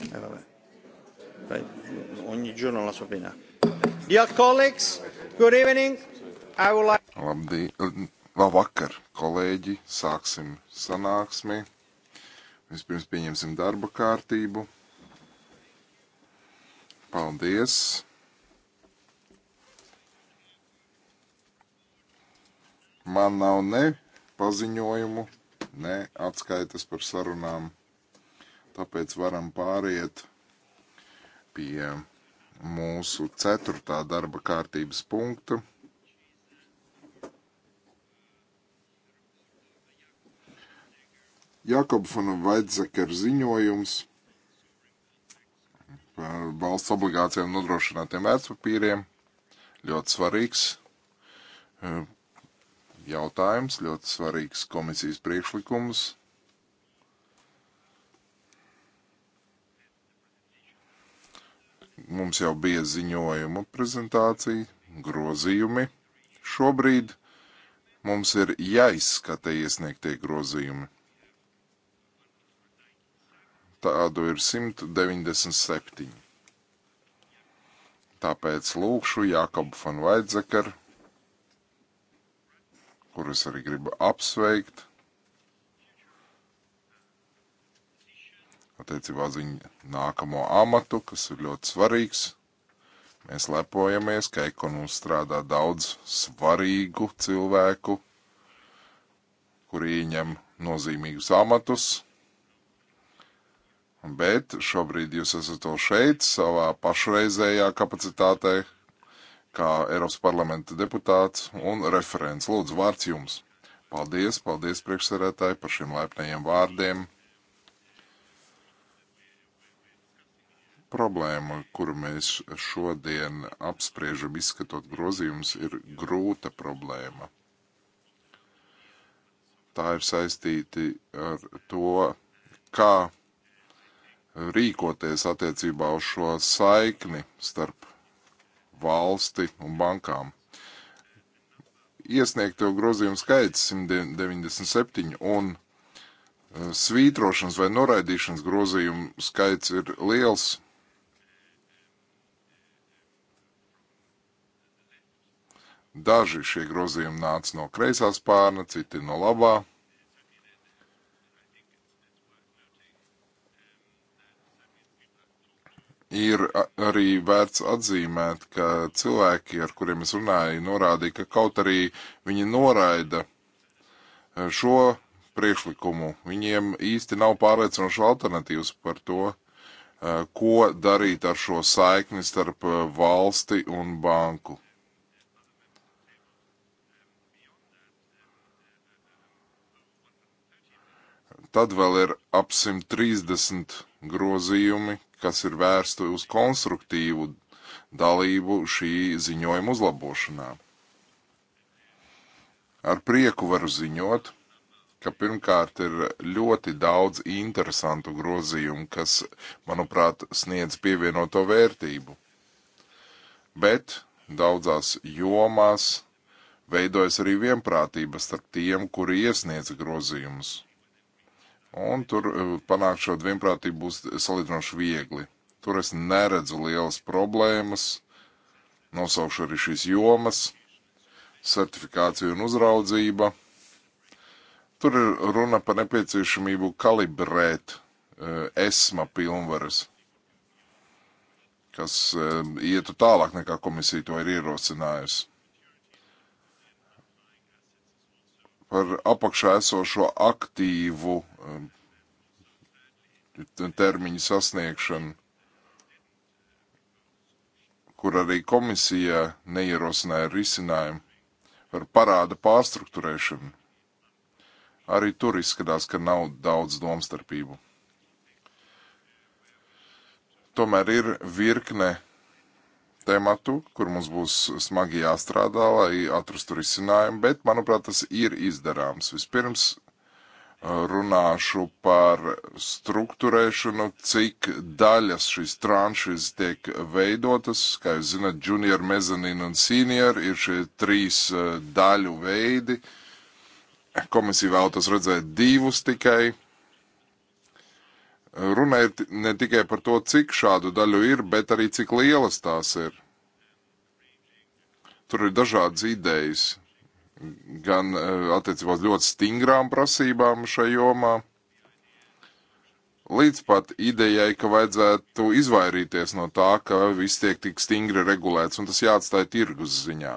Eh, vabbè. Vai, ogni giorno la sua pena. Dear colleagues, good evening. I would like... Labdien, labvakar, kolēģi. Sāksim sanāksmi. Vispirms pieņemsim darba kārtību. Paldies. Man nav ne paziņojumu, ne atskaitas par sarunām Tāpēc varam pāriet pie mūsu ceturtā darba kārtības punkta. Jakobsona Vaidzekera ziņojums par valsts obligācijām nodrošinātiem vērtspapīriem. Ļoti svarīgs eh, jautājums, ļoti svarīgs komisijas priekšlikums. Mums jau bija ziņojuma prezentācija, grozījumi. Šobrīd mums ir jāizskata iesniegtie grozījumi. Tādu ir 197. Tāpēc lūkšu Jākabu Fanvaidzekaru, kurus arī gribu apsveikt, attiecībā uz viņu nākamo amatu, kas ir ļoti svarīgs. Mēs lepojamies, ka ekonomiski strādā daudz svarīgu cilvēku, kuri ieņem nozīmīgus amatus. Bet šobrīd jūs esat to šeit savā pašreizējā kapacitātē, kā Eiropas parlamenta deputāts un referents. Lūdzu, vārds jums! Paldies, paldies priekšsarētāji par šiem laipnajiem vārdiem! problēma, kuru mēs šodien apspriežam, izskatot grozījumus, ir grūta problēma. Tā ir saistīti ar to, kā rīkoties attiecībā uz šo saikni starp valsti un bankām. Iesniegto grozījumu skaits 197 un e, svītrošanas vai noraidīšanas grozījumu skaits ir liels Daži šie grozījumi nāca no kreisā spārna, citi no labā. Ir arī vērts atzīmēt, ka cilvēki, ar kuriem es runāju, norādīja, ka kaut arī viņi noraida e, šo priekšlikumu, viņiem īsti nav pārliecinošu alternatīvas par to, e, ko darīt ar šo saikni starp e, valsti un banku. Tad vēl ir ap 130 grozījumi, kas ir vērsti uz konstruktīvu dalību šī ziņojuma uzlabošanā. Ar prieku varu ziņot, ka pirmkārt ir ļoti daudz interesantu grozījumu, kas, manuprāt, sniedz pievienoto vērtību. Bet daudzās jomās veidojas arī vienprātība starp tiem, kuri iesniedz grozījumus. Un tur e, panākt šo vienprātību būs salīdzinoši viegli. Tur es neredzu lielas problēmas, nosaukšu arī šīs jomas, certifikācija un uzraudzība. Tur ir runa par nepieciešamību kalibrēt uh, esma pilnvaras, kas uh, ietu tālāk nekā komisija to ir ierosinājusi. par apakšā esošo aktīvu um, termiņu sasniegšanu, kur arī komisija neierosināja risinājumu par parāda pārstruktūrēšanu. Arī tur izskatās, ka nav daudz domstarpību. Tomēr ir virkne tematu, kur mums būs smagi jāstrādā, lai atrastu risinājumu, bet, manuprāt, tas ir izdarāms. Vispirms runāšu par struktūrēšanu, cik daļas šīs tranšas tiek veidotas. Kā jūs zināt, junior, mezzanine un senior ir šie trīs daļu veidi. Komisija vēlētos redzēt divus tikai. Runājot ne tikai par to, cik šādu daļu ir, bet arī cik lielas tās ir. Tur ir dažādas idejas, gan eh, attiecībā uz ļoti stingrām prasībām šajā jomā, līdz pat idejai, ka vajadzētu izvairīties no tā, ka viss tiek tik stingri regulēts, un tas jāatstāja tirgus ziņā.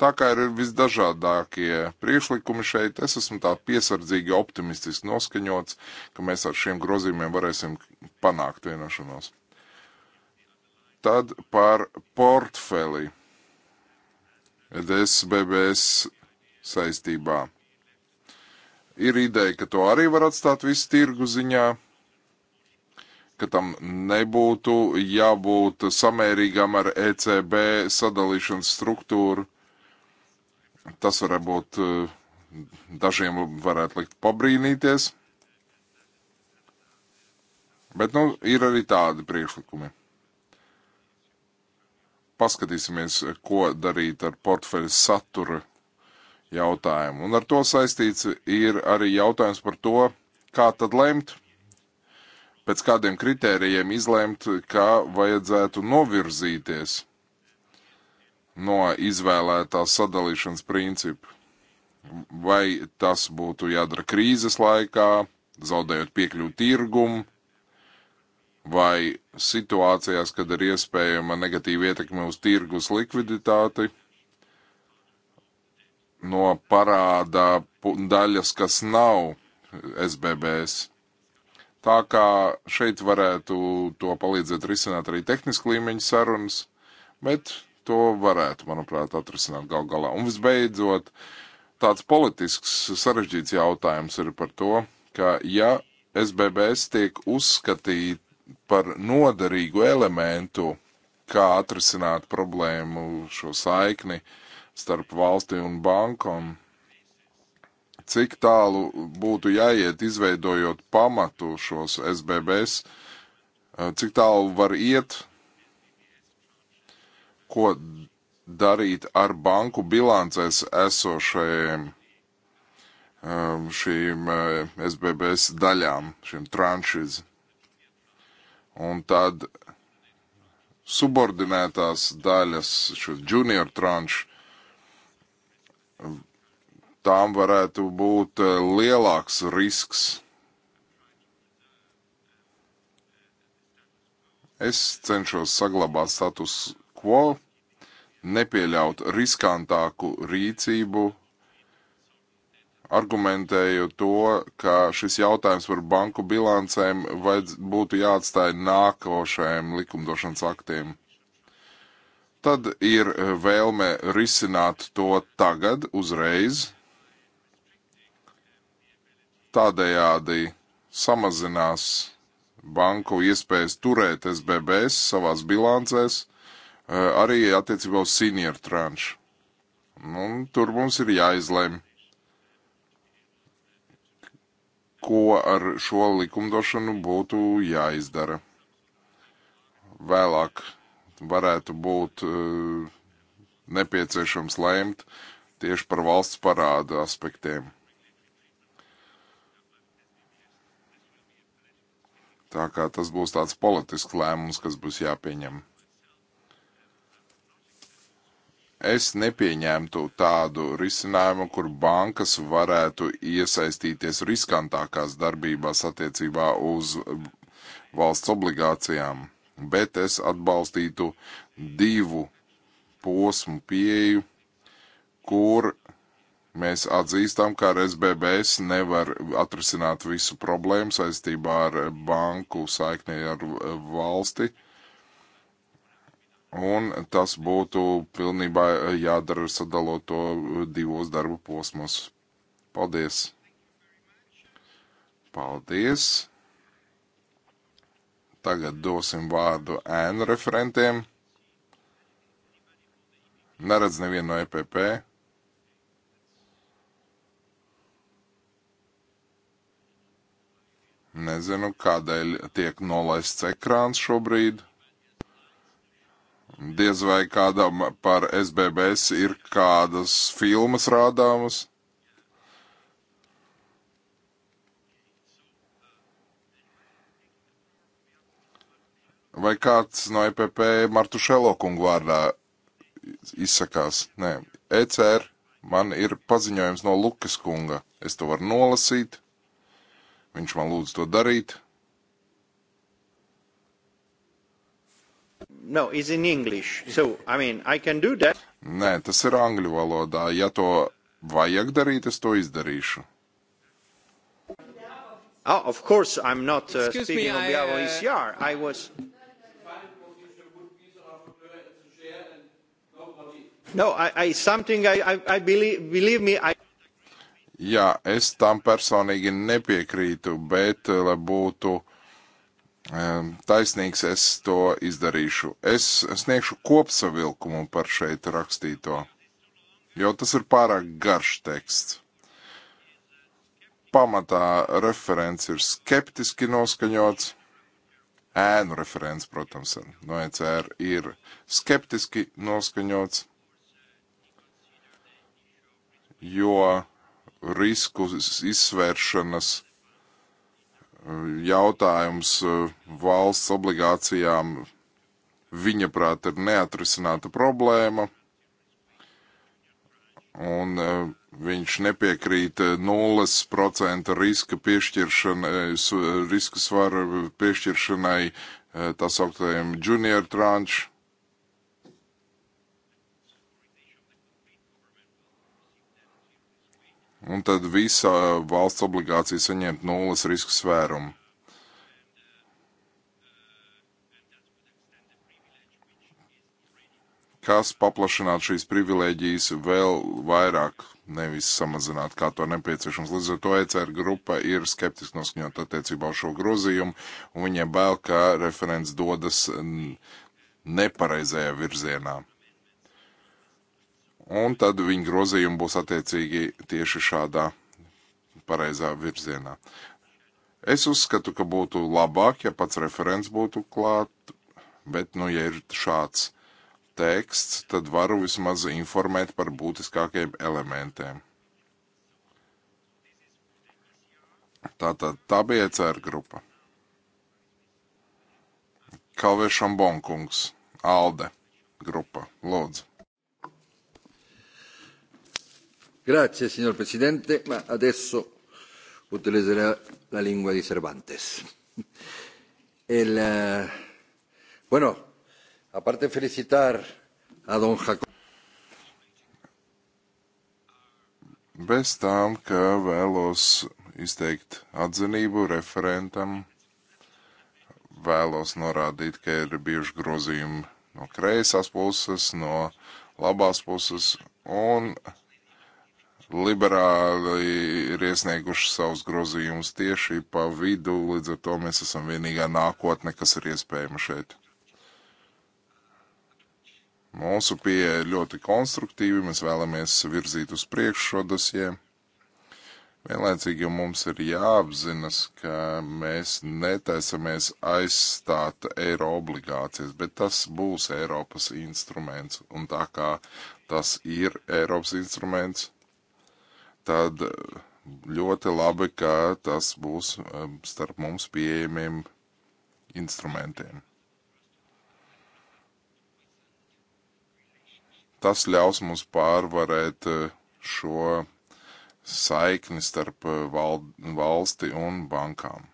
Tā kā ir visdažādākie priekšlikumi šeit, es esmu tā piesardzīgi optimistiski noskaņots, ka mēs ar šiem grozījumiem varēsim panākt vienošanos. Tad par portfeli DSBBS saistībā. Ir ideja, ka to arī var atstāt visu tirgu ziņā, ka tam nebūtu jābūt samērīgam ar ECB sadalīšanas struktūru. Tas varbūt eh, dažiem varētu likt pabrīnīties. Bet nu, ir arī tādi priekšlikumi. Paskatīsimies, ko darīt ar portfeļa satura jautājumu. Un ar to saistīts ir arī jautājums par to, kā tad lemt, pēc kādiem kritērijiem izlemt, kā vajadzētu novirzīties no izvēlētā sadalīšanas principa. Vai tas būtu jādara krīzes laikā, zaudējot piekļuvu tirgumu, vai situācijās, kad ir iespējama negatīva ietekme uz tirgus likviditāti, no parāda daļas, kas nav SBBS. Tā kā šeit varētu to palīdzēt risināt arī tehniski līmeņa sarunas, bet To varētu, manuprāt, atrisināt gal galā. Un visbeidzot, tāds politisks sarežģīts jautājums ir par to, ka ja SBBS tiek uzskatīt par noderīgu elementu, kā atrisināt problēmu šo saikni starp valsti un bankam, cik tālu būtu jāiet, izveidojot pamatu šos SBBS, cik tālu var iet, ko darīt ar banku bilancēs esošajiem um, šīm SBBS eh, daļām, šīm tranšiz. Un tad subordinētās daļas, šo junior tranšu, tām varētu būt eh, lielāks risks. Es cenšos saglabāt status quo, nepieļaut riskantāku rīcību, argumentēju to, ka šis jautājums par banku bilancēm vajadz, būtu jāatstāja nākošajiem likumdošanas aktiem tad ir vēlme risināt to tagad, uzreiz, tādējādi samazinās banku iespējas turēt SBBS savās bilancēs, Eh, arī attiecībā uz senior tranšu. Nu, tur mums ir jāizlem, ko ar šo likumdošanu būtu jāizdara. Vēlāk varētu būt uh, nepieciešams lēmt tieši par valsts parāda aspektiem. Tā kā tas būs tāds politisks lēmums, kas būs jāpieņem. Es nepieņemtu tādu risinājumu, kur bankas varētu iesaistīties riskantākās darbībās attiecībā uz valsts obligācijām, bet es atbalstītu divu posmu pieeju, kur mēs atzīstam, ka ar SBBS nevar atrisināt visu problēmu saistībā ar banku saikni ar valsti. Uh, un tas būtu pilnībā jādara sadalot to divos darba posmos. Paldies! Paldies! Tagad dosim vārdu ēnu referentiem. Neredz nevienu no EPP. Nezinu, kādēļ tiek nolaists ekrāns šobrīd. Diez vai kādam par SBBS ir kādas filmas rādāmas? Vai kāds no EPP Martušelo kungu vārdā izsakās? Nē, ECR man ir paziņojums no Lukas kunga. Es to varu nolasīt. Viņš man lūdz to darīt. No, it's in English. So, I mean, I can do that. Nē, tas ir angļu valodā. Ja to vajag darīt, es to izdarīšu. Oh, of course, I'm not uh, Excuse speaking me, on behalf of uh, ECR. I was. No, I, I something I, I, I believe, believe me, I. Jā, es tam personīgi nepiekrītu, bet, uh, lai būtu taisnīgs, es to izdarīšu. Es sniegšu kopsavilkumu par šeit rakstīto, jo tas ir pārāk garš teksts. Pamatā referents ir skeptiski noskaņots. Ēnu referents, protams, no ECR ir skeptiski noskaņots, jo risku izsvēršanas jautājums e, valsts obligācijām, viņaprāt, ir neatrisināta problēma, un e, viņš nepiekrīt 0% e, riska piešķiršanai, riska svara piešķiršanai tā sauktajiem junior tranšu un tad visa valsts obligācija saņemt nulles risku svērumu. Kas paplašinātu šīs privilēģijas vēl vairāk, nevis samazināt, kā to nepieciešams. Līdz ar to ECR grupa ir skeptiski noskaņot attiecībā uz šo grozījumu, un viņiem bail, ka referents dodas nepareizajā virzienā un tad viņa grozījumi būs attiecīgi tieši šādā pareizā virzienā. Es uzskatu, ka būtu labāk, ja pats referents būtu klāt, bet, nu, ja ir šāds teksts, tad varu vismaz informēt par būtiskākajiem elementiem. Tātad tā bija ECR grupa. Kalvešam Bonkungs, Alde grupa, lūdzu. Grazie signor Presidente, ma adesso utilizzerò la lingua di Cervantes. El, eh, bueno, aparte de felicitar a don Jacob. Bez tām, ka vēlos izteikt atzinību referentam, vēlos norādīt, ka ir bijuši grozījumi no kreisās puses, no labās puses, un Liberāli ir iesnieguši savus grozījumus tieši pa vidu, līdz ar to mēs esam vienīgā nākotne, kas ir iespējama šeit. Mūsu pieeja ļoti konstruktīvi, mēs vēlamies virzīt uz priekšu šo dosiju. Vienlaicīgi mums ir jāapzinas, ka mēs netaisamies aizstāt eiro obligācijas, bet tas būs Eiropas instruments. Un tā kā tas ir Eiropas instruments, tad eh, ļoti labi, ka tas būs eh, starp mums pieejamiem instrumentiem. Tas ļaus mums pārvarēt eh, šo saikni starp val valsti un bankām.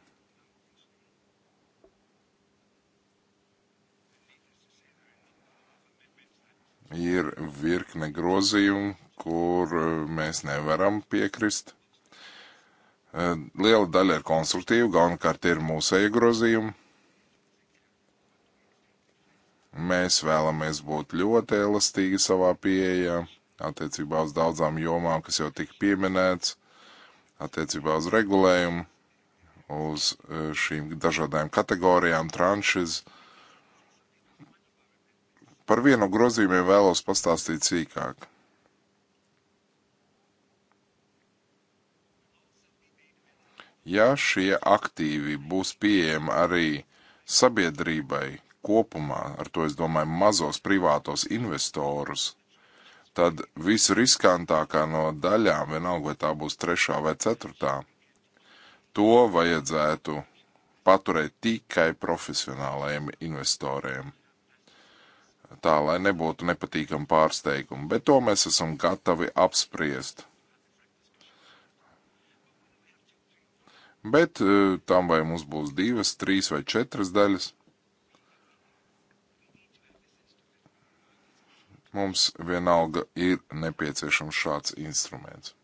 Ir virkne grozījumu, kur eh, mēs nevaram piekrist. Eh, liela daļa ir konstruktīva, galvenokārt ir mūsēju grozījumi. Mēs vēlamies būt ļoti elastīgi savā pieejā attiecībā uz daudzām jomām, kas jau tika pieminēts, attiecībā uz regulējumu, uz eh, šīm dažādām kategorijām, tranšas. Par vienu grozījumiem vēlos pastāstīt sīkāk. ja šie aktīvi būs pieejami arī sabiedrībai kopumā, ar to es domāju mazos privātos investorus, tad visriskantākā no daļām, vienalga vai tā būs trešā vai ceturtā, to vajadzētu paturēt tikai profesionālajiem investoriem tā, lai nebūtu nepatīkami pārsteigumi, bet to mēs esam gatavi apspriest. Bet e, tam vai mums būs divas, trīs vai četras daļas. Mums vienalga ir nepieciešams šāds instruments.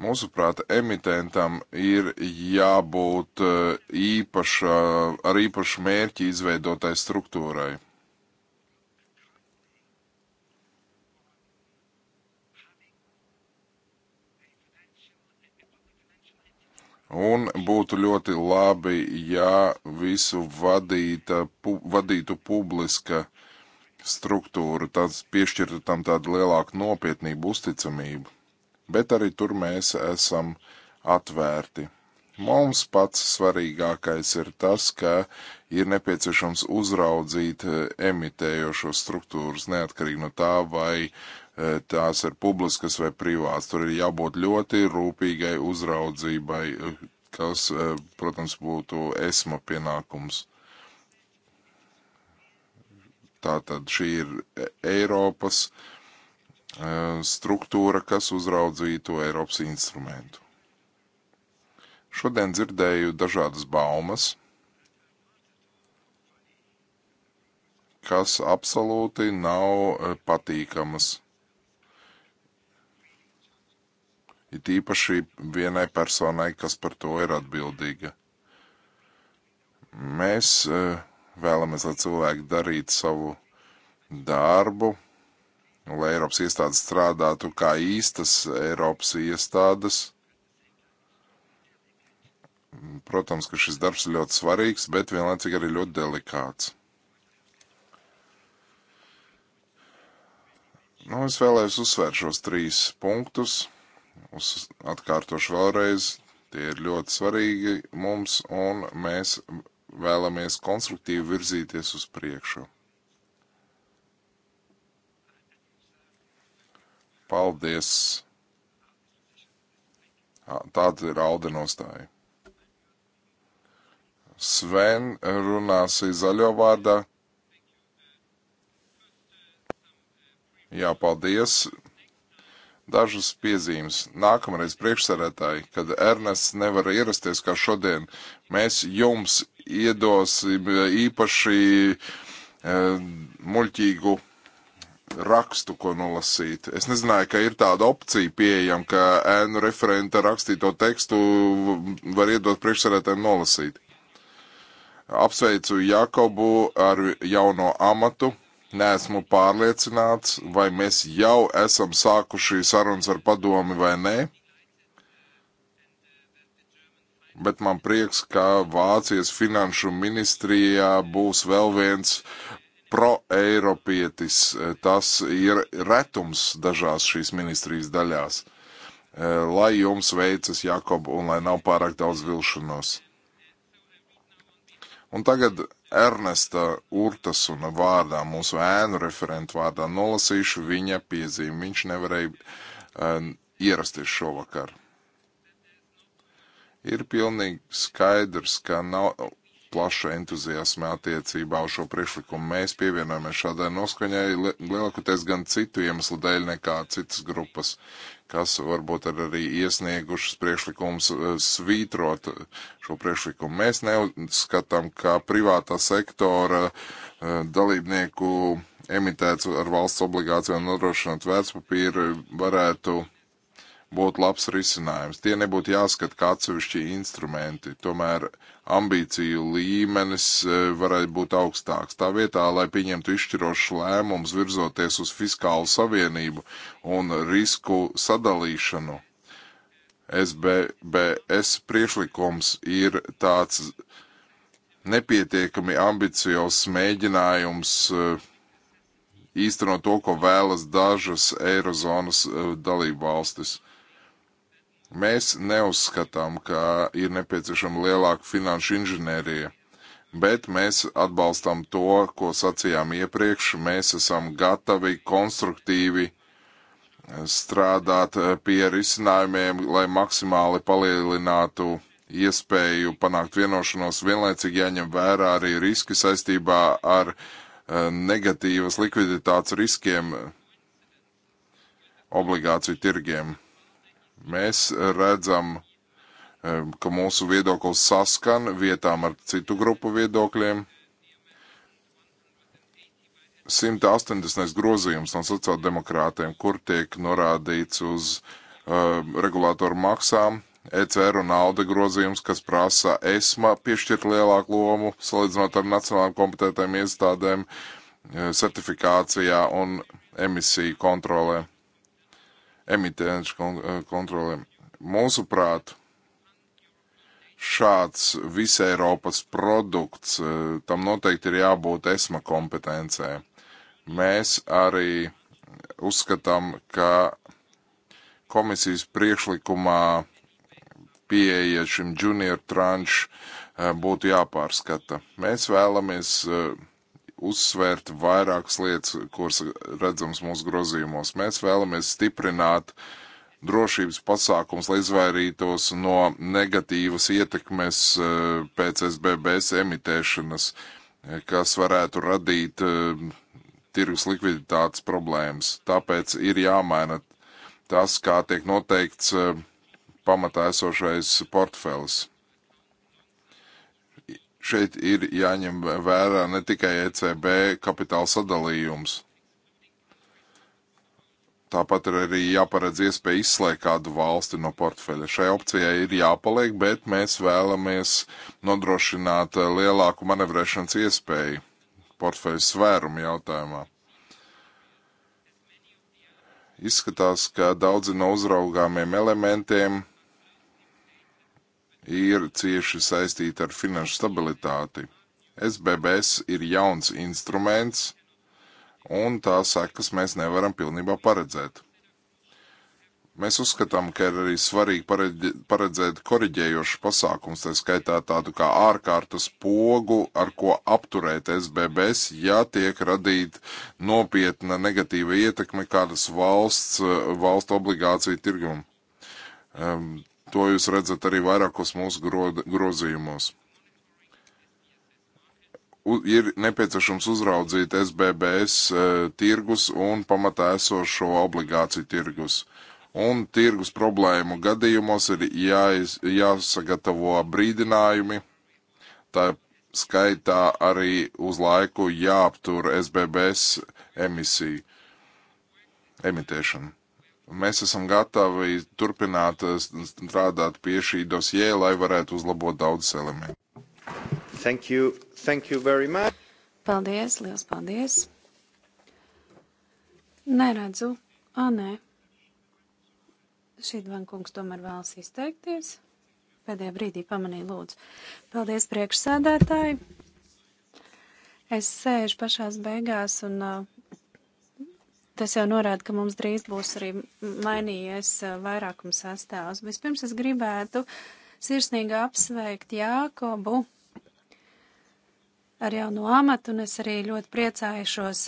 Mūsuprāt, emitentam ir jābūt e, īpaša, ar īpašu mērķi izveidotai struktūrai Un būtu ļoti labi, ja visu vadīta, pu, vadītu publiska struktūra, tāds piešķirtu tam tādu lielāku nopietnību, uzticamību. Bet arī tur mēs esam atvērti. Mums pats svarīgākais ir tas, ka ir nepieciešams uzraudzīt eh, emitējošo struktūras neatkarīgi no tā, vai uh, E, tās ir publiskas vai privātas. Tur ir jābūt ļoti rūpīgai uzraudzībai, e, kas, e, protams, būtu esma pienākums. Tātad šī ir Eiropas struktūra, kas uzraudzītu Eiropas instrumentu. Šodien dzirdēju dažādas baumas, kas absolūti nav patīkamas it īpaši vienai personai, kas par to ir atbildīga. Mēs e, vēlamies, lai cilvēki darītu savu darbu, lai Eiropas iestādes strādātu kā īstas Eiropas iestādes. Protams, ka šis darbs ir ļoti svarīgs, bet vienlaicīgi arī ļoti delikāts. Nu, es vēlējos uzsvērt šos trīs punktus uz, atkārtošu vēlreiz, tie ir ļoti svarīgi mums un mēs vēlamies konstruktīvi virzīties uz priekšu. Paldies! Tāda ir Alde nostāja. Sven runās zaļo vārdā. Jā, paldies dažas piezīmes. Nākamreiz priekšsarētāji, kad Ernests nevar ierasties kā šodien, mēs jums iedosim īpaši e, muļķīgu rakstu, ko nolasīt. Es nezināju, ka ir tāda opcija pieejama, ka ēnu referenta rakstīto tekstu var iedot priekšsarētājiem nolasīt. Apsveicu Jakobu ar jauno amatu neesmu pārliecināts, vai mēs jau esam sākuši sarunas ar padomi vai nē. Bet man prieks, ka Vācijas finanšu ministrijā būs vēl viens pro-eiropietis. Tas ir retums dažās šīs ministrijas daļās. Lai jums veicas, Jakob, un lai nav pārāk daudz vilšanos. Un tagad Ernesta Urtasuna vārdā, mūsu ēnu referentu vārdā, nolasīšu viņa piezīmi. Viņš nevarēja uh, ierasties šovakar. Ir pilnīgi skaidrs, ka nav plaša entuziasma attiecībā uz šo priekšlikumu. Mēs pievienojamies šādai noskaņai lielākoties gan citu iemeslu dēļ nekā citas grupas, kas varbūt ir arī iesniegušas priekšlikumus eh, svītrot šo priekšlikumu. Mēs neuzskatām, ka privātā sektora eh, dalībnieku emitēts ar valsts obligācijām nodrošināt vērtspapīru varētu būtu labs risinājums. Tie nebūtu jāskat kā atsevišķi instrumenti, tomēr ambīciju līmenis e, varētu būt augstāks. Tā vietā, lai pieņemtu izšķirošus lēmumus virzoties uz fiskālu savienību un risku sadalīšanu, SBBS priešlikums ir tāds nepietiekami ambiciozs mēģinājums e, īstenot to, ko vēlas dažas Eirozonas e, dalību valstis. Mēs neuzskatām, ka ir nepieciešama lielāka finanšu inženērija, bet mēs atbalstam to, ko sacījām iepriekš. Mēs esam gatavi konstruktīvi strādāt pie risinājumiem, lai maksimāli palielinātu iespēju panākt vienošanos, vienlaicīgi jāņem vērā arī riski saistībā ar eh, negatīvas likviditātes riskiem obligāciju tirgiem. Mēs redzam, ka mūsu viedoklis saskan vietām ar citu grupu viedokļiem. 180. grozījums no sociāldemokrātiem, kur tiek norādīts uz uh, regulātoru maksām, ECR un ALDE grozījums, kas prasa ESMA piešķirt lielāku lomu salīdzinot ar nacionālām kompetentēm iestādēm e, certifikācijā un emisiju kontrolē emitenšu eh, kontrolēm. Mūsuprāt, šāds visa Eiropas produkts, eh, tam noteikti ir jābūt ESMA kompetencē. Mēs arī uzskatām, ka komisijas priekšlikumā pieeja šim junior tranš eh, būtu jāpārskata. Mēs vēlamies uh, uzsvērt vairākas lietas, kuras redzams mūsu grozījumos. Mēs vēlamies stiprināt drošības pasākums, lai izvairītos no negatīvas ietekmes eh, pēc SBBS emitēšanas, eh, kas varētu radīt eh, tirgus likviditātes problēmas. Tāpēc ir jāmaina tas, kā tiek noteikts pamatā esošais portfels šeit ir jāņem vērā ne tikai ECB kapitāla sadalījums. Tāpat ir arī jāparedz iespēja izslēgt kādu valsti no portfeļa. Šai opcijai ir jāpaliek, bet mēs vēlamies nodrošināt eh, lielāku manevrēšanas iespēju portfeļa svērumu jautājumā. Izskatās, ka daudzi no uzraugāmiem elementiem ir cieši saistīta ar finanšu stabilitāti. SBBS ir jauns instruments, un tā sekas mēs nevaram pilnībā paredzēt. Mēs uzskatām, ka ir arī svarīgi paredzēt koriģējošu pasākums, tā skaitā tādu kā ārkārtas pogu, ar ko apturēt SBBS, ja tiek radīta nopietna negatīva ietekme kādas valsts, valstu obligāciju tirgumu. Um, ehm, To jūs redzat arī vairākos mūsu grozījumos. U, ir nepieciešams uzraudzīt SBBS e, tirgus un pamatā esošo obligāciju tirgus. Un tirgus problēmu gadījumos ir jāiz, jāsagatavo brīdinājumi, tā skaitā arī uz laiku jāaptur SBBS emisiju emitēšanu. Mēs esam gatavi turpināt eh, strādāt pie šī dosjē, lai varētu uzlabot daudzas elementus. Thank you. Thank you very much. Paldies, liels paldies. Neredzu. Ā, nē. Šīdvan kungs tomēr vēlas izteikties. Pēdējā brīdī pamanīja lūdzu. Paldies priekšsēdētāji. Es sēžu pašās beigās un uh, tas jau norāda, ka mums drīz būs arī mainījies eh, vairākums sastāvs. Vispirms es gribētu sirsnīgi apsveikt Jākobu ar jaunu amatu, un es arī ļoti priecājušos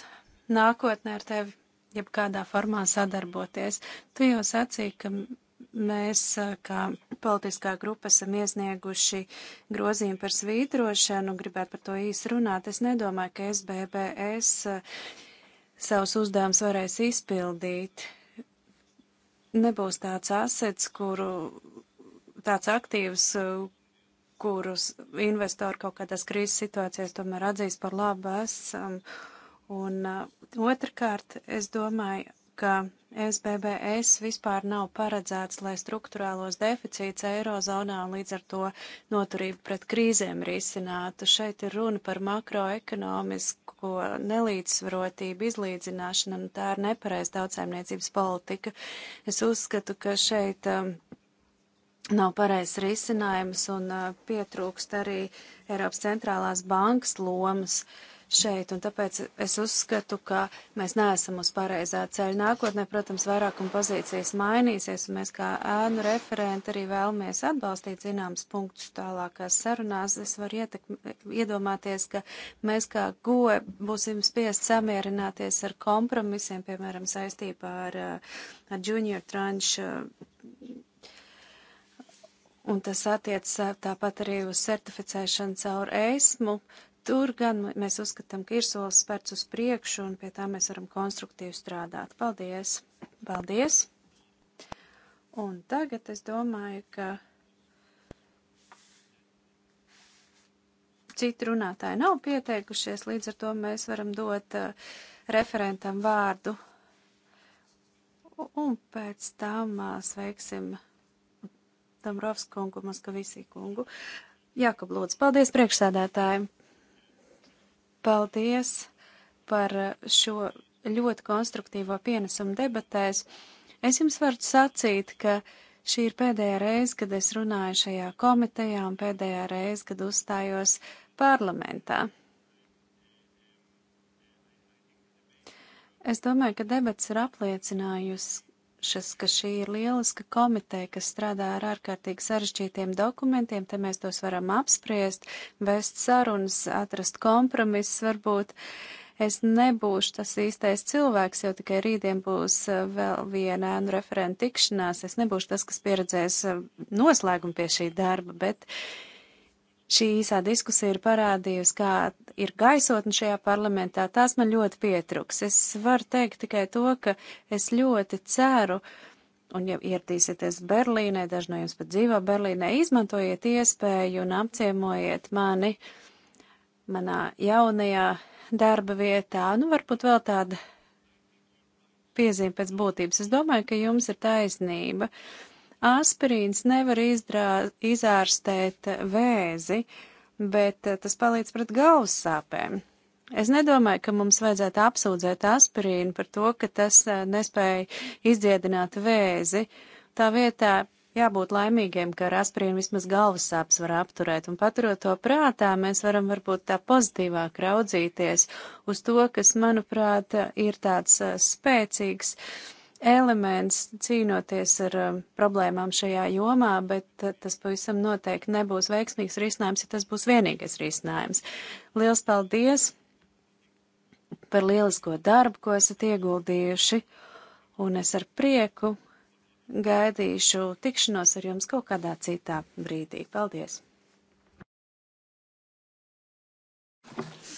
nākotnē ar tevi jebkādā formā sadarboties. Tu jau sacīji, ka mēs, eh, kā politiskā grupa, esam iesnieguši grozījumu par svītrošanu, gribētu par to īsi runāt. Es nedomāju, ka SBBS savus uzdevumus varēs izpildīt. Nebūs tāds asets, kuru, tāds aktīvs, kurus investori kaut kādās krīzes situācijās tomēr atzīs par labu esam. Un uh, otrkārt, es domāju, ka SBBS vispār nav paredzēts, lai struktūrālos deficīts eirozonā un līdz ar to noturību pret krīzēm risinātu. Šeit ir runa par makroekonomisko nelīdzsvarotību, izlīdzināšanu, un tā ir nepareiz daudzsaimniecības politika. Es uzskatu, ka šeit um, nav pareizs risinājums un uh, pietrūkst arī Eiropas centrālās bankas lomas. Uh, šeit, un tāpēc es uzskatu, ka mēs neesam uz pareizā ceļa. Nākotnē, protams, vairākuma pozīcijas mainīsies, un mēs kā ēnu referenti arī vēlamies atbalstīt zināmas punktus tālākās sarunās. Es varu ietekmi, iedomāties, ka mēs kā goe būsim spiest samierināties ar kompromisiem, piemēram, saistībā ar, ar junior tranšu Un tas attiecas tāpat arī uz certificēšanu caur ESMU. Tur gan mēs uzskatām, ka ir solis spērts uz priekšu, un pie tā mēs varam konstruktīvi strādāt. Paldies! Paldies! Un tagad es domāju, ka citi runātāji nav pieteikušies, līdz ar to mēs varam dot uh, referentam vārdu. Un pēc tam uh, sveiksim Dombrovskungu, Moskavisī kungu. Jākab, lūdzu, paldies priekšsēdētājiem! Paldies par šo ļoti konstruktīvo pienesumu debatēs. Es jums varu sacīt, ka šī ir pēdējā reize, kad es runāju šajā komitejā un pēdējā reize, kad uzstājos parlamentā. Es domāju, ka debats ir apliecinājusi šas, ka šī ir lieliska komiteja, kas strādā ar ārkārtīgi sarežģītiem dokumentiem, te mēs tos varam apspriest, vēst sarunas, atrast kompromisus varbūt. Es nebūšu tas īstais cilvēks, jo tikai rītdien būs uh, vēl viena ēnu referenta tikšanās. Es nebūšu tas, kas pieredzēs uh, noslēgumu pie šī darba, bet uh, Šī īsā diskusija ir parādījusi, kā ir gaisotni šajā parlamentā, tās man ļoti pietruks. Es varu teikt tikai to, ka es ļoti ceru, un ja ieradīsieties Berlīnē, daži no jums pat dzīvo Berlīnē, izmantojiet iespēju un apciemojiet mani manā jaunajā darba vietā, nu varbūt vēl tāda piezīme pēc būtības. Es domāju, ka jums ir taisnība. Uh, Aspirīns nevar izdrā, izārstēt vēzi, bet eh, tas palīdz pret galvas sāpēm. Es nedomāju, ka mums vajadzētu apsūdzēt aspirīnu par to, ka tas eh, nespēja izdziedināt vēzi. Tā vietā jābūt laimīgiem, ka ar aspirīnu vismaz galvas sāpes var apturēt, un paturot to prātā, mēs varam varbūt tā pozitīvāk raudzīties uz to, kas, manuprāt, ir tāds eh, spēcīgs uh, elements cīnoties ar um, problēmām šajā jomā, bet uh, tas pavisam noteikti nebūs veiksmīgs risinājums, ja tas būs vienīgais risinājums. Liels paldies par lielisko darbu, ko esat ieguldījuši, un es ar prieku gaidīšu tikšanos ar jums kaut kādā citā brīdī. Paldies!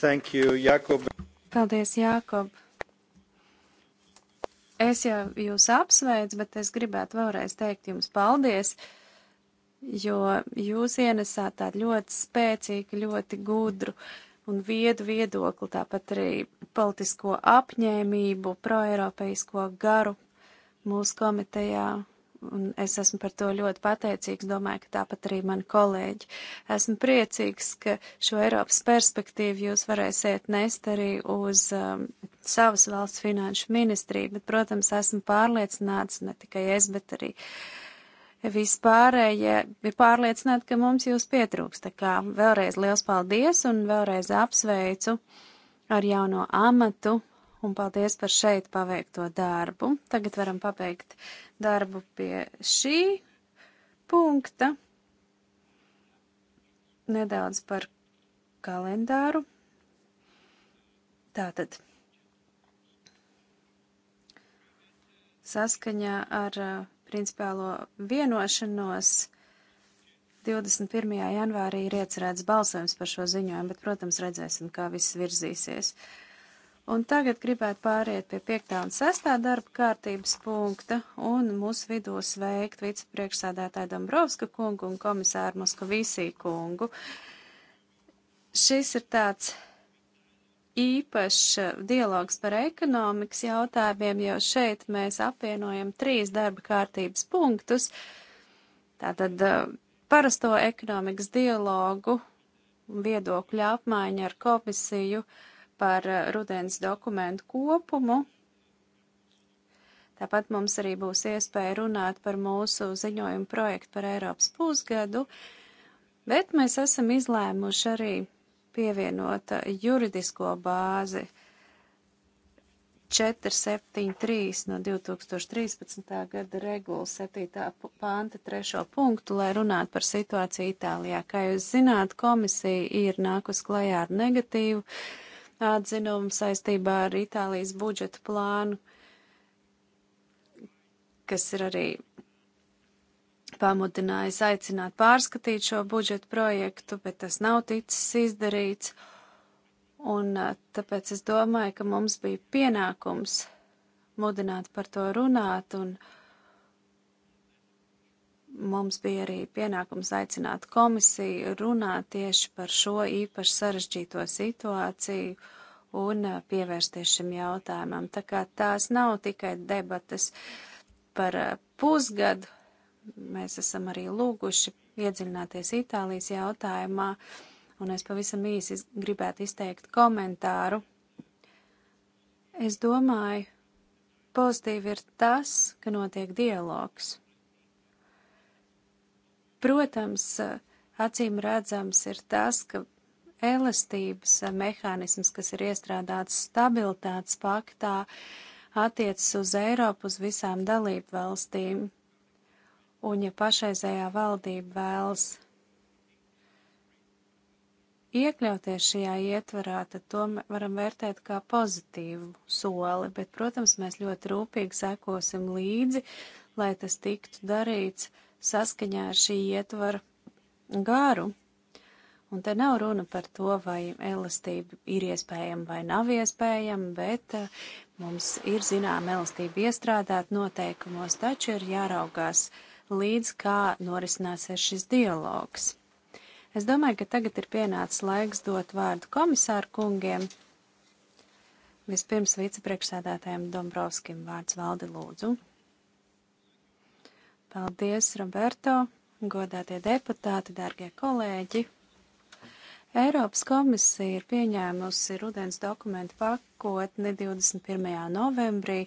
Thank you, Jakob. Paldies, Jākob! Es jau jūs apsveicu, bet es gribētu vēlreiz teikt jums paldies, jo jūs ienesāt tādu ļoti spēcīgu, ļoti gudru un viedu viedokli, tāpat arī politisko apņēmību, proeiropeisko garu mūsu komitejā un es esmu par to ļoti pateicīgs, domāju, ka tāpat arī mani kolēģi. Esmu priecīgs, ka šo Eiropas perspektīvu jūs varēsiet nest arī uz um, savas valsts finanšu ministriju, bet, protams, esmu pārliecināts, ne tikai es, bet arī vispārējie ir pārliecināti, ka mums jūs pietrūks. Tā kā vēlreiz liels paldies un vēlreiz apsveicu ar jauno amatu, un paldies par šeit paveikto darbu. Tagad varam pabeigt darbu pie šī punkta. Nedaudz par kalendāru. Tātad. Saskaņā ar uh, principālo vienošanos 21. janvārī ir iecerēts balsojums par šo ziņojumu, bet, protams, redzēsim, kā viss virzīsies. Uh, Un tagad gribētu pāriet pie 5. un 6. darba kārtības punkta un mūsu vidū sveikt vicepriekšsādātāju Dombrovska kungu un komisāru Moskavīsī kungu. Šis ir tāds īpašs dialogs par ekonomikas jautājumiem, jo šeit mēs apvienojam trīs darba kārtības punktus. Tātad eh, parasto ekonomikas dialogu, viedokļu apmaiņu ar komisiju, uh, par eh, rudens dokumentu kopumu. Tāpat mums arī būs iespēja runāt par mūsu ziņojumu projektu par Eiropas pusgadu, bet mēs esam izlēmuši arī pievienot eh, juridisko bāzi 473 no 2013. gada regula 7. panta 3. punktu, lai runātu par situāciju Itālijā. Kā jūs zināt, komisija ir nākus klajā ar negatīvu uh, atzinumu saistībā ar Itālijas budžeta plānu, kas ir arī pamudinājis aicināt pārskatīt šo budžeta projektu, bet tas nav ticis izdarīts. Un tāpēc es domāju, ka mums bija pienākums mudināt par to runāt un runāt Mums bija arī pienākums aicināt komisiju runāt tieši par šo īpaši sarežģīto situāciju un uh, pievērsties šim jautājumam. Tā kā tās nav tikai debatas par uh, pusgadu, mēs esam arī lūguši iedziļināties Itālijas jautājumā, un es pavisam īsi gribētu izteikt komentāru. Es domāju, pozitīvi ir tas, ka notiek dialogs. Protams, acīm redzams ir tas, ka elastības mehānisms, kas ir iestrādāts stabilitātes paktā, attiecas uz Eiropu, uz visām dalību valstīm. Un ja pašreizējā valdība vēlas iekļauties šajā ietvarā, tad to varam vērtēt kā pozitīvu soli, bet, protams, mēs ļoti rūpīgi sekosim līdzi, lai tas tiktu darīts saskaņā ar šī ietvara garu. Un te nav runa par to, vai elastība ir iespējama vai nav iespējama, bet eh, mums ir zinām elastība iestrādāt noteikumos, taču ir jāraugās līdz, kā norisināsies šis dialogs. Es domāju, ka tagad ir pienācis laiks dot vārdu komisāru kungiem. Vispirms vicepriekšsēdētājiem Dombrovskim vārds valdi lūdzu. Paldies, Roberto, godātie deputāti, dārgie kolēģi. Eiropas komisija ir pieņēmusi rudens dokumentu pakotni 21. novembrī,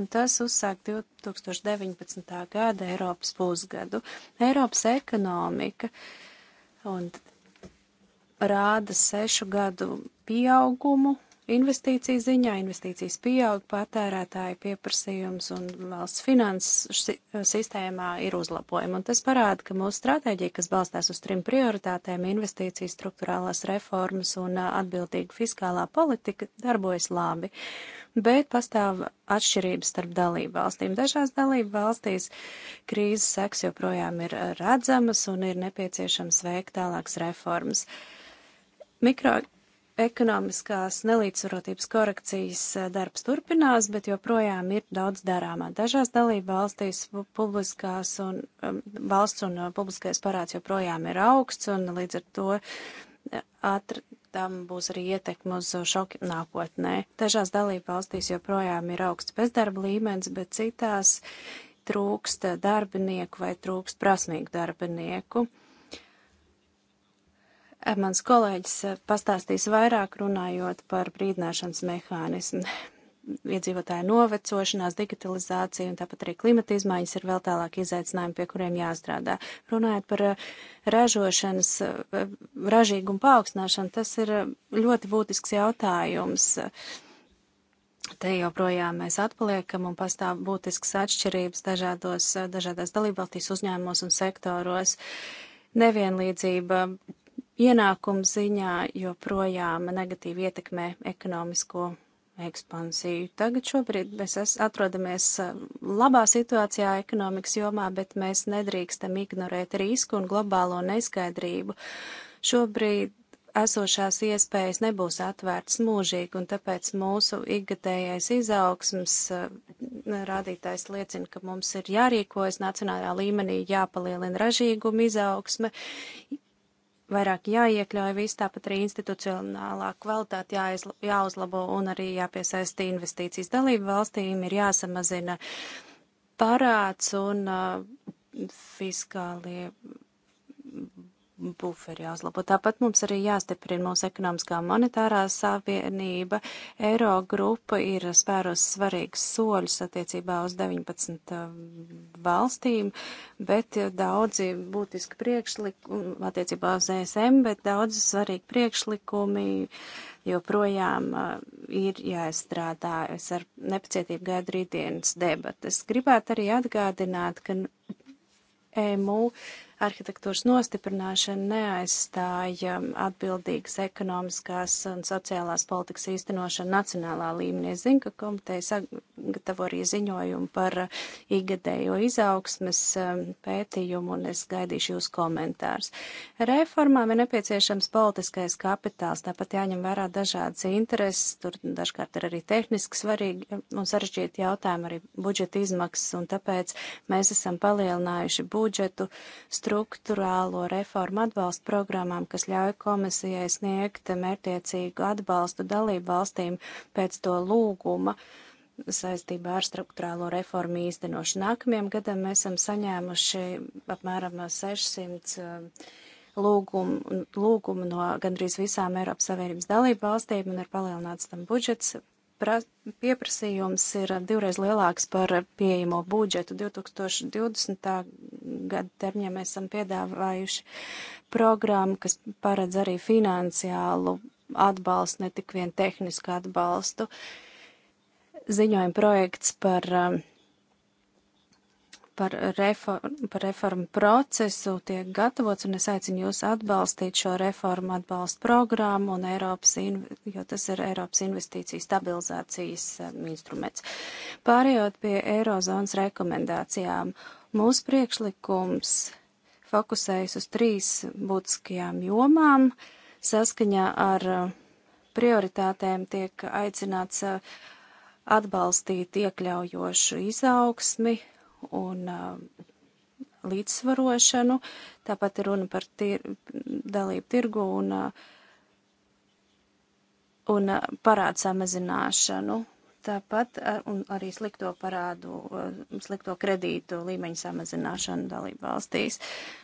un tas uzsāk 2019. gada Eiropas pusgadu. Eiropas ekonomika un rāda sešu gadu pieaugumu investīciju ziņā. Investīcijas pieaug, patērētāju pieprasījums un valsts finanses sistēmā ir uzlabojumi. Un tas parāda, ka mūsu stratēģija, kas balstās uz trim prioritātēm - investīcijas, struktūrālās reformas un atbildīga fiskālā politika, darbojas labi. Bet pastāv atšķirības starp dalību valstīm. Dažās dalību valstīs krīzes seks joprojām ir redzamas un ir nepieciešams veikt tālākas reformas. Mikro ekonomiskās nelīdzsvarotības korekcijas eh, darbs turpinās, bet joprojām ir daudz darāmā. Dažās dalība valstīs publiskās un um, valsts un uh, publiskais parāds joprojām ir augsts un līdz ar to ātri eh, tam būs arī ietekme uz uh, šoku nākotnē. Dažās dalība valstīs joprojām ir augsts bezdarba līmenis, bet citās trūkst uh, darbinieku vai trūkst prasmīgu darbinieku. Eh, mans kolēģis eh, pastāstīs vairāk runājot par brīdināšanas mehānismu. Iedzīvotāju novecošanās, digitalizācija un tāpat arī klimata izmaiņas ir vēl tālāk izaicinājumi, pie kuriem jāstrādā. Runājot par eh, ražošanas, ražīgumu paaugstināšanu, tas ir ļoti būtisks jautājums. Te joprojām mēs atpaliekam un pastāv būtisks atšķirības dažādos, dažādās dalībvaltīs uzņēmumos un sektoros. Nevienlīdzība ienākumu ziņā joprojām negatīvi ietekmē ekonomisko ekspansiju. Tagad šobrīd mēs atrodamies eh, labā situācijā ekonomikas jomā, bet mēs nedrīkstam ignorēt risku un globālo neskaidrību. Šobrīd esošās iespējas nebūs atvērtas mūžīgi, un tāpēc mūsu ikgadējais izaugsms eh, rādītājs liecina, ka mums ir jārīkojas nacionālā līmenī, jāpalielina ražīguma izaugsme, vairāk jāiekļauj viss, tāpat arī institucionālā kvalitāte jāizla, jāuzlabo un arī jāpiesaista investīcijas. Dalību valstīm ir jāsamazina parāds un uh, fiskālie buferi jāuzlabo. Tāpat mums arī jāstiprina mūsu ekonomiskā monetārā savienība. Eiro grupa ir spēros svarīgs soļus attiecībā uz 19 eh, valstīm, bet daudzi būtiski priekšlikumi attiecībā uz ESM, bet daudzi svarīgi priekšlikumi joprojām uh, ir jāizstrādā. Es ar nepacietību gaidu rītdienas debatas. Gribētu arī atgādināt, ka EMU. Nu, arhitektūras nostiprināšana neaizstāja atbildīgas ekonomiskās un sociālās politikas īstenošanu nacionālā līmenī. Es zinu, ka komiteja sagatavo arī ziņojumu par igadējo izaugsmes um, pētījumu, un es gaidīšu jūs komentārus. Reformām ir nepieciešams politiskais kapitāls, tāpat jāņem vērā dažādas intereses, tur dažkārt ir arī tehniski svarīgi un sarežģīti jautājumi, arī budžeta izmaksas, un tāpēc mēs esam palielinājuši budžetu struktūru struktūrālo reformu atbalsta programmām, kas ļauj komisijai sniegt mērtiecīgu atbalstu dalību valstīm pēc to lūguma saistībā ar struktūrālo reformu īstenošanu. Nākamajam gadam mēs esam saņēmuši apmēram 600 um, lūgumu, lūgumu no gandrīz visām Eiropas Savienības dalību valstīm un ir palielināts tam budžets pra, pieprasījums ir divreiz lielāks par pieejamo budžetu. 2020. gada termiņā mēs esam piedāvājuši programmu, kas paredz arī finansiālu atbalstu, ne tik vien tehnisku atbalstu. Ziņojuma projekts par um, par, reform, par reformu procesu tiek gatavots, un es aicinu jūs atbalstīt šo reformu atbalstu programmu, un Eiropas, in, jo tas ir Eiropas investīcijas stabilizācijas eh, instruments. Pārējot pie Eirozonas rekomendācijām, mūsu priekšlikums fokusējas uz trīs būtiskajām jomām. Saskaņā ar eh, prioritātēm tiek aicināts eh, atbalstīt iekļaujošu izaugsmi, un uh, līdzsvarošanu. Tāpat ir runa par tir dalību tirgu un, uh, un uh, parādu samazināšanu. Tāpat un arī slikto parādu, slikto kredītu līmeņu samazināšanu dalību valstīs. Uh,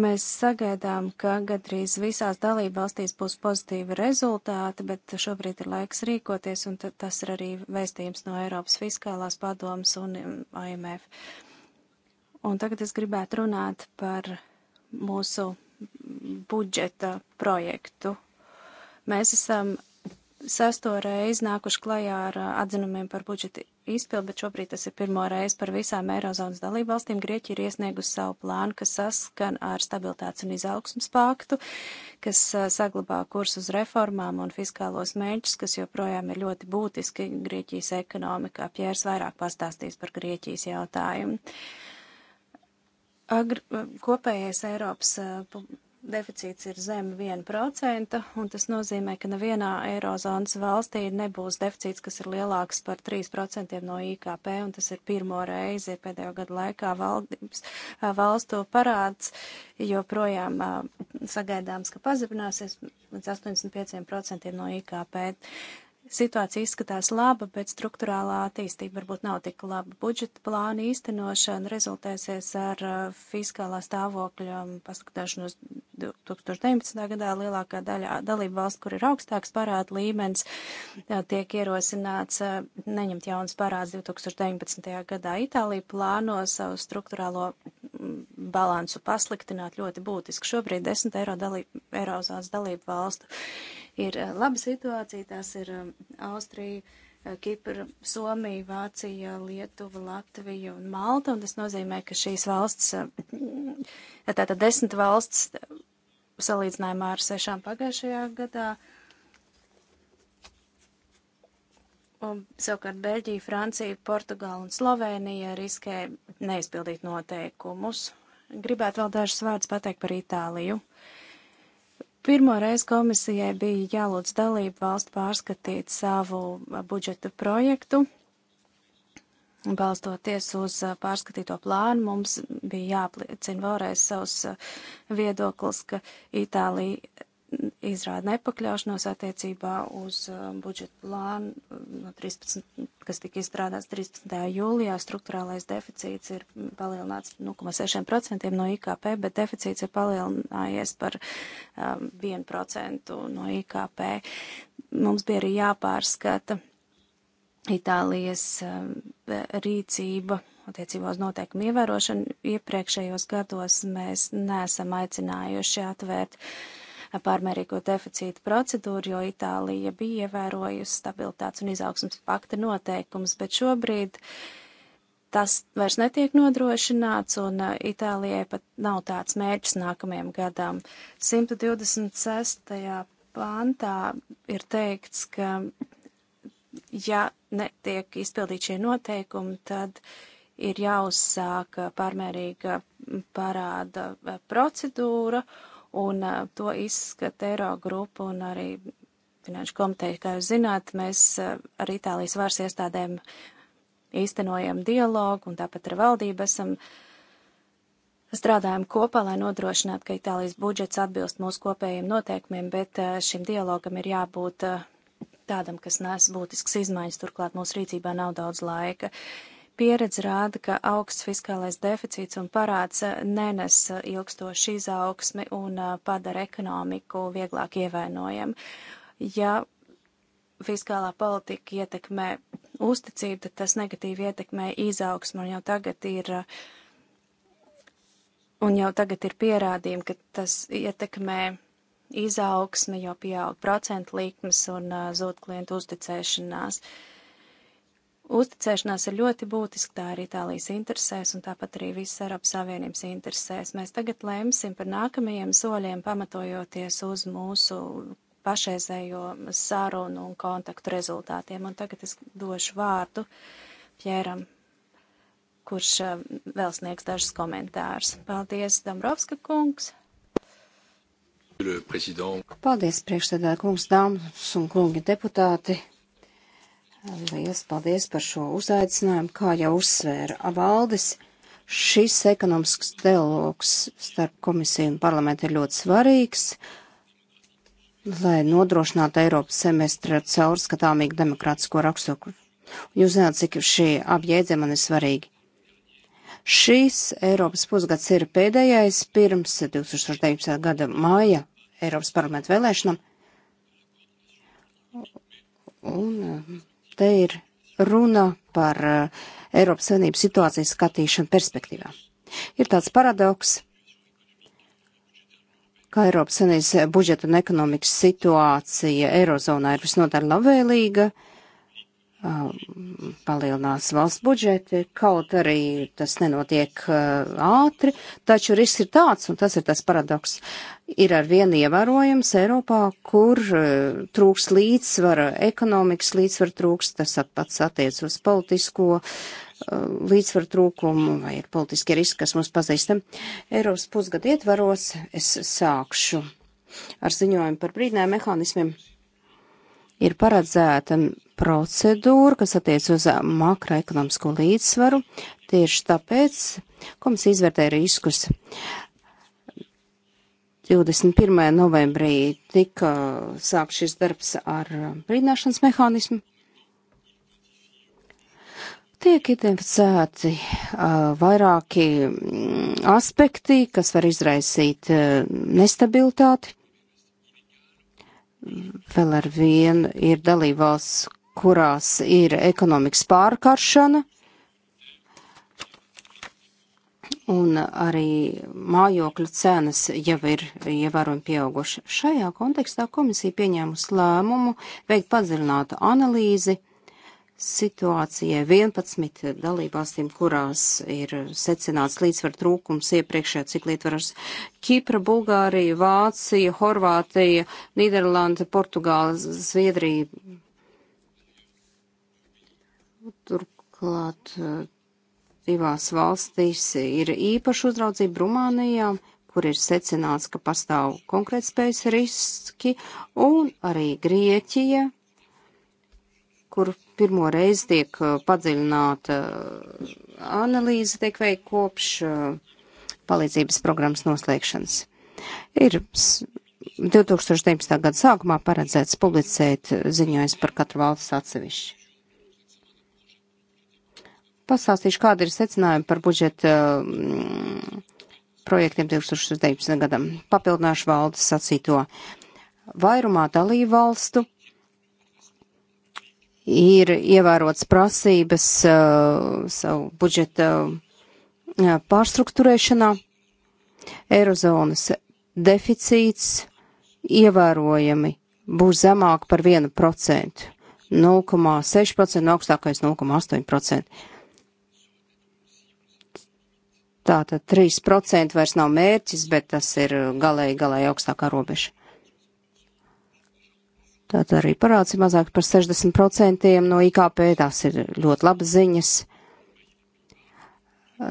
Mēs sagaidām, ka gadrīz visās dalībvalstīs būs pozitīvi rezultāti, bet šobrīd ir laiks rīkoties, un tas ir arī vēstījums no Eiropas fiskālās padomas un AMF. Um, un tagad es gribētu runāt par mūsu budžeta projektu. Mēs esam sesto reizi nākuši klajā ar uh, atzinumiem par budžeta izpildu, bet šobrīd tas ir pirmo reizi par visām Eirozonas dalībvalstīm. Grieķija ir iesniegusi savu plānu, kas saskan ar stabilitātes un izaugsmas paktu, kas saglabā kursu uz reformām un fiskālos mēģus, kas joprojām ir ļoti būtiski Grieķijas ekonomikā. Pjērs vairāk pastāstīs par Grieķijas jautājumu. Agri, kopējais Eiropas deficīts ir zem 1%, un tas nozīmē, ka nevienā eirozonas valstī nebūs deficīts, kas ir lielāks par 3% no IKP, un tas ir pirmo reizi pēdējo gadu laikā valdības, valstu parāds, joprojām sagaidāms, ka pazemināsies līdz 85% no IKP situācija izskatās laba, bet struktūrālā attīstība varbūt nav tik laba. Budžeta plāna īstenošana rezultēsies ar uh, fiskālā stāvokļa um, pasliktāšanos 2019. gadā. Lielākā daļa dalību valsts, kur ir augstāks parāda līmenis, uh, tiek ierosināts uh, neņemt jaunas parādas 2019. gadā. Itālija plāno savu struktūrālo mm, balansu pasliktināt ļoti būtiski. Šobrīd 10 eiro dalību, Eirozonas dalību valstu ir eh, laba situācija, tās ir um, Austrija, eh, Kipra, Somija, Vācija, Lietuva, Latvija un Malta, un tas nozīmē, ka šīs valsts, eh, mm, tātad desmit valsts salīdzinājumā ar sešām pagājušajā gadā, un savukārt Beļģija, Francija, Portugāla un Slovēnija riskē neizpildīt noteikumus. Gribētu vēl dažus vārdus pateikt par Itāliju. Uh, Pirmo reizi komisijai bija jālūdz dalību valstu pārskatīt savu budžeta projektu. Balstoties uz pārskatīto plānu, mums bija jāpliecina vēlreiz savs viedoklis, ka Itālija izrāda nepakļaušanos attiecībā uz um, budžeta plānu, um, no 13, kas tika izstrādāts 13. jūlijā. Struktūrālais deficīts ir palielināts 0,6% no IKP, bet deficīts ir palielinājies par um, 1% no IKP. Mums bija arī jāpārskata Itālijas um, rīcība attiecībā uz noteikumu ievērošanu. Iepriekšējos gados mēs neesam aicinājuši atvērt uh, pārmērīgo deficītu procedūru, jo Itālija bija ievērojusi stabilitātes un izaugsmas pakta noteikums, bet šobrīd tas vairs netiek nodrošināts, un uh, Itālijai pat nav tāds mērķis nākamajam gadam. 126. pantā ir teikts, ka ja netiek izpildīt šie noteikumi, tad ir jāuzsāk pārmērīga parāda uh, procedūra, un uh, to izskata Eiro grupa un arī Finanšu komiteja, kā jūs zināt, mēs uh, ar Itālijas vārs iestādēm īstenojam dialogu un tāpat ar valdību esam strādājam kopā, lai nodrošinātu, ka Itālijas budžets atbilst mūsu kopējiem noteikumiem, bet uh, šim dialogam ir jābūt uh, tādam, kas nes būtisks izmaiņas, turklāt mūsu rīcībā nav daudz laika. Pieredze rāda, ka augsts fiskālais deficīts un parāds eh, nenes eh, ilgstoši izaugsmi un eh, padara ekonomiku vieglāk ievainojam. Ja fiskālā politika ietekmē uzticību, tad tas negatīvi ietekmē izaugsmu un jau tagad ir. Un jau tagad ir pierādījumi, ka tas ietekmē izaugsmi, jo pieaug procentu likmes un uh, zūd klientu uzticēšanās. Uh, Uzticēšanās ir ļoti būtiska, tā ir Itālijas interesēs un tāpat arī visas Eiropas Savienības interesēs. Mēs tagad lēmsim par nākamajiem soļiem, pamatojoties uz mūsu pašreizējo sarunu un kontaktu rezultātiem. Un tagad es došu vārdu Pjēram, kurš eh, vēl sniegs dažus komentārus. Paldies, Dombrovska kungs! Paldies, priekšsēdētāj kungs, dāmas un kungi deputāti! Lielas paldies par šo uzaicinājumu, kā jau uzsvēra Avaldis. Šis ekonomisks dialogs starp komisiju un parlamentu ir ļoti svarīgs, lai nodrošinātu Eiropas semestra caurskatāmīgu demokrātisko raksturu. Jūs zināt, cik šī apjēdze man ir svarīga. Šīs Eiropas pusgads ir pēdējais pirms 2019. gada māja Eiropas parlamentu vēlēšanām. Un te ir runa par uh, Eiropas Savienības situācijas skatīšanu perspektīvā. Ir tāds paradoks, ka Eiropas Savienības budžeta un ekonomikas situācija Eirozonā ir visnotaļ labvēlīga, uh, Um, palielinās valsts budžeti, kaut arī tas nenotiek uh, ātri, taču risks ir tāds, un tas ir tas paradoks, ir ar vienu ievērojams Eiropā, kur uh, trūks līdzsvara, ekonomikas līdzsvara trūks, tas pats attiec uz politisko uh, līdzsvaru trūkumu, vai ir politiskie riski, kas mums pazīstam. Eiropas pusgada ietvaros es sākšu ar ziņojumu par brīdinājumu mehānismiem. Ir paredzēta procedūru, kas attiec uz makroekonomisko līdzsvaru. Tieši tāpēc komisija izvērtēja riskus. 21. novembrī tika sākt šis darbs ar brīdināšanas mehānismu. Tiek identificēti uh, vairāki aspekti, kas var izraisīt uh, nestabilitāti. Vēl ar vienu ir dalībvalsts, kurās ir ekonomikas pārkaršana un arī mājokļu cenas jau ir ievērojami pieauguši. Šajā kontekstā komisija pieņēmusi lēmumu veikt padziļinātu analīzi situācijai 11 dalībvalstīm, kurās ir secināts līdzsver trūkums iepriekšējā cikla ietvaros Kipra, Bulgārija, Vācija, Horvātija, Nīderlanda, Portugāla, Zviedrija, Turklāt eh, divās valstīs ir īpaša uzraudzība Rumānijā, kur ir secināts, ka pastāv konkrētspējas riski, un arī Grieķija, kur pirmo reizi tiek eh, padziļināta eh, analīze, tiek veikta kopš palīdzības programmas noslēgšanas. Ir 2019. gada sākumā paredzēts publicēt ziņojums par katru valsts atsevišķi pastāstīšu, kāda ir secinājuma par budžeta mm, projektiem 2019. gadam. Papildināšu valdes sacīto. Vairumā dalību valstu ir ievērots prasības uh, savu budžeta uh, pārstruktūrēšanā. Eirozonas deficīts ievērojami būs zemāk par 1%, 0,6% no augstākais 0,8%. Tātad 3% vairs nav mērķis, bet tas ir galēji, galēji augstākā robeža. Tātad arī parāds ir mazāk par 60% no IKP, tās ir ļoti labas ziņas.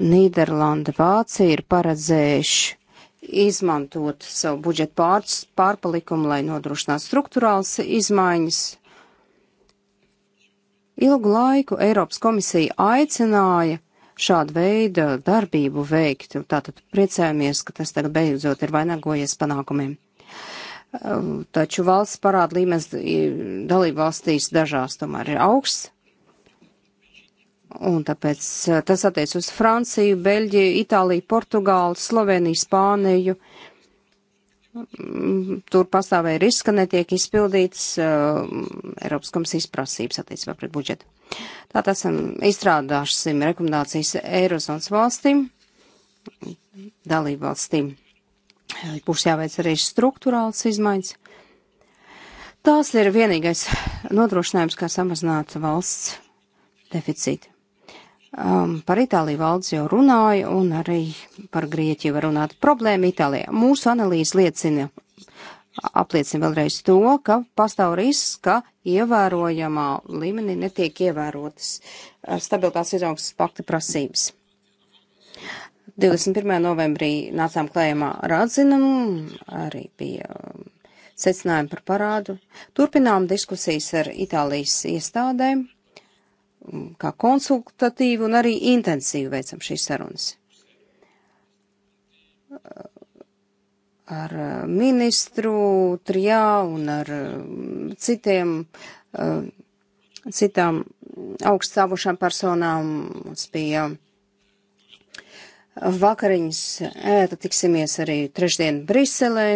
Nīderlanda, Vācija ir paredzējuši izmantot savu budžetu pār, pārpalikumu, lai nodrošinātu struktūrāls izmaiņas. Ilgu laiku Eiropas komisija aicināja šādu veidu darbību veikt. Tātad priecājamies, ka tas tagad beidzot ir vainagojies panākumiem. Ehm, taču valsts parāda līmenis dalību valstīs dažās tomēr ir augsts. Un tāpēc eh, tas attiec uz Franciju, Beļģiju, Itāliju, Portugālu, Sloveniju, Spāniju tur pastāvēja risks, ka netiek izpildīts uh, Eiropas komisijas prasības attiecībā pret budžetu. Tātad esam izstrādāšsim rekomendācijas Eirozonas valstīm, dalību valstīm. Būs jāveic arī struktūrāls izmaiņas. Tās ir vienīgais nodrošinājums, kā samazināt valsts deficītu. Um, par Itāliju valdes jau runāju un arī par Grieķiju var runāt. Problēma Itālijā. Mūsu analīze liecina, apliecina vēlreiz to, ka pastāv risks, ka ievērojamā līmenī netiek ievērotas uh, stabilitātes izaugsmas pakta prasības. 21. novembrī nācām klējumā ar atzinumu, arī bija um, secinājumi par parādu. Turpinām diskusijas ar Itālijas iestādēm Mm, kā konsultatīvi un arī intensīvi veicam šīs sarunas. Uh, ar uh, ministru trijā un ar mm, citiem, uh, citām augststāvošām personām mums bija vakariņas ēta, tiksimies arī trešdien Briselē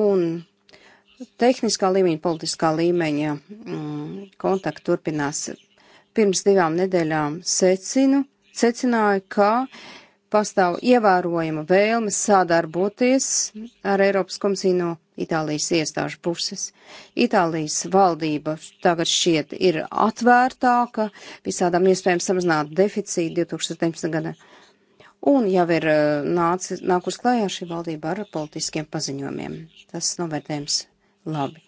un tehniskā līmeņa, politiskā līmeņa mm, kontakti turpinās pirms divām nedēļām secinu, secināju, ka pastāv ievērojama vēlme sadarboties ar Eiropas komisiju no Itālijas iestāžu puses. Itālijas valdība tagad šiet ir atvērtāka visādām iespējām samazināt deficītu 2017. gadā. Un jau ir eh, nācis, nākus klājā šī valdība ar politiskiem paziņojumiem. Tas novērtējums labi.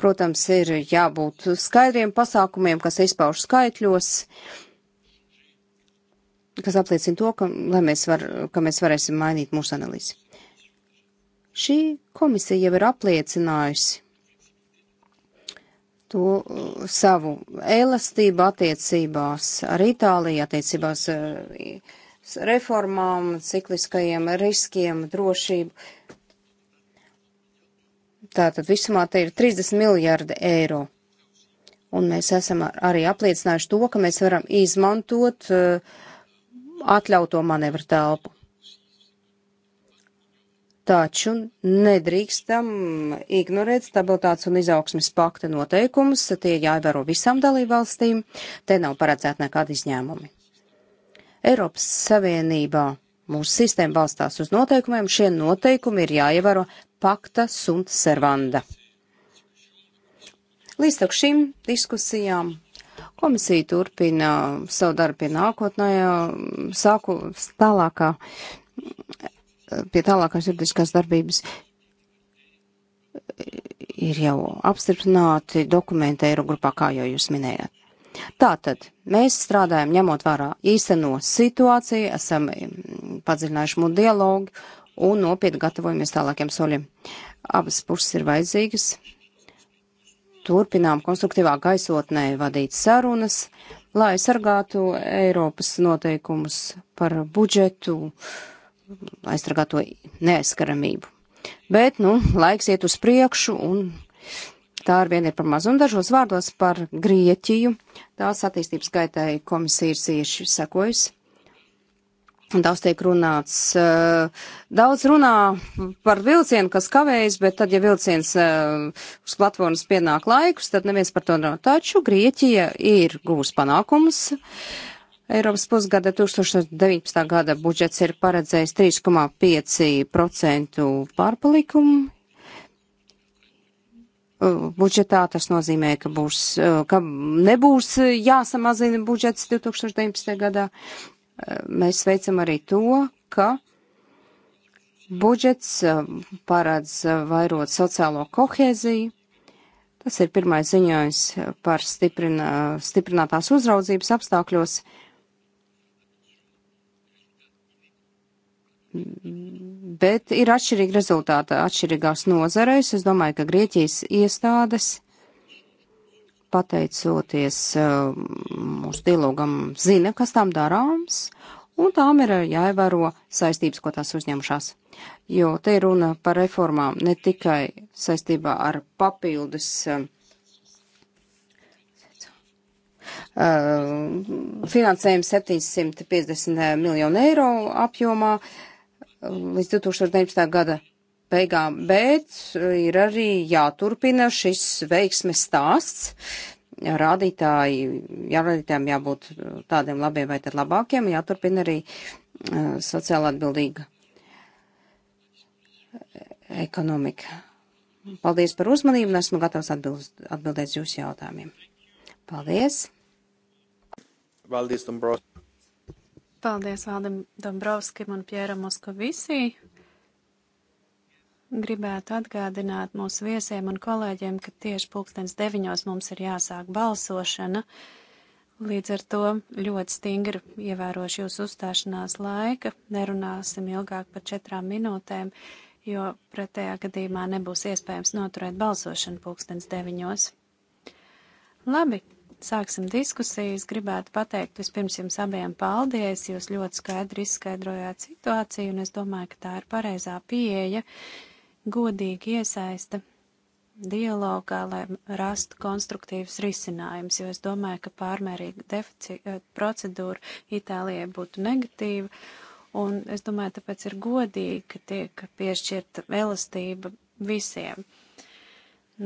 Protams, ir jābūt skaidriem pasākumiem, kas izpauž skaitļos, kas apliecina to, ka, mēs, var, ka mēs varēsim mainīt mūsu analīzi. Šī komisija jau ir apliecinājusi to uh, savu elastību attiecībās ar Itāliju, attiecībās ar uh, reformām, cikliskajiem riskiem, drošību. Tātad visumā te ir 30 miljardi eiro. Un mēs esam arī apliecinājuši to, ka mēs varam izmantot uh, atļauto manevru telpu. Taču nedrīkstam ignorēt stabilitātes un izaugsmes pakta noteikumus, tie jāievēro visām dalībvalstīm, te nav paredzēti nekādi izņēmumi. Eiropas Savienībā Mūsu sistēma balstās uz noteikumiem, šie noteikumi ir jāievēro pakta sunt servanda. Līdz tak šīm diskusijām komisija turpina savu darbu pie nākotnē, sāku tālākā, pie tālākās juridiskās darbības. Ir jau apstiprināti dokumenti Eirogrupā, kā jau jūs minējāt. Tātad mēs strādājam ņemot vērā īsteno situāciju, esam mm, padziļinājuši mūsu dialogu un nopietni gatavojamies tālākiem soļiem. Abas puses ir vajadzīgas. Turpinām konstruktīvā gaisotnē vadīt sarunas, lai aizsargātu Eiropas noteikumus par budžetu, aizsargātu neaizskaramību. Bet, nu, laiks iet uz priekšu un tā ar vienu ir par mazu. Un dažos vārdos par Grieķiju. Tās attīstības gaitai komisija ir cieši sekojusi. Daudz tiek runāts, eh, daudz runā par vilcienu, kas kavējas, bet tad, ja vilciens eh, uz platformas pienāk laikus, tad neviens par to nav. Taču Grieķija ir gūs panākumus. Eiropas pusgada 2019. gada budžets ir paredzējis 3,5% pārpalikumu Eh, budžetā. Tas nozīmē, ka, būs, eh, ka nebūs jāsamazina budžets 2019. gadā. Eh, mēs veicam arī to, ka budžets parādz vairot sociālo kohēziju. Tas ir pirmais ziņojums par stiprinā, stiprinātās uzraudzības apstākļos Bet ir atšķirīgi rezultāti atšķirīgās nozareis. Es domāju, ka Grieķijas iestādes, pateicoties um, mūsu dialogam, zina, kas tām darāms, un tām ir jāievēro saistības, ko tās uzņemšās. Jo te ir runa par reformām ne tikai saistībā ar papildus uh, finansējumu 750 miljonu eiro apjomā, uh, līdz 2019. gada beigām, bet ir arī jāturpina šis veiksmes stāsts. Rādītāji, jārādītājiem jābūt tādiem labiem vai tad labākiem, jāturpina arī uh, sociāli atbildīga ekonomika. Paldies par uzmanību un esmu gatavs atbild, atbildēt jūsu jautājumiem. Paldies! Valdis Dombrovskis. Paldies Valdim Dombrovskim un Pjēram Moskovisī. Gribētu atgādināt mūsu viesiem un kolēģiem, ka tieši pulkstens deviņos mums ir jāsāk balsošana. Līdz ar to ļoti stingri ievērošu jūsu uzstāšanās laika, nerunāsim ilgāk par četrām minūtēm, jo pretējā gadījumā nebūs iespējams noturēt balsošanu pulkstens deviņos. Labi, sāksim diskusijas. Gribētu pateikt vispirms jums abiem paldies. Jūs ļoti skaidri izskaidrojāt situāciju, un es domāju, ka tā ir pareizā pieeja, godīgi iesaista dialogā, lai rastu konstruktīvas risinājumus, jo es domāju, ka pārmērīga defici, eh, procedūra Itālijai būtu negatīva. Un es domāju, tāpēc ir godīgi, ka tiek piešķirta elastība visiem,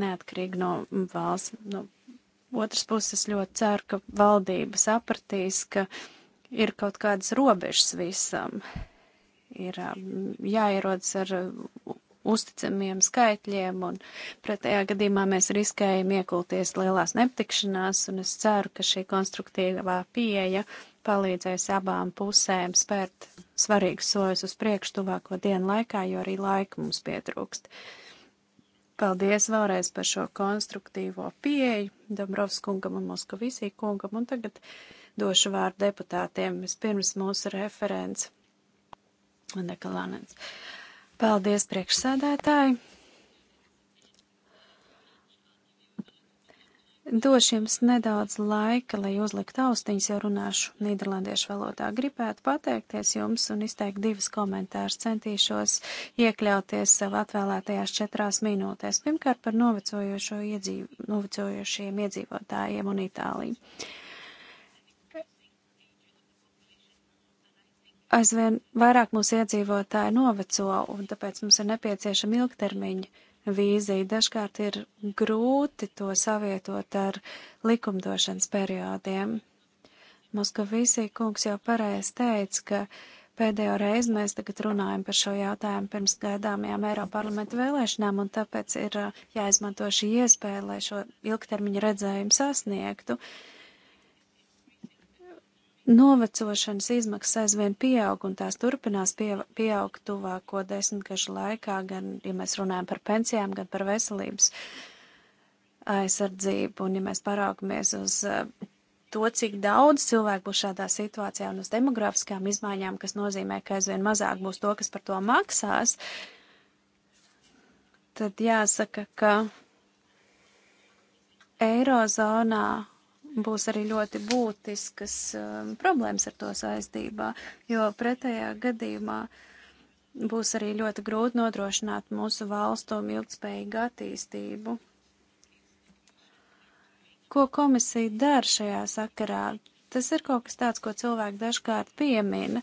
neatkarīgi no valsts, no otras puses ļoti ceru, ka valdība sapratīs, ka ir kaut kādas robežas visam. Ir um, jāierodas ar uh, uzticamiem skaitļiem, un pretējā gadījumā mēs riskējam iekulties lielās nepatikšanās, un es ceru, ka šī konstruktīvā pieeja palīdzēs abām pusēm spērt svarīgus soļus uz priekšu tuvāko dienu laikā, jo arī laika mums pietrūkst. Uh, Paldies vēlreiz par šo konstruktīvo pieeju Dabrovs kungam un Moskavisī kungam, un tagad došu vārdu deputātiem. Vispirms mūsu referents Dekalānens. Paldies priekšsēdētāji! Došu jums nedaudz laika, lai uzliktu austiņas, jo runāšu nīderlandiešu valodā. Gribētu pateikties jums un izteikt divas komentārus. Centīšos iekļauties sev atvēlētajās četrās minūtēs. Pirmkārt par novecojošo iedzīv, novecojošiem iedzīvotājiem un Itāliju. Aizvien vairāk mūsu iedzīvotāji noveco, un tāpēc mums ir nepieciešama ilgtermiņa vīziju. Dažkārt ir grūti to savietot ar likumdošanas periodiem. Moskavisī kungs jau pareizi teica, ka pēdējo reizi mēs tagad runājam par šo jautājumu pirms gaidāmajām Eiroparlamenta vēlēšanām, un tāpēc ir uh, jāizmanto šī iespēja, lai šo ilgtermiņa redzējumu sasniegtu. Uh, Novecošanas izmaksas aizvien pieaug, un tās turpinās pie, pieaugt tuvāko desmitgažu laikā, gan, ja mēs runājam par pensijām, gan par veselības aizsardzību, un ja mēs paraugamies uz eh, to, cik daudz cilvēku būs šādā situācijā un uz demografiskām izmaiņām, kas nozīmē, ka aizvien mazāk būs to, kas par to maksās, tad jāsaka, ka Eirozonā būs arī ļoti būtiskas um, problēmas ar to saistībā, jo pretējā gadījumā būs arī ļoti grūti nodrošināt mūsu valstu ilgspējīgu attīstību. Ko komisija dara šajā sakarā? Tas ir kaut kas tāds, ko cilvēki dažkārt piemina.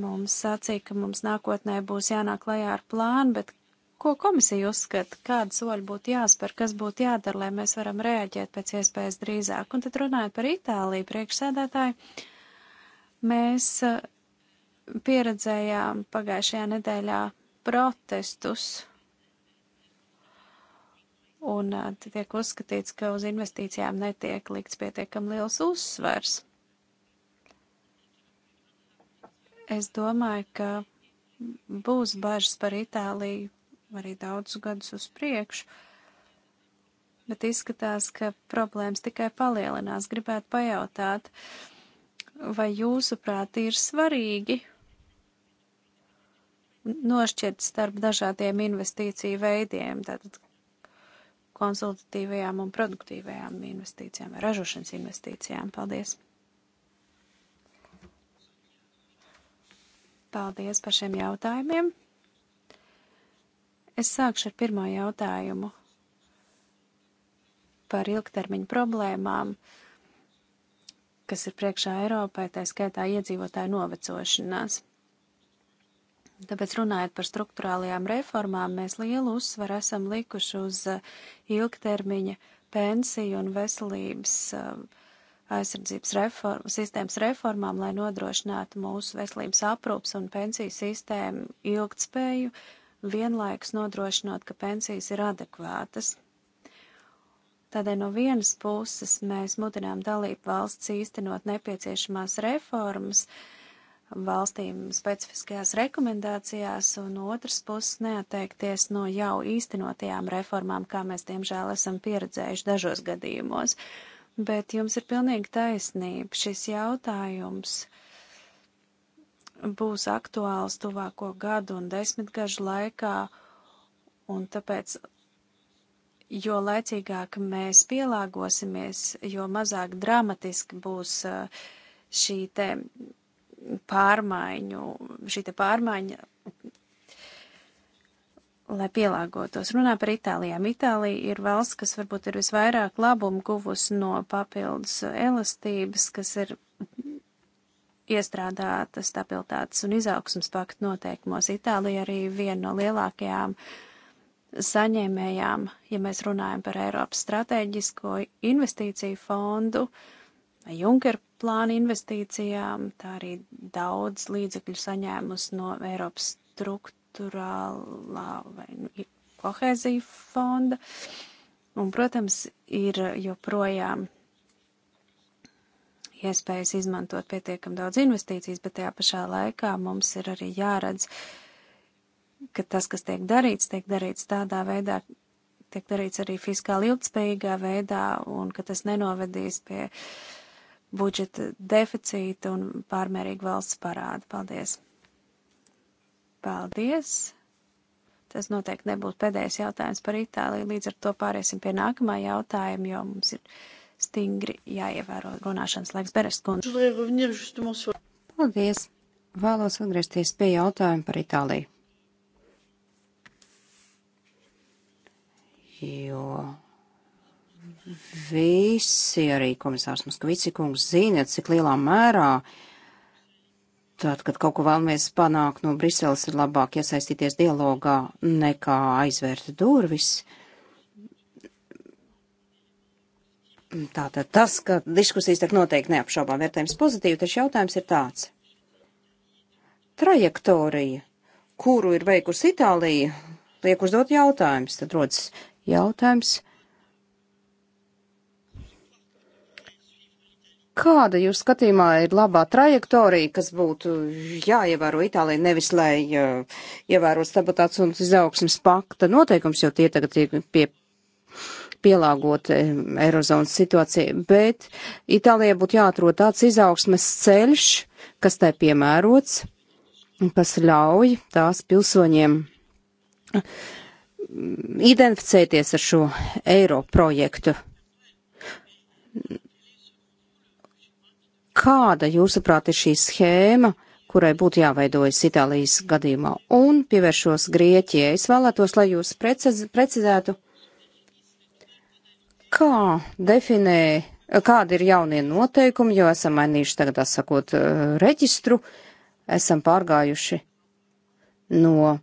Mums sacīja, ka mums nākotnē būs jānāk lajā ar plānu, bet Ko komisija uzskata, kāda soļa būtu jāspēr, kas būtu jādara, lai mēs varam reaģēt pēc iespējas drīzāk? Un tad runājot par Itāliju, priekšsēdētāji, mēs eh, pieredzējām pagājušajā nedēļā protestus un eh, tiek uzskatīts, ka uz investīcijām netiek likts pietiekam liels uzsvers. Es domāju, ka būs bažas par Itāliju arī daudzus gadus uz priekšu, bet izskatās, ka problēmas tikai palielinās. Gribētu pajautāt, vai jūsuprāt ir svarīgi nošķirt starp dažādiem investīciju veidiem, tātad konsultatīvajām un produktīvajām investīcijām vai ražošanas investīcijām. Paldies! Paldies par šiem jautājumiem! Es sākšu ar pirmo jautājumu par ilgtermiņu problēmām, kas ir priekšā Eiropai, tā skaitā iedzīvotāju novecošanās. Tāpēc runājot par struktūrālajām reformām, mēs lielu uzsvaru esam likuši uz uh, ilgtermiņa pensiju un veselības uh, aizsardzības reform, sistēmas reformām, lai nodrošinātu mūsu veselības aprūpas un pensiju sistēmu ilgtspēju vienlaikus nodrošinot, ka pensijas ir adekvātas. Tādēļ no vienas puses mēs mudinām dalību valsts īstenot nepieciešamās reformas valstīm specifiskajās rekomendācijās, un no otras puses neatteikties no jau īstenotajām reformām, kā mēs diemžēl esam pieredzējuši dažos gadījumos. Bet jums ir pilnīgi taisnība. Šis jautājums uh, būs aktuāls tuvāko gadu un desmitgažu laikā, un tāpēc, jo laicīgāk mēs pielāgosimies, jo mazāk dramatiski būs eh, šī te pārmaiņu, šī te pārmaiņa, lai pielāgotos. Runā par Itālijām. Itālija ir valsts, kas varbūt ir visvairāk labumu guvusi no papildus elastības, kas ir iestrādāta stabilitātes un izaugsmas paktu noteikumos. Itālija arī viena no lielākajām saņēmējām, ja mēs runājam par Eiropas strateģisko investīciju fondu vai Junker plānu investīcijām, tā arī daudz līdzekļu saņēmus no Eiropas struktūrālā vai nu, kohēzija fonda. Un, protams, ir joprojām iespējas izmantot pietiekam daudz investīcijas, bet tajā pašā laikā mums ir arī jāredz, ka tas, kas tiek darīts, tiek darīts tādā veidā, tiek darīts arī fiskāli ilgspējīgā veidā un ka tas nenovedīs pie budžeta deficīta un pārmērīgu valsts parādu. Paldies! Paldies! Tas noteikti nebūtu pēdējais jautājums par Itāliju, līdz ar to pāriesim pie nākamā jautājuma, jo mums ir stingri jāievēro runāšanas laiks Beres kundze. Paldies! Vēlos atgriezties pie jautājuma par Itāliju. Jo visi, arī komisārs Maskavici kungs, zina, cik lielā mērā tad, kad kaut ko vēlamies panākt no Briseles, ir labāk iesaistīties dialogā nekā aizvērt durvis. Uh, Tātad tas, ka diskusijas tiek noteikti neapšaubām vērtējums pozitīvi, taču jautājums ir tāds. Trajektorija, kuru ir veikusi Itālija, liek uzdot jautājums. Tad rodas jautājums, kāda jūs skatījumā ir labā trajektorija, kas būtu jāievēro Itālija, nevis lai uh, ievēro stabilitātes un izaugsmas pakta noteikums, jo tie tagad ir pie pielāgot eh, Eirozonas situāciju, bet Itālijai būtu jāatrod tāds izaugsmes ceļš, kas tai piemērots, kas ļauj tās pilsoņiem mm, identificēties ar šo eiro projektu. Kāda, jūsuprāt, ir šī schēma, kurai būtu jāveidojas Itālijas gadījumā? Un pievēršos Grieķijai. Es vēlētos, lai jūs precizētu, Kā definē, kādi ir jaunie noteikumi, jo esam mainījuši tagad, sakot, reģistru, esam pārgājuši no eh,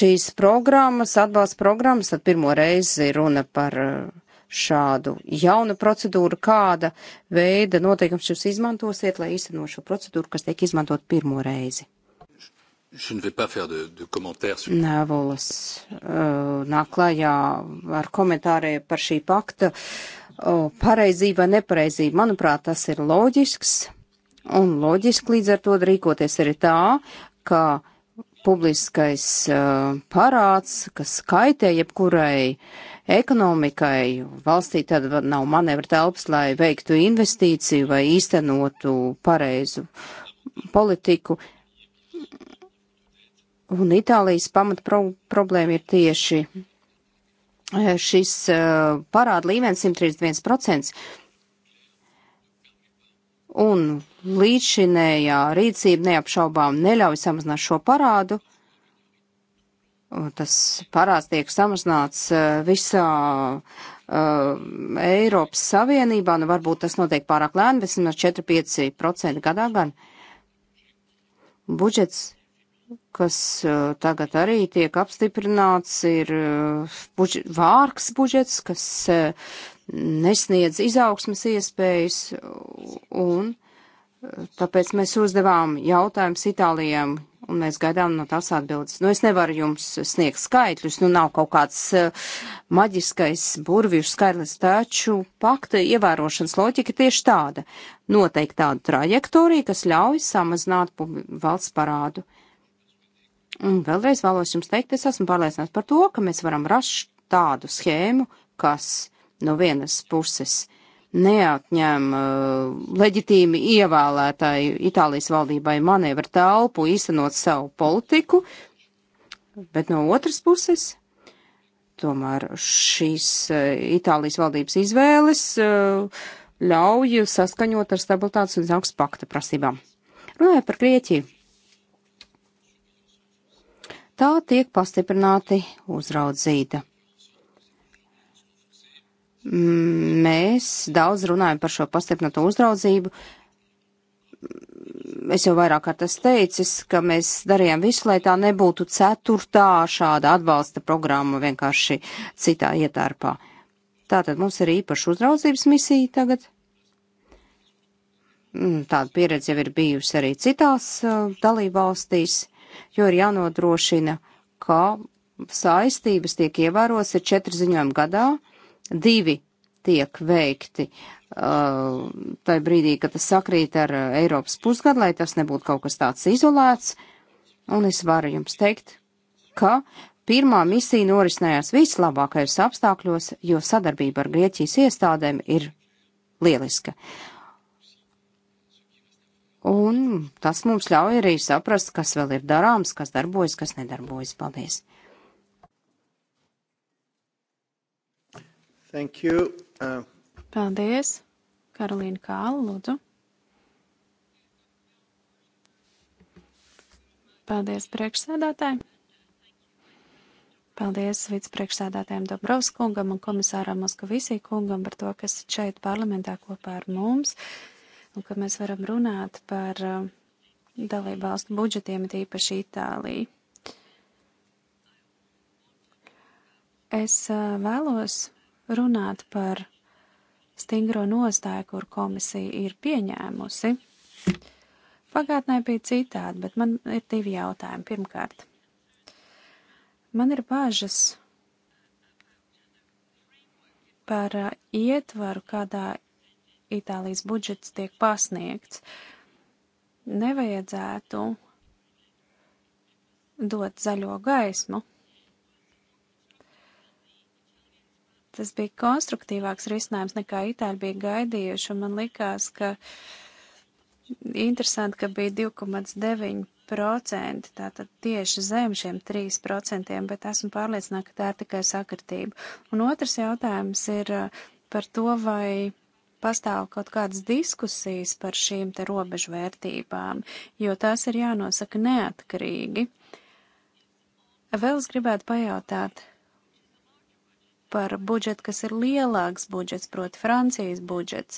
šīs programmas, atbalsta programmas, tad pirmo reizi runa par eh, šādu jaunu procedūru, kāda veida noteikums jūs izmantosiet, lai īstenot šo procedūru, kas tiek izmantot pirmo reizi. Nevolas eh, nāk klajā ar komentāriem par šī pakta eh, pareizību vai nepareizību. Manuprāt, tas ir loģisks, un loģiski līdz ar to rīkoties arī tā, ka publiskais eh, parāds, kas kaitē jebkurai ekonomikai, valstī tad nav manevra telpas, lai veiktu investīciju vai īstenotu pareizu politiku, Un Itālijas pamat pro problēma ir tieši eh, šis uh, parāda līmenis 131%. Un līdzšinējā rīcība neapšaubām neļauj samazināt šo parādu. Tas parāds tiek samazināts uh, visā uh, Eiropas Savienībā, nu varbūt tas notiek pārāk lēni, bet 4-5% gadā gan. Budžets kas tagad arī tiek apstiprināts, ir budžet, vārks budžets, kas nesniedz izaugsmas iespējas, un tāpēc mēs uzdevām jautājumus Itālijam, un mēs gaidām no tās atbildes. Nu, es nevaru jums sniegt skaitļus, nu nav kaut kāds maģiskais burvju skaitlis, taču pakta ievērošanas loģika tieši tāda. Noteikti tāda trajektorija, kas ļauj samazināt valsts parādu. Un vēlreiz vēlos jums teikt, es esmu pārliecināts par to, ka mēs varam rast tādu schēmu, kas no vienas puses neatņem uh, leģitīmi ievēlētāji Itālijas valdībai manevru telpu īstenot savu politiku, bet no otras puses tomēr šīs uh, Itālijas valdības izvēles uh, ļauj saskaņot ar stabilitātes un izaugs pakta prasībām. Runājot par Grieķiju, tā tiek pastiprināti uzraudzīta. Mm, mēs daudz runājam par šo pastiprināto uzraudzību. Es jau vairāk kārt esmu teicis, ka mēs darījām visu, lai tā nebūtu ceturtā šāda atbalsta programma vienkārši citā ietērpā. Tātad mums ir īpaša uzraudzības misija tagad. Mm, tāda pieredze jau ir bijusi arī citās uh, dalībvalstīs jo ir jānodrošina, ka saistības tiek ievērotas ir četri ziņojumi gadā, divi tiek veikti uh, tajā brīdī, kad tas sakrīt ar uh, Eiropas pusgadu, lai tas nebūtu kaut kas tāds izolēts. Un es varu jums teikt, ka pirmā misija norisinājās vislabākajos apstākļos, jo sadarbība ar Grieķijas iestādēm ir lieliska. Un tas mums ļauj arī saprast, kas vēl ir darāms, kas darbojas, kas nedarbojas. Paldies! Thank you. Uh... Paldies! Karolīna Kāla, lūdzu. Paldies priekšsēdētāji! Paldies vicepriekšsēdētājiem Dobrovs kungam un komisāram Moskavisī kungam par to, kas šeit parlamentā kopā ar mums. Uh, un nu, ka mēs varam runāt par um, dalību valstu budžetiem, tīpaši Itāliju. Es uh, vēlos runāt par stingro nostāju, kur komisija ir pieņēmusi. Pagātnē bija citādi, bet man ir divi jautājumi. Pirmkārt, man ir bāžas par uh, ietvaru, kādā Itālijas budžets tiek pasniegts. Nevajadzētu dot zaļo gaismu. Tas bija konstruktīvāks risinājums nekā itāļi bija gaidījuši, un man likās, ka interesanti, ka bija 2,9%, tātad tieši zem šiem 3%, bet esmu pārliecināta, ka tā ir tikai sakritība. Un otrs jautājums ir eh, par to, vai pastāv kaut kādas diskusijas par šīm te robežvērtībām, jo tās ir jānosaka neatkarīgi. Vēl es gribētu pajautāt par budžetu, kas ir lielāks budžets, proti Francijas budžets,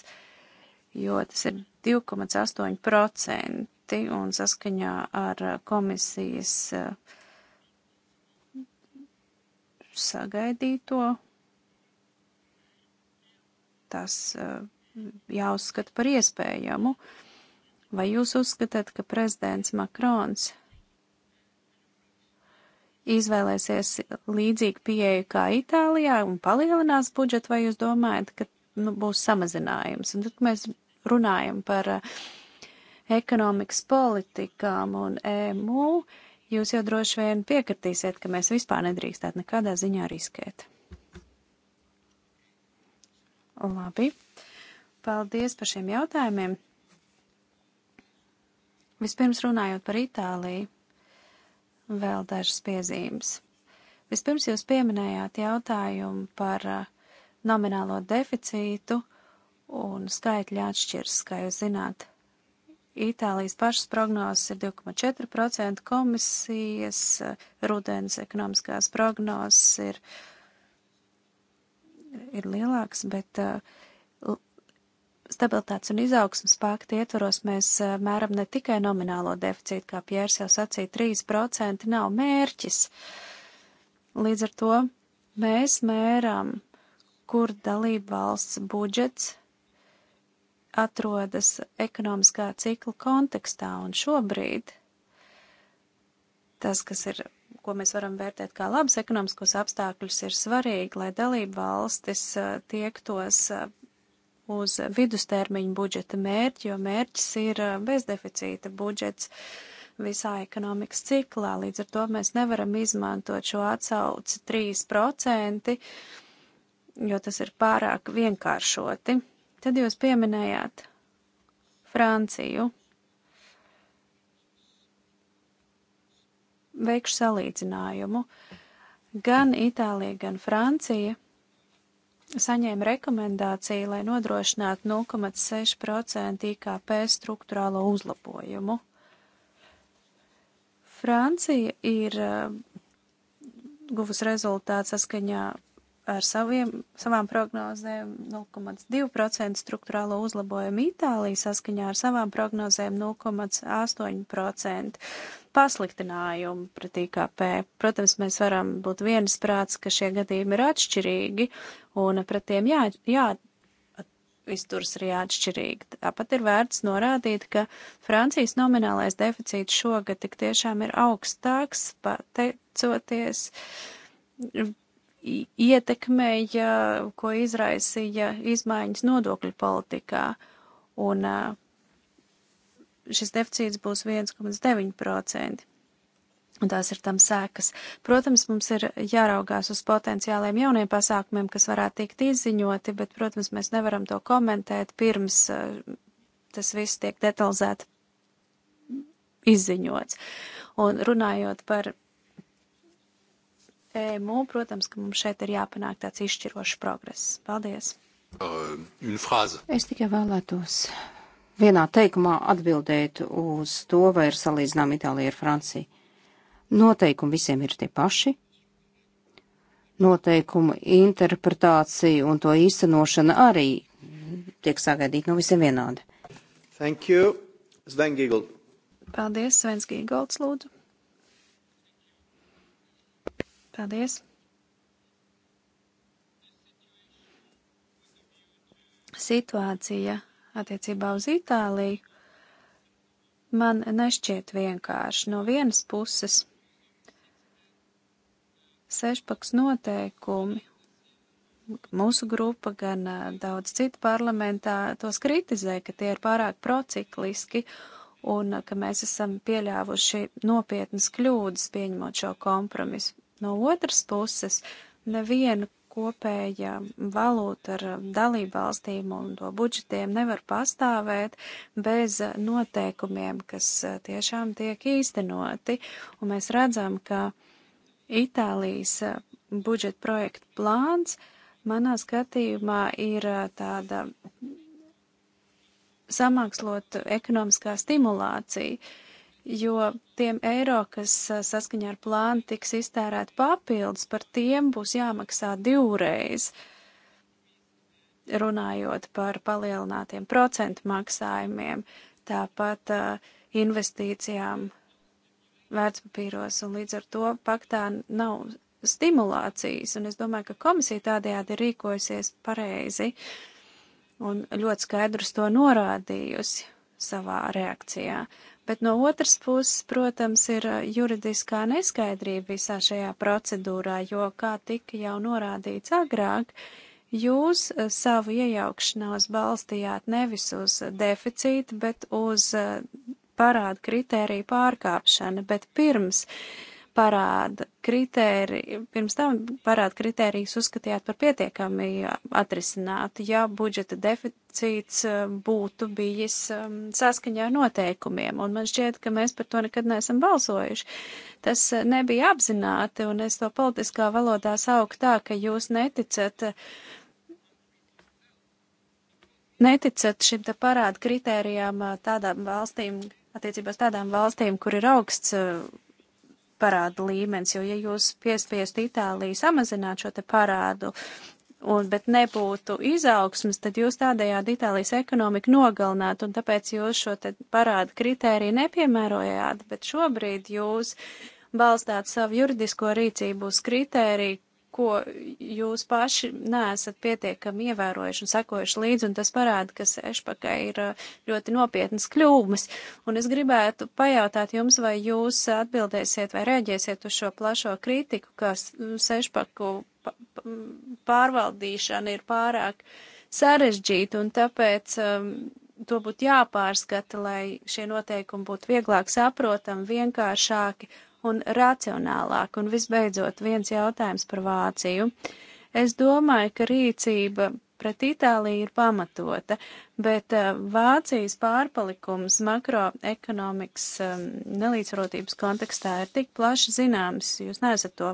jo tas ir 2,8% un saskaņā ar komisijas eh, sagaidīto tas eh, jāuzskata par iespējamu. Vai jūs uzskatāt, ka prezidents Makrons izvēlēsies līdzīgu pieeju kā Itālijā un palielinās budžetu, vai jūs domājat, ka nu, būs samazinājums? Un tad mēs runājam par eh, ekonomikas politikām un EMU. Jūs jau droši vien piekritīsiet, ka mēs vispār nedrīkstāt nekādā ziņā riskēt. Labi. Uh, Paldies par šiem jautājumiem. Vispirms runājot par Itāliju, vēl dažas piezīmes. Vispirms jūs pieminējāt jautājumu par uh, nominālo deficītu un skaitļi atšķirs, kā jūs zināt. Itālijas pašas prognozes ir 2,4%, komisijas uh, rudens ekonomiskās prognozes ir, ir lielāks, bet uh, Stabilitātes un izaugsmas pakta ietvaros mēs eh, mēram ne tikai nominālo deficītu, kā Pjērs jau sacīja, 3% nav mērķis. Līdz ar to mēs mēram, kur dalība valsts budžets atrodas ekonomiskā cikla kontekstā, un šobrīd tas, kas ir, ko mēs varam vērtēt kā labs ekonomiskos apstākļus, ir svarīgi, lai dalība valstis eh, tiektos eh, uz vidustermiņu budžeta mērķi, jo mērķis ir uh, bezdeficīta budžets visā ekonomikas ciklā. Līdz ar to mēs nevaram izmantot šo atsauci 3%, jo tas ir pārāk vienkāršoti. Tad jūs pieminējāt Franciju. Veikšu salīdzinājumu. Gan Itālija, gan Francija saņēma rekomendāciju, lai nodrošinātu 0,6% IKP struktūrālo uzlabojumu. Francija ir eh, guvusi rezultātu saskaņā ar saviem, savām prognozēm 0,2% struktūrālo uzlabojumu, Itālija saskaņā ar savām prognozēm 0,8% pasliktinājumu pret IKP. Protams, mēs varam būt viensprāts, ka šie gadījumi ir atšķirīgi un pret tiem jā, jā, izturs arī atšķirīgi. Tāpat ir vērts norādīt, ka Francijas nominālais deficīts šogad tik tiešām ir augstāks, pateicoties ietekmēja, ko izraisīja izmaiņas nodokļu politikā. Un šis deficīts būs 1,9% un tās ir tam sēkas. Protams, mums ir jāraugās uz potenciāliem jauniem pasākumiem, kas varētu tikt izziņoti, bet, protams, mēs nevaram to komentēt pirms eh, tas viss tiek detalizēti izziņots. Un runājot par EMU, protams, ka mums šeit ir jāpanāk tāds izšķirošs progress. Paldies! Uh, es tikai vēlētos vienā teikumā atbildēt uz to, vai ir salīdzināma Itālija ar Franciju. Noteikumi visiem ir tie paši. Noteikumu interpretācija un to īstenošana arī tiek sagaidīta no visiem vienādi. Thank you, Sven Giegold. Paldies, Svens Gīgolds, lūdzu. Paldies. Situācija attiecībā uz Itāliju man nešķiet vienkārši. No vienas puses sešpaks noteikumi. Mūsu grupa, gan daudz citu parlamentā tos kritizē, ka tie ir pārāk procikliski un ka mēs esam pieļāvuši nopietnas kļūdas pieņemot šo kompromisu. No otras puses, neviena kopēja valūta ar dalībvalstīm un to budžetiem nevar pastāvēt bez noteikumiem, kas tiešām tiek īstenoti. Un mēs redzam, ka Itālijas budžeta projekta plāns, manā skatījumā, ir tāda samākslot ekonomiskā stimulācija, jo tiem eiro, kas saskaņā ar plānu tiks iztērēt papildus, par tiem būs jāmaksā divreiz, runājot par palielinātiem procentu maksājumiem, tāpat investīcijām vērtspapīros, un līdz ar to paktā nav stimulācijas, un es domāju, ka komisija tādējādi rīkojusies pareizi un ļoti skaidrs to norādījusi savā reakcijā. Bet no otras puses, protams, ir uh, juridiskā neskaidrība visā šajā procedūrā, jo, kā tika jau norādīts agrāk, jūs uh, savu iejaukšanos balstījāt nevis uz deficītu, bet uz uh, parāda kritērija pārkāpšana, bet pirms parāda kritērija, pirms tam parāda kritērijas uzskatījāt par pietiekami atrisināti, ja budžeta deficīts eh, būtu bijis ehm, saskaņā ar noteikumiem, un man šķiet, ka mēs par to nekad neesam balsojuši. Tas eh, nebija apzināti, un es to politiskā valodā sauku tā, ka jūs neticat eh, neticat šim te parāda kritērijām tādām valstīm attiecībās tādām valstīm, kur ir augsts eh, parādu līmenis, jo ja jūs piespiestu Itāliju samazināt šo te parādu, un, bet nebūtu izaugsmas, tad jūs tādējādi Itālijas ekonomiku nogalināt, un tāpēc jūs šo te parādu kritēriju nepiemērojāt, bet šobrīd jūs balstāt savu juridisko rīcību uz kritēriju, ko jūs paši neesat pietiekami ievērojuši un sekojuši līdzi, un tas parāda, ka sešpakai ir uh, ļoti nopietnas kļūmes. Un es gribētu pajautāt jums, vai jūs atbildēsiet vai rēģēsiet uz šo plašo kritiku, ka sešpaku pārvaldīšana ir pārāk sarežģīta, un tāpēc. Um, to būtu jāpārskata, lai šie noteikumi būtu vieglāk saprotami, vienkāršāki un racionālāk. Un visbeidzot, viens jautājums par Vāciju. Es domāju, ka rīcība pret Itāliju ir pamatota, bet eh, Vācijas pārpalikums makroekonomikas eh, nelīdzvarotības kontekstā ir tik plaši zināms, jūs neesat to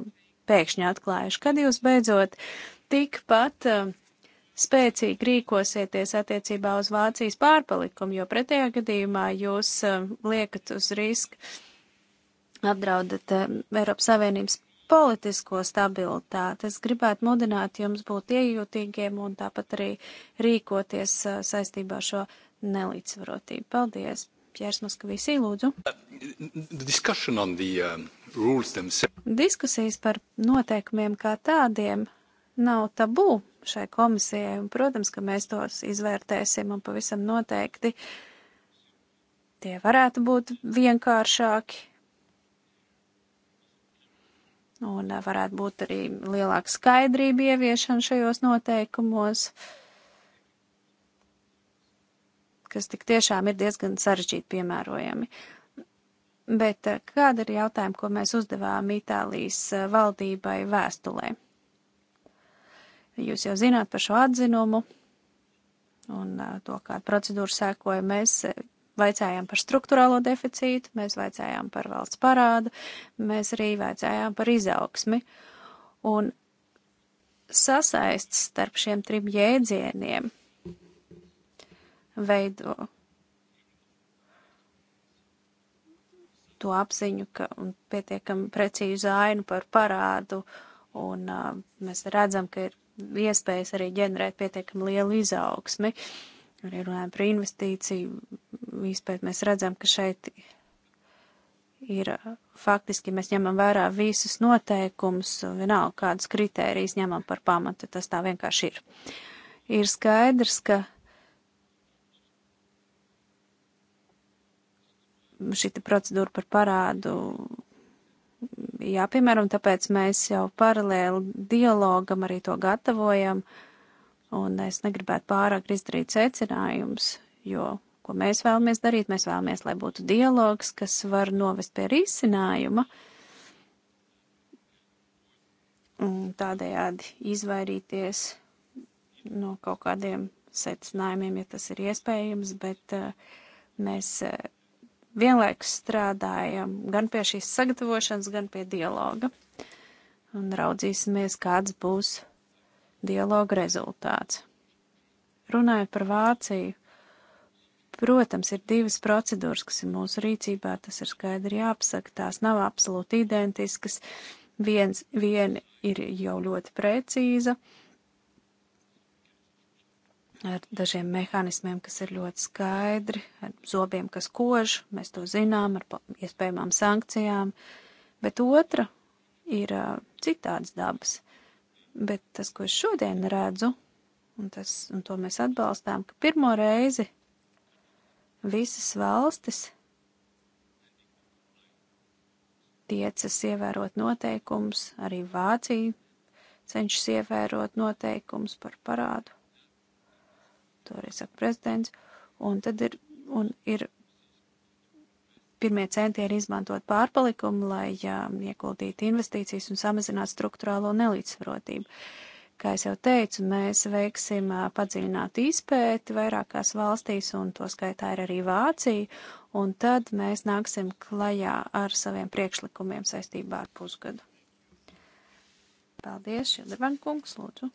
pēkšņi atklājuši. Kad jūs beidzot tikpat eh, spēcīgi rīkosieties attiecībā uz Vācijas pārpalikumu, jo pretējā gadījumā jūs liekat uz risku apdraudat eh, Eiropas Savienības politisko stabilitāti. Es gribētu mudināt jums būt iejūtīgiem un tāpat arī rīkoties eh, saistībā ar šo nelīdzsvarotību. Paldies! Pjērs Maskavīsī, lūdzu. The, um, Diskusijas par noteikumiem kā tādiem nav tabū šai komisijai, un, protams, ka mēs tos izvērtēsim un pavisam noteikti tie varētu būt vienkāršāki, un eh, varētu būt arī lielāka skaidrība ieviešana šajos noteikumos, kas tik tiešām ir diezgan sarežģīti piemērojami. Bet eh, kāda ir jautājuma, ko mēs uzdevām Itālijas eh, valdībai vēstulē? Jūs jau zināt par šo atzinumu un to, kāda procedūra sēkoja. Mēs vaicājām par struktūrālo deficītu, mēs vaicājām par valsts parādu, mēs arī vaicājām par izaugsmi. Un sasaists starp šiem trim jēdzieniem veido to apziņu ka, un pietiekam precīzu ainu par parādu, un uh, mēs redzam, ka ir iespējas arī ģenerēt pietiekam lielu izaugsmi. Uh, arī runājam par investīciju izpēt, mēs redzam, ka šeit ir faktiski, mēs ņemam vērā visus noteikumus, vienalga kādas kritērijas ņemam par pamatu, tas tā vienkārši ir. Ir skaidrs, ka šī procedūra par parādu jāpiemēr, un tāpēc mēs jau paralēli dialogam arī to gatavojam. Uh, Un es negribētu pārāk izdarīt secinājumus, jo, ko mēs vēlamies darīt, mēs vēlamies, lai būtu dialogs, kas var novest pie risinājuma. Un tādējādi izvairīties no kaut kādiem secinājumiem, ja tas ir iespējams, bet uh, mēs uh, vienlaikus strādājam gan pie šīs sagatavošanas, gan pie dialoga. Un raudzīsimies, kāds būs dialoga rezultāts. Runājot par Vāciju, protams, ir divas procedūras, kas ir mūsu rīcībā, tas ir skaidri jāapsaka, tās nav absolūti identiskas. Viens, viena ir jau ļoti precīza, ar dažiem mehānismiem, kas ir ļoti skaidri, ar zobiem, kas kož, mēs to zinām, ar iespējamām sankcijām, bet otra ir citādas dabas. Uh, Bet tas, ko es šodien redzu, un, tas, un to mēs atbalstām, ka pirmo reizi visas valstis tiecas ievērot noteikumus, arī Vācija cenšas ievērot noteikumus par parādu. To arī saka prezidents. Un tad ir, un ir Pirmie centieni izmantot pārpalikumu, lai um, ieguldītu investīcijas un samazinātu struktūrālo nelīdzsvarotību. Kā es jau teicu, mēs veiksim uh, padziļinātu izpēti vairākās valstīs, un to skaitā ir arī Vācija, un tad mēs nāksim klajā ar saviem priekšlikumiem saistībā ar pusgadu. Paldies, Šildervan kungs, lūdzu.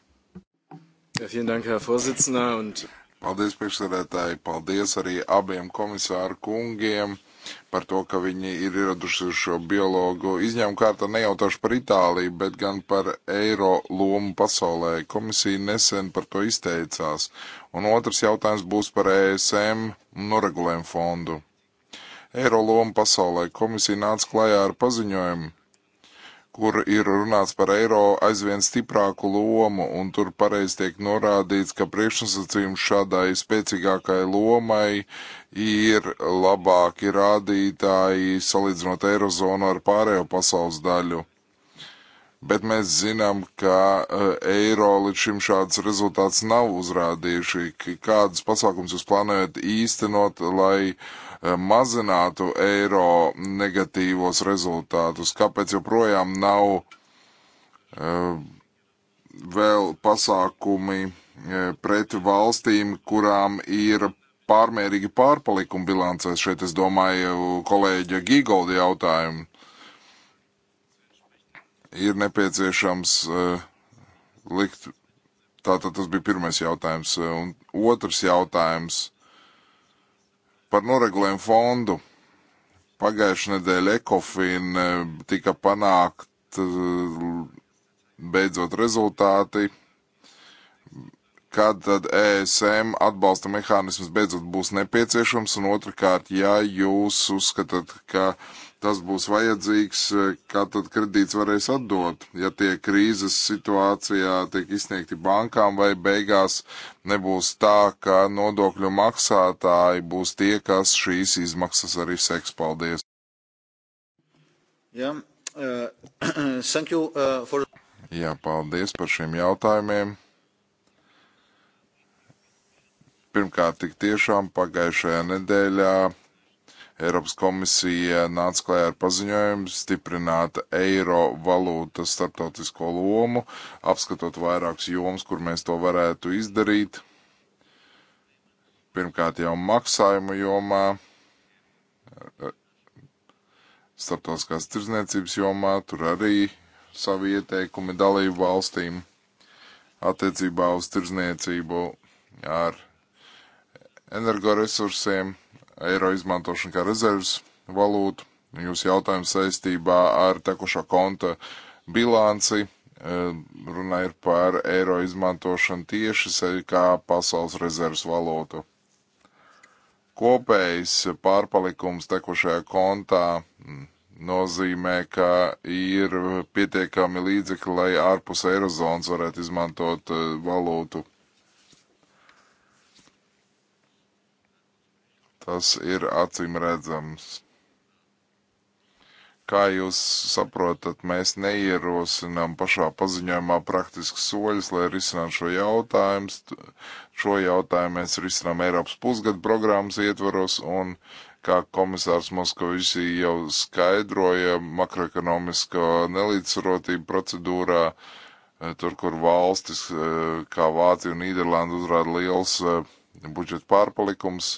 Ja, vielen Dank, Herr Vorsitzender, und Paldies, priekšsēdētāji. Paldies arī abiem komisāru kungiem par to, ka viņi ir ieraduši šo biologu izņēmumu kārtā nejautāšu par Itāliju, bet gan par eiro lomu pasaulē. Komisija nesen par to izteicās. Un otrs jautājums būs par ESM un noregulējumu fondu. Eiro loma pasaulē. Komisija nāca klajā ar paziņojumu kur ir runāts par eiro aizvien stiprāku lomu, un tur pareizi tiek norādīts, ka priekšnosacījums šādai spēcīgākai lomai ir labāki rādītāji salīdzinot eirozonu ar pārējo pasaules daļu. Bet mēs zinām, ka eh, eiro līdz šim šāds rezultāts nav uzrādījuši. Kādus pasākums jūs plānojat īstenot, lai uh, Eh, mazinātu eiro negatīvos rezultātus? Kāpēc joprojām nav uh, vēl pasākumi uh, pret valstīm, kurām ir pārmērīgi pārpalikumi bilancēs? Šeit es domāju kolēģa Gigolda jautājumu. Ir nepieciešams uh, likt. Tātad tas bija pirmais jautājums. Un otrs jautājums Par noregulējumu fondu. Pagājušajā nedēļā ECOFIN e, tika panākt e, beidzot rezultāti, kad tad ESM atbalsta mehānisms beidzot būs nepieciešams, un otrkārt, ja jūs uzskatāt, ka uh, Tas būs vajadzīgs, e, kā tad kredīts varēs atdot, ja tie krīzes situācijā tiek izsniegti bankām vai beigās nebūs tā, ka nodokļu maksātāji būs tie, kas šīs izmaksas arī seks. Paldies! Yeah. E, uh, you, uh, for... Jā, paldies par šiem jautājumiem. Pirmkārt, tik tiešām pagājušajā nedēļā Eiropas komisija nāca klajā ar paziņojumu stiprināt eiro valūtas starptautisko lomu, apskatot vairākus jomas, kur mēs to varētu izdarīt. Pirmkārt jau maksājumu jomā, starptautiskās tirzniecības jomā, tur arī savi ieteikumi dalību valstīm attiecībā uz tirzniecību ar energoresursiem eiro izmantošanu kā rezerves valūtu. Jūs jautājums saistībā ar tekušo konta bilanci e, runa ir par eiro izmantošanu tieši kā pasaules rezerves valūtu. Kopējs pārpalikums tekušajā kontā nozīmē, ka ir pietiekami līdzekļi, lai ārpus eirozonas varētu izmantot e, valūtu Tas ir acīm redzams. Kā jūs saprotat, mēs neierosinām pašā paziņojumā praktisks soļus, lai risinātu šo jautājumu. Šo jautājumu mēs risinām Eiropas pusgadu programmas ietvaros un kā komisārs Moskovisī jau skaidroja makroekonomisko nelīdzsvarotību procedūrā, eh, tur, kur valstis eh, kā Vācija un Nīderlanda uzrāda liels eh, budžeta pārpalikums,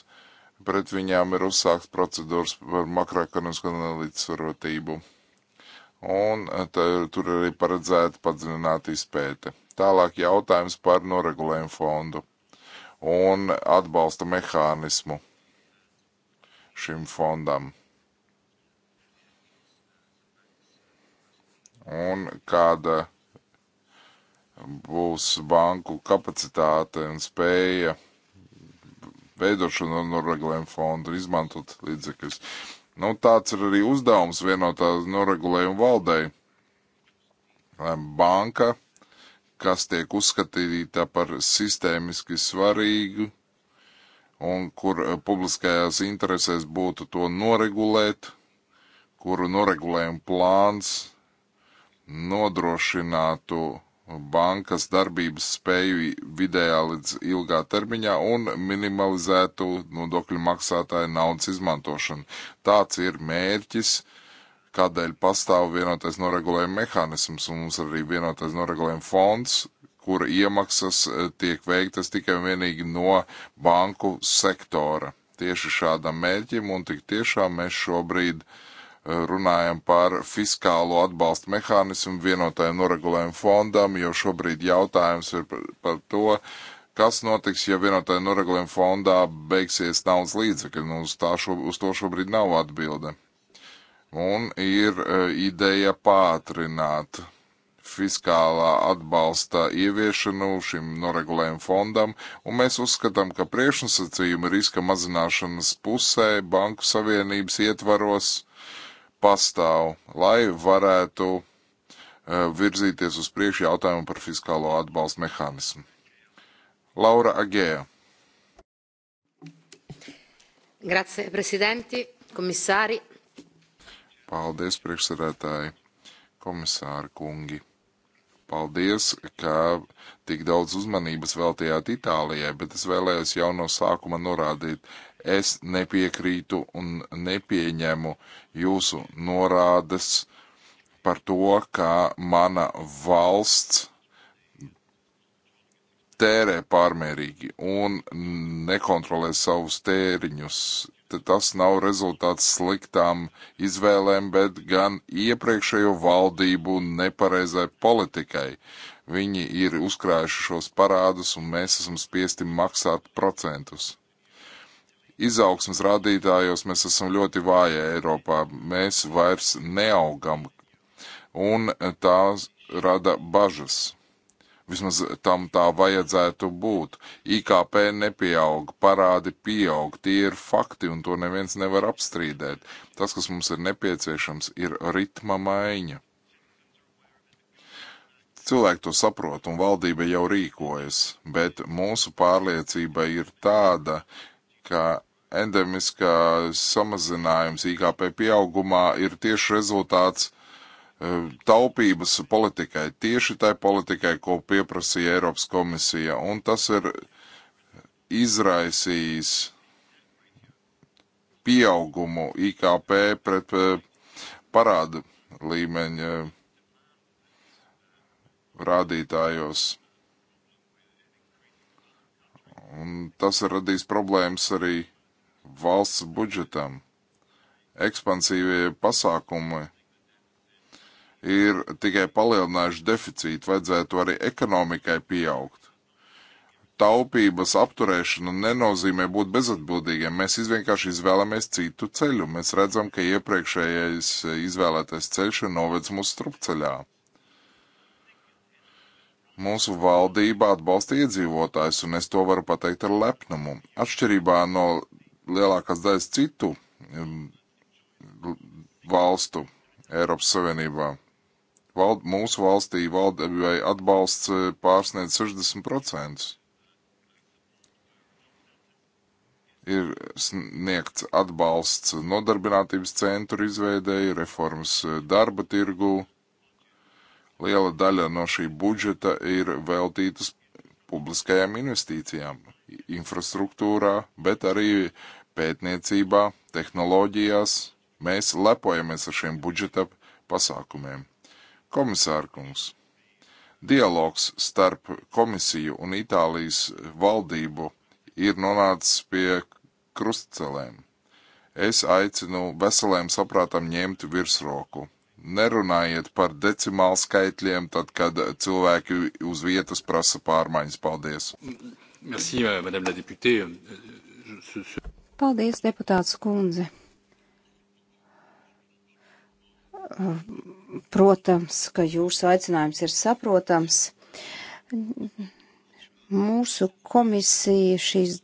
pret viņām ir uzsākts procedūras par makroekonomisko nelīdzsvarotību. Un eh, tā, tur arī paredzēta padziļināta izpēte. Tālāk jautājums par noregulējumu fondu un atbalsta mehānismu šim fondam. Un kāda būs banku kapacitāte un spēja veidošanu un noregulējumu fondu, izmantot līdzekļus. Nu, tāds ir arī uzdevums vienotā noregulējuma valdei. Banka, kas tiek uzskatīta par sistēmiski svarīgu un kur eh, publiskajās interesēs būtu to noregulēt, kuru noregulējuma plāns nodrošinātu bankas darbības spēju vidējā līdz ilgā termiņā un minimalizētu nodokļu maksātāju naudas izmantošanu. Tāds ir mērķis, kādēļ pastāv vienotais noregulējuma mehānisms un mums arī vienotais noregulējuma fonds, kura iemaksas eh, tiek veiktas tikai un vienīgi no banku sektora. Tieši šādam mērķim un tik tiešām mēs šobrīd uh, runājam par fiskālo atbalstu mehānismu vienotajam noregulējumu fondam, jo šobrīd jautājums ir par, par to, kas notiks, ja vienotajam noregulējumu fondā beigsies naudas līdzekļi. Nu, uz, šo, uz to šobrīd nav atbilde. Un ir uh, ideja pātrināt fiskālā atbalsta ieviešanu šim noregulējumu fondam, un mēs uzskatām, ka priekšnosacījumi riska mazināšanas pusē Banku Savienības ietvaros pastāv, lai varētu e, virzīties uz priekšu jautājumu par fiskālo atbalstu mehānismu. Laura Agēja. Grazie, prezidenti, komisāri. Paldies, priekšsarētāji, komisāri kungi. Paldies, ka tik daudz uzmanības veltījāt Itālijai, bet es vēlējos jau no sākuma norādīt, Es nepiekrītu un nepieņemu jūsu norādes par to, ka mana valsts tērē pārmērīgi un nekontrolē savus tēriņus. Tas nav rezultāts sliktām izvēlēm, bet gan iepriekšējo valdību nepareizai politikai. Viņi ir uzkrājuši šos parādus, un mēs esam spiesti maksāt procentus izaugsmas rādītājos mēs esam ļoti vāji Eiropā. Mēs vairs neaugam, un tās rada bažas. Vismaz tam tā vajadzētu būt. IKP nepieaug, parādi pieaug, tie ir fakti, un to neviens nevar apstrīdēt. Tas, kas mums ir nepieciešams, ir ritma maiņa. Cilvēki to saprot, un valdība jau rīkojas, bet mūsu pārliecība ir tāda, ka endemiskā samazinājums IKP pieaugumā ir tieši rezultāts e, taupības politikai, tieši tai politikai, ko pieprasīja Eiropas komisija, un tas ir izraisījis pieaugumu IKP pret e, parādu līmeņa rādītājos. Un tas ir radījis problēmas arī valsts budžetam. Ekspansīvie pasākumi ir tikai palielinājuši deficītu, vajadzētu arī ekonomikai pieaugt. Taupības apturēšana nenozīmē būt bezatbildīgiem. Mēs vienkārši izvēlamies citu ceļu. Mēs redzam, ka iepriekšējais izvēlētais ceļš ir novedis mūsu strupceļā. Mūsu valdība atbalsta iedzīvotājus, un es to varu pateikt ar lepnumu. Atšķirībā no lielākās daļas citu valstu Eiropas Savienībā. Vald, mūsu valstī valdībai atbalsts eh, pārsniedz 60%. Ir sniegts atbalsts nodarbinātības centru izveidēji, reformas eh, darba tirgū. Liela daļa no šī budžeta ir veltītas publiskajām investīcijām, infrastruktūrā, bet arī pētniecībā, tehnoloģijās. Mēs lepojamies ar šiem budžeta pasākumiem. Komisārkungs, dialogs starp komisiju un Itālijas valdību ir nonācis pie krustcelēm. Es aicinu veselēm saprātam ņemt virsroku. Nerunājiet par decimālu skaitļiem, tad, kad cilvēki uz vietas prasa pārmaiņas. Paldies! Merci, madame la députée. Paldies, deputāts kundze. Protams, ka jūsu aicinājums ir saprotams. Mūsu komisija šīs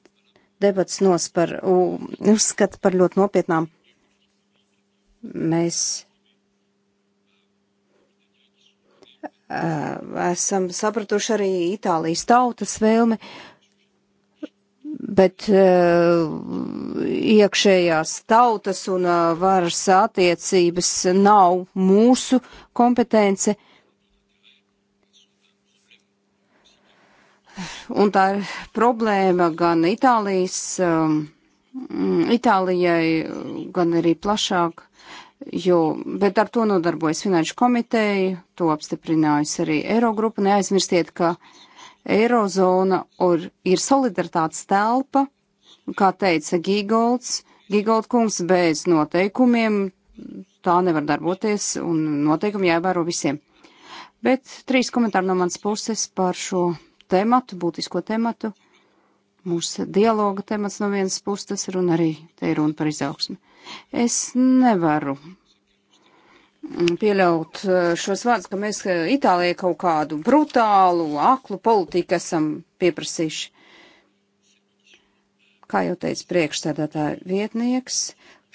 debats nos par, uzskata par ļoti nopietnām. Mēs esam sapratuši arī Itālijas tautas vēlme bet e, iekšējās tautas un e, varas attiecības nav mūsu kompetence. Un tā ir problēma gan Itālijas, e, Itālijai, gan arī plašāk, jo, bet ar to nodarbojas Finanšu komiteja, to apstiprinājusi arī Eirogrupa. Neaizmirstiet, ka uh, Eirozona ir, ir solidaritātes telpa, kā teica Gigolds, Gigolds kungs bez noteikumiem tā nevar darboties un noteikumi jāievēro visiem. Bet trīs komentāri no manas puses par šo tematu, būtisko tematu. Mūsu dialoga temats no vienas puses ir un arī te ir runa par izaugsmi. Es nevaru Mm, pieļaut eh, šos vārdus, ka mēs eh, Itālijai kaut kādu brutālu, aklu politiku esam pieprasījuši. Kā jau teica priekšsēdētāja vietnieks,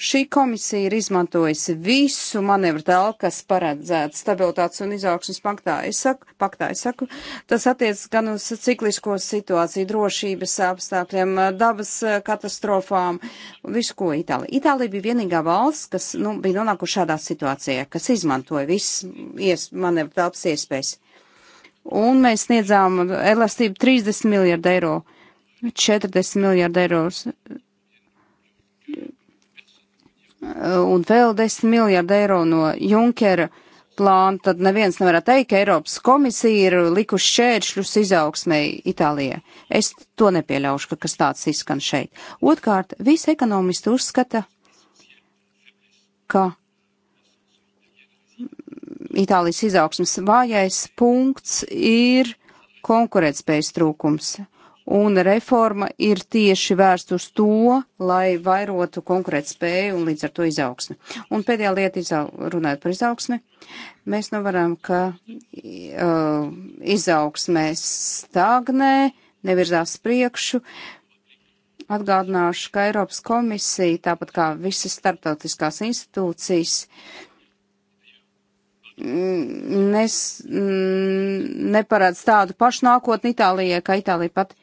Šī komisija ir izmantojusi visu manevru telpu, kas paredzēta stabilitātes un izaugsmas paktā. Es saku, paktā es saku, tas attiec gan uz ciklisko situāciju, drošības apstākļiem, dabas eh, katastrofām, visu, ko Itālija. Itālija bija vienīgā valsts, kas nu, bija nonākuši šādā situācijā, kas izmantoja visas ies, manevru telpas iespējas. Un mēs sniedzām elastību 30 miljardu eiro, 40 miljardu eiro un vēl 10 miljārdu eiro no Junkera plāna, tad neviens nevarētu teikt, ka Eiropas komisija ir likuši šķēršļus izaugsmēji Itālijai. Es to nepieļaušu, ka kas tāds izskan šeit. Otkārt, visi ekonomisti uzskata, ka Itālijas izaugsmas vājais punkts ir konkurētspējas trūkums un reforma ir tieši vērst uz to, lai vairotu konkrētu spēju un līdz ar to izaugsmi. Un pēdējā lieta, izau, runājot par izaugsmi, mēs nu varam, ka uh, izaugsme stagnē, nevirzās priekšu. Atgādināšu, ka Eiropas komisija, tāpat kā visas starptautiskās institūcijas, mm, nes, mm, neparāds tādu pašu nākotni Itālijai, ka Itālija pat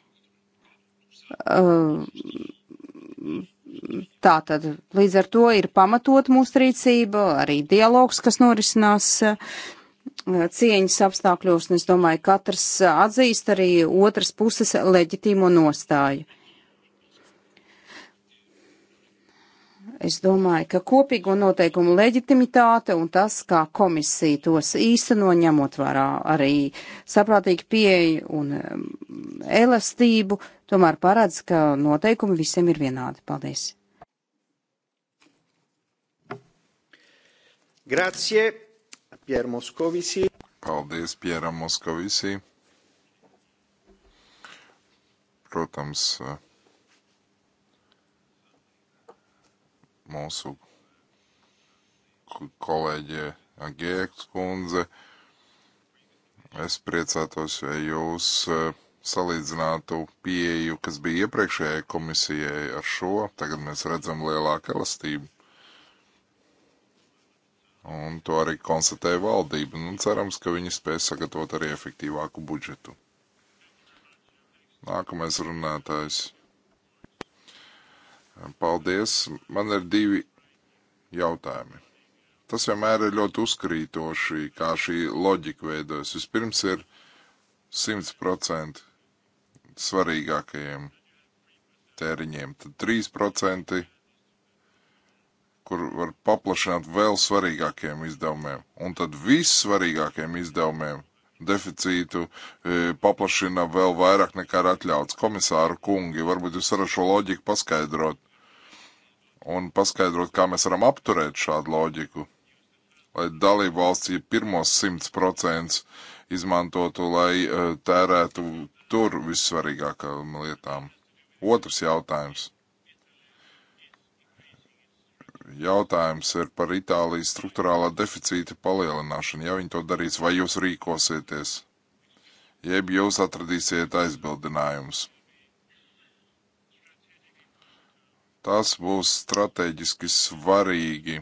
Tātad līdz ar to ir pamatot mūsu rīcība, arī dialogs, kas norisinās eh, cieņas apstākļos, un es domāju, katrs atzīst arī otras puses leģitīmo nostāju. Es domāju, ka kopīgo noteikumu leģitimitāte un tas, kā komisija tos īsteno ņemot vērā arī saprātīgi pieeju un elastību, uh, tomēr parāds, ka noteikumi visiem ir vienādi. Paldies! Grazie, Pier Moscovici. Paldies, Pieram Moskovisī. Protams, eh, mūsu kolēģe Agēks kundze, es priecātos, ja jūs uh, salīdzinātu pieeju, kas bija iepriekšējai komisijai ar šo, tagad mēs redzam lielāku elastību. Un to arī konstatēja valdība. Nu, cerams, ka viņi spēs sagatavot arī efektīvāku budžetu. Nākamais runātājs. Paldies. Man ir divi jautājumi. Tas vienmēr ir ļoti uzkrītoši, kā šī loģika veidojas. Vispirms ir 100% svarīgākajiem tēriņiem. Tad 3%, kur var paplašināt vēl svarīgākiem izdevumiem. Un tad vissvarīgākiem izdevumiem deficītu e, paplašina vēl vairāk nekā ir atļauts. Komisāru kungi, varbūt jūs varat šo loģiku paskaidrot un paskaidrot, kā mēs varam apturēt šādu loģiku, lai dalību valsts ja pirmos 100% izmantotu, lai e, tērētu tur vissvarīgākām lietām. Otrs jautājums. Jautājums ir par Itālijas struktūrālā deficīta palielināšanu. Ja viņi to darīs, vai jūs rīkosieties, jeb jūs atradīsiet aizbildinājumus? Tas būs strateģiski svarīgi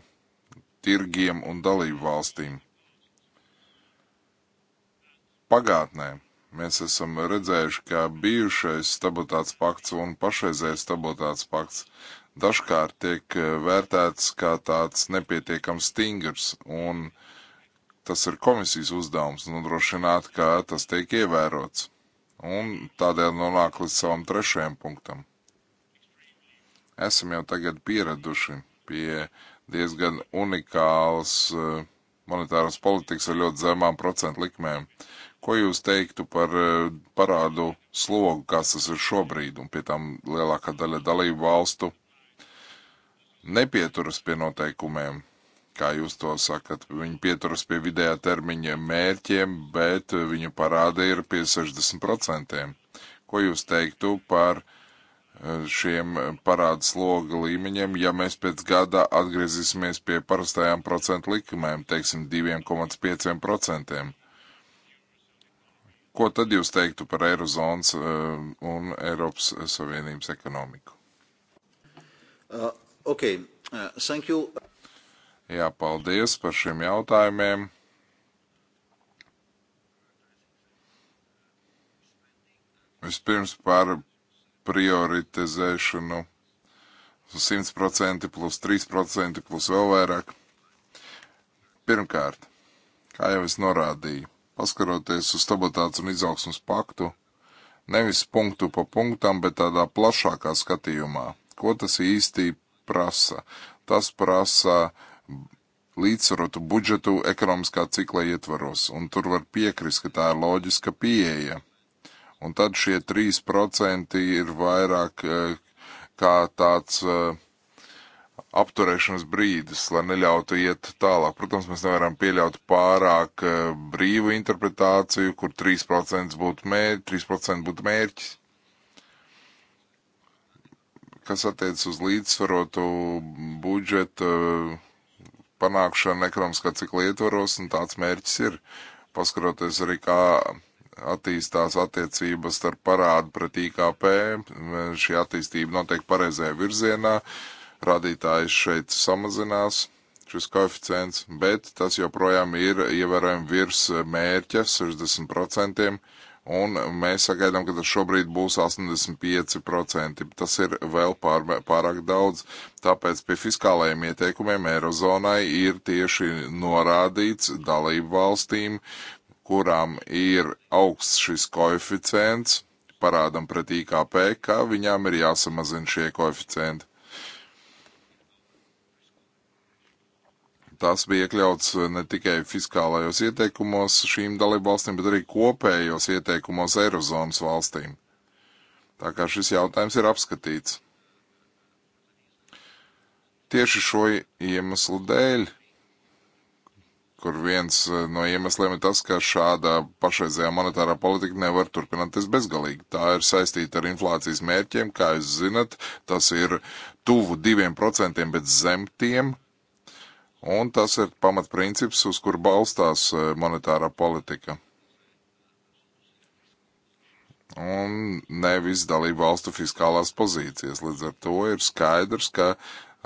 tirgiem un dalību valstīm. Pagātnē Mēs esam redzējuši, ka bijušais stabilitātes pakts un pašreizējais stabilitātes pakts dažkārt tiek eh, vērtēts kā tāds nepietiekams stingrs, un tas ir komisijas uzdevums nodrošināt, ka tas tiek ievērots. Un tādēļ nonāk līdz savam trešajam punktam. Esam jau tagad pieraduši pie diezgan unikālas eh, monetāras politikas ar ļoti zemām procentu likmēm. Uh, Ko jūs teiktu par eh, parādu slogu, kas tas ir šobrīd, un pie tam lielākā daļa dalību valstu nepieturas pie noteikumiem, kā jūs to sakat. Viņi pieturas pie vidējā termiņa mērķiem, bet viņu parāda ir pie 60%. Ko jūs teiktu par eh, šiem parāda sloga līmeņiem, ja mēs pēc gada atgriezīsimies pie parastajām procentu likmēm, teiksim, 2,5%? Ko tad jūs teiktu par Eirozonas eh, un Eiropas Savienības ekonomiku? Uh, okay. uh, thank you. Jā, paldies par šiem jautājumiem. Vispirms par prioritizēšanu 100% plus 3% plus vēl vairāk. Pirmkārt, kā jau es norādīju, paskaroties uz stabilitātes un izaugsmas paktu, nevis punktu pa punktam, bet tādā plašākā skatījumā. Ko tas īsti prasa? Tas prasa līdzsvarotu budžetu ekonomiskā cikla ietvaros, un tur var piekrist, ka tā ir loģiska pieeja. Un tad šie 3% ir vairāk eh, kā tāds uh, apturēšanas brīdis, lai neļautu iet tālāk. Protams, mēs nevaram pieļaut pārāk eh, brīvu interpretāciju, kur 3% būtu mērķis, 3% būtu mērķis. Kas attiec uz līdzsvarotu budžetu eh, panākšanu ekonomiskā cikla ietvaros, un tāds mērķis ir, paskaroties arī, kā attīstās attiecības starp parādu pret IKP, eh, šī attīstība notiek pareizajā virzienā, uh, rādītājs šeit samazinās, šis koeficients, bet tas joprojām ir ievērojami virs mērķa 60%, un mēs sagaidām, ka tas šobrīd būs 85%. Tas ir vēl pār, pārāk daudz, tāpēc pie fiskālajiem ieteikumiem Eirozonai ir tieši norādīts dalību valstīm, kurām ir augsts šis koeficients parādam pret IKP, ka viņām ir jāsamazina šie koeficienti. Tas bija iekļauts eh, ne tikai fiskālajos ieteikumos šīm dalībvalstīm, bet arī kopējos ieteikumos Eirozonas valstīm. Tā kā šis jautājums ir apskatīts. Tieši šo iemeslu dēļ, kur viens eh, no iemesliem ir tas, ka šāda pašreizējā monetārā politika nevar turpināties bezgalīgi. Tā ir saistīta ar inflācijas mērķiem, kā jūs zinat, tas ir tuvu diviem procentiem, bet zem tiem, Un tas ir pamatprincips, uz kur balstās e, monetārā politika. Un nevis dalību valstu fiskālās pozīcijas. Līdz ar to ir skaidrs, ka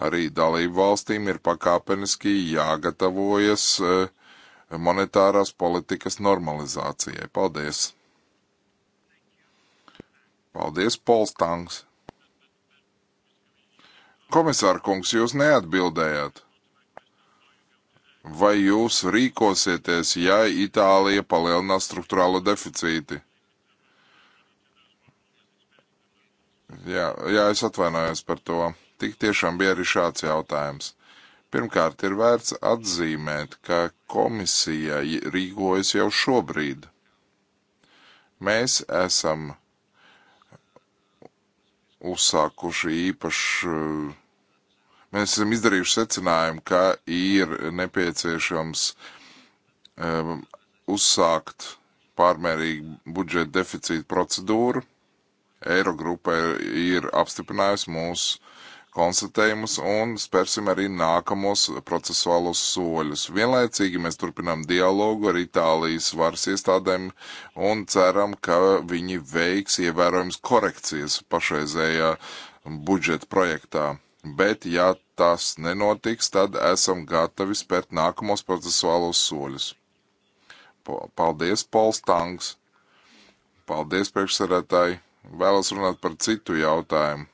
arī dalību valstīm ir pakāpeniski jāgatavojas e, monetārās politikas normalizācijai. Paldies! Paldies, Pols Tanks! Komisāra kungs, jūs neatbildējāt! vai jūs rīkosieties, ja Itālija palielinās struktūrālo deficīti? Jā, jā, es atvainojos par to. Tik tiešām bija arī šāds jautājums. Pirmkārt, ir vērts atzīmēt, ka komisija rīkojas jau šobrīd. Mēs esam uzsākuši īpašu Mēs esam izdarījuši secinājumu, ka ir nepieciešams um, uzsākt pārmērīgu budžeta deficīta procedūru. Eirogrupa ir apstiprinājusi mūsu konstatējumus un spērsim arī nākamos procesuālos soļus. Vienlaicīgi mēs turpinām dialogu ar Itālijas varas iestādēm un ceram, ka viņi veiks ievērojams korekcijas pašreizējā budžeta projektā bet ja tas nenotiks, tad esam gatavi spērt nākamos procesuālos soļus. Paldies, Pols Tanks! Paldies, priekšsarētāji! Vēlos runāt par citu jautājumu.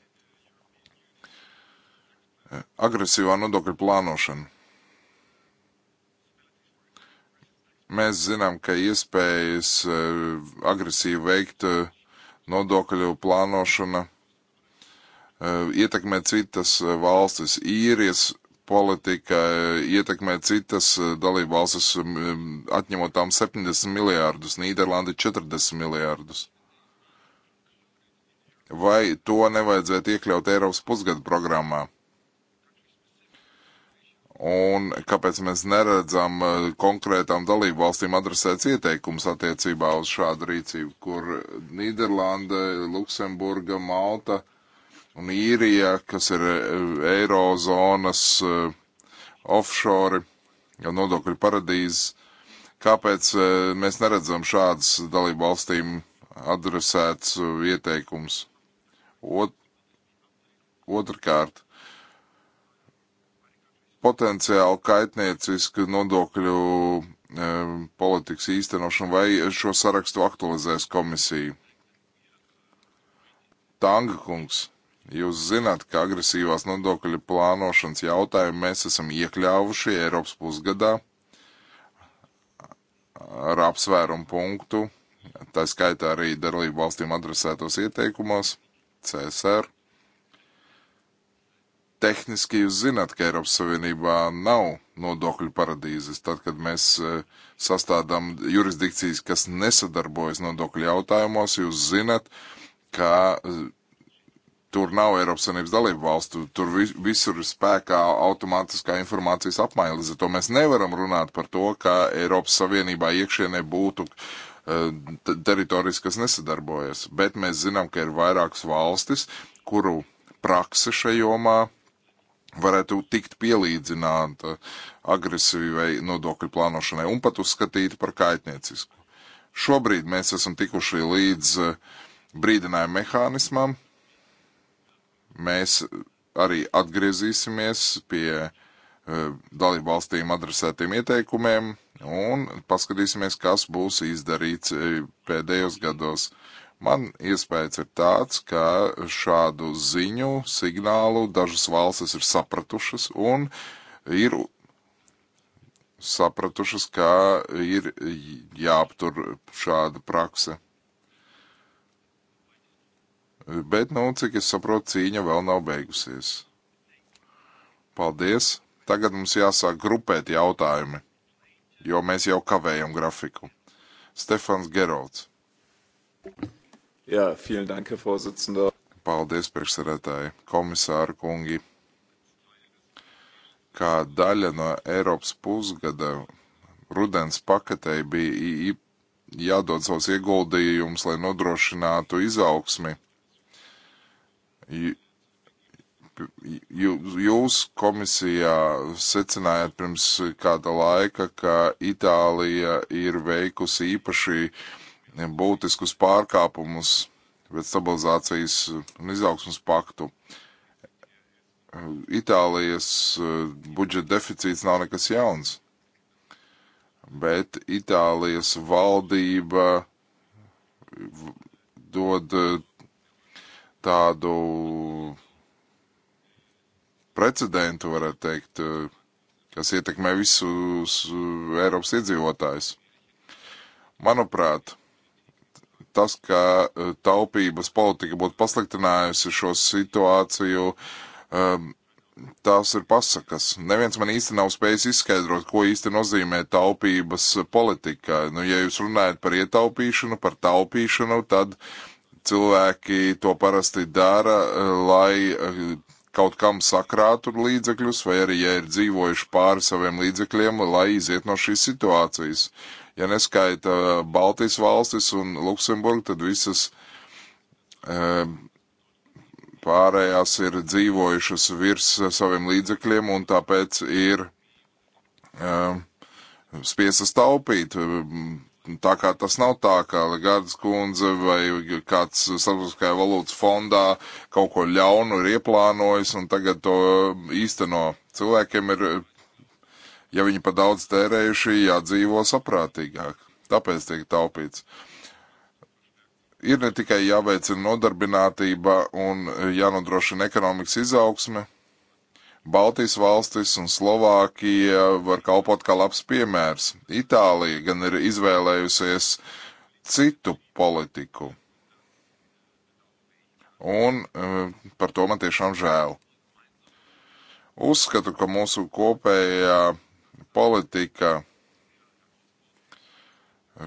Eh, agresīvā nodokļa plānošana. Mēs zinām, ka iespējas eh, agresīvi veikt eh, nodokļu plānošana Eh, ietekmē citas eh, valstis, īrijas politika eh, ietekmē citas dalību valstis, um, um, atņemot tām 70 miljārdus, Nīderlandi 40 miljārdus. Vai to nevajadzētu iekļaut Eiropas pusgada programmā? Un kāpēc mēs neredzam konkrētām dalību valstīm adresēts ieteikums attiecībā uz šādu rīcību, kur Nīderlanda, Luksemburga, Malta uh, un īrija, kas ir e, eirozonas e, offshore, jau nodokļu paradīzes. Kāpēc e, mēs neredzam šādas dalību valstīm adresēts ieteikums? Ot, otrkārt, potenciāli kaitniecisku nodokļu e, politikas īstenošanu vai šo sarakstu aktualizēs komisija? Tanga kungs. Jūs zināt, ka agresīvās nodokļu plānošanas jautājumu mēs esam iekļāvuši Eiropas pusgadā ar apsvērumu punktu, tā skaitā arī darlību valstīm adresētos ieteikumos, CSR. Tehniski jūs zināt, ka Eiropas Savienībā nav nodokļu paradīzes. Tad, kad mēs e, sastādām jurisdikcijas, kas nesadarbojas nodokļu jautājumos, jūs zināt, ka e, tur nav Eiropas Savienības dalību valstu, tur vis, visur ir spēkā automātiskā informācijas apmaiņa. Līdz ar to mēs nevaram runāt par to, ka Eiropas Savienībā iekšienē būtu uh, teritorijas, kas nesadarbojas. Bet mēs zinām, ka ir vairākas valstis, kuru prakse šajomā varētu tikt pielīdzināta agresīvai nodokļu plānošanai un pat uzskatīta par kaitniecisku. Šobrīd mēs esam tikuši līdz eh, brīdinājumu mehānismam, mēs arī atgriezīsimies pie eh, dalību valstīm adresētiem ieteikumiem un paskatīsimies, kas būs izdarīts eh, pēdējos gados. Man iespējas ir tāds, ka šādu ziņu, signālu dažas valstis ir sapratušas un ir sapratušas, ka ir jāaptur šāda prakse. Bet, nu, cik es saprotu, cīņa vēl nav beigusies. Paldies! Tagad mums jāsāk grupēt jautājumi, jo mēs jau kavējam grafiku. Stefans Gerolds. Jā, vielen dank, Herr Vorsitzender. Paldies, priekšsarētāji, komisāri kungi. Kā daļa no Eiropas pusgada rudens paketei bija jādod savus ieguldījumus, lai nodrošinātu izaugsmi Jūs, jūs komisijā secinājāt pirms kāda laika, ka Itālija ir veikusi īpaši būtiskus pārkāpumus pēc stabilizācijas un izaugsmas paktu. Itālijas e, budžeta deficīts nav nekas jauns, bet Itālijas valdība dod e, tādu precedentu, varētu teikt, kas ietekmē visus eh, Eiropas iedzīvotājus. Manuprāt, tas, ka eh, taupības politika būtu pasliktinājusi šo situāciju, ehm, tās ir pasakas. Neviens man īsti nav spējis izskaidrot, ko īsti nozīmē taupības politika. Nu, ja jūs runājat par ietaupīšanu, par taupīšanu, tad uh, cilvēki to parasti dara, eh, lai eh, kaut kam sakrātu līdzekļus, vai arī, ja ir dzīvojuši pāri saviem līdzekļiem, lai iziet no šīs situācijas. Ja neskaita Baltijas valstis un Luksemburgu, tad visas e, pārējās ir dzīvojušas virs saviem līdzekļiem un tāpēc ir e, spiestas taupīt. Tā kā tas nav tā, ka Lagardas kundze vai kāds starptautiskajā valūtas fondā kaut ko ļaunu ir ieplānojis un tagad to īsteno. Cilvēkiem ir, ja viņi pa daudz tērējuši, jādzīvo saprātīgāk. Tāpēc tiek taupīts. Ir ne tikai jāveicina nodarbinātība un jānodrošina ekonomikas izaugsme, Baltijas valstis un Slovākija var kalpot kā labs piemērs. Itālija gan ir izvēlējusies citu politiku. Un eh, par to man tiešām žēl. Uzskatu, ka mūsu kopējā politika,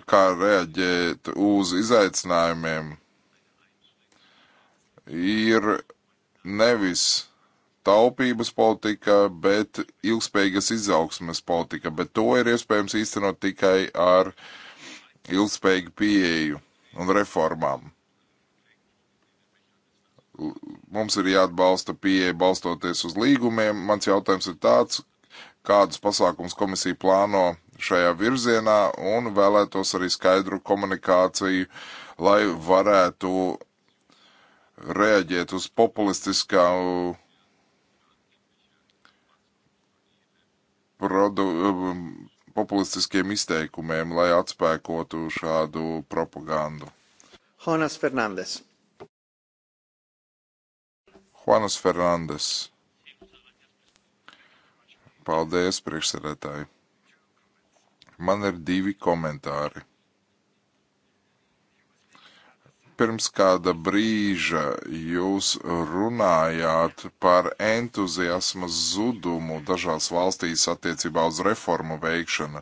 kā reaģēt uz izaicinājumiem, ir nevis taupības politika, bet ilgspējīgas izaugsmes politika, bet to ir iespējams īstenot tikai ar ilgspējīgu pieeju un reformām. Mums ir jāatbalsta pieeja balstoties uz līgumiem. Mans jautājums ir tāds, kādus pasākums komisija plāno šajā virzienā un vēlētos arī skaidru komunikāciju, lai varētu reaģēt uz populistiskā uh, produ, um, populistiskiem izteikumiem, lai atspēkotu šādu propagandu. Jonas Fernandes. Juanas Fernandes. Paldies, priekšsēdētāji. Man ir divi komentāri pirms kāda brīža jūs runājāt par entuziasma zudumu dažās valstīs attiecībā uz reformu veikšanu.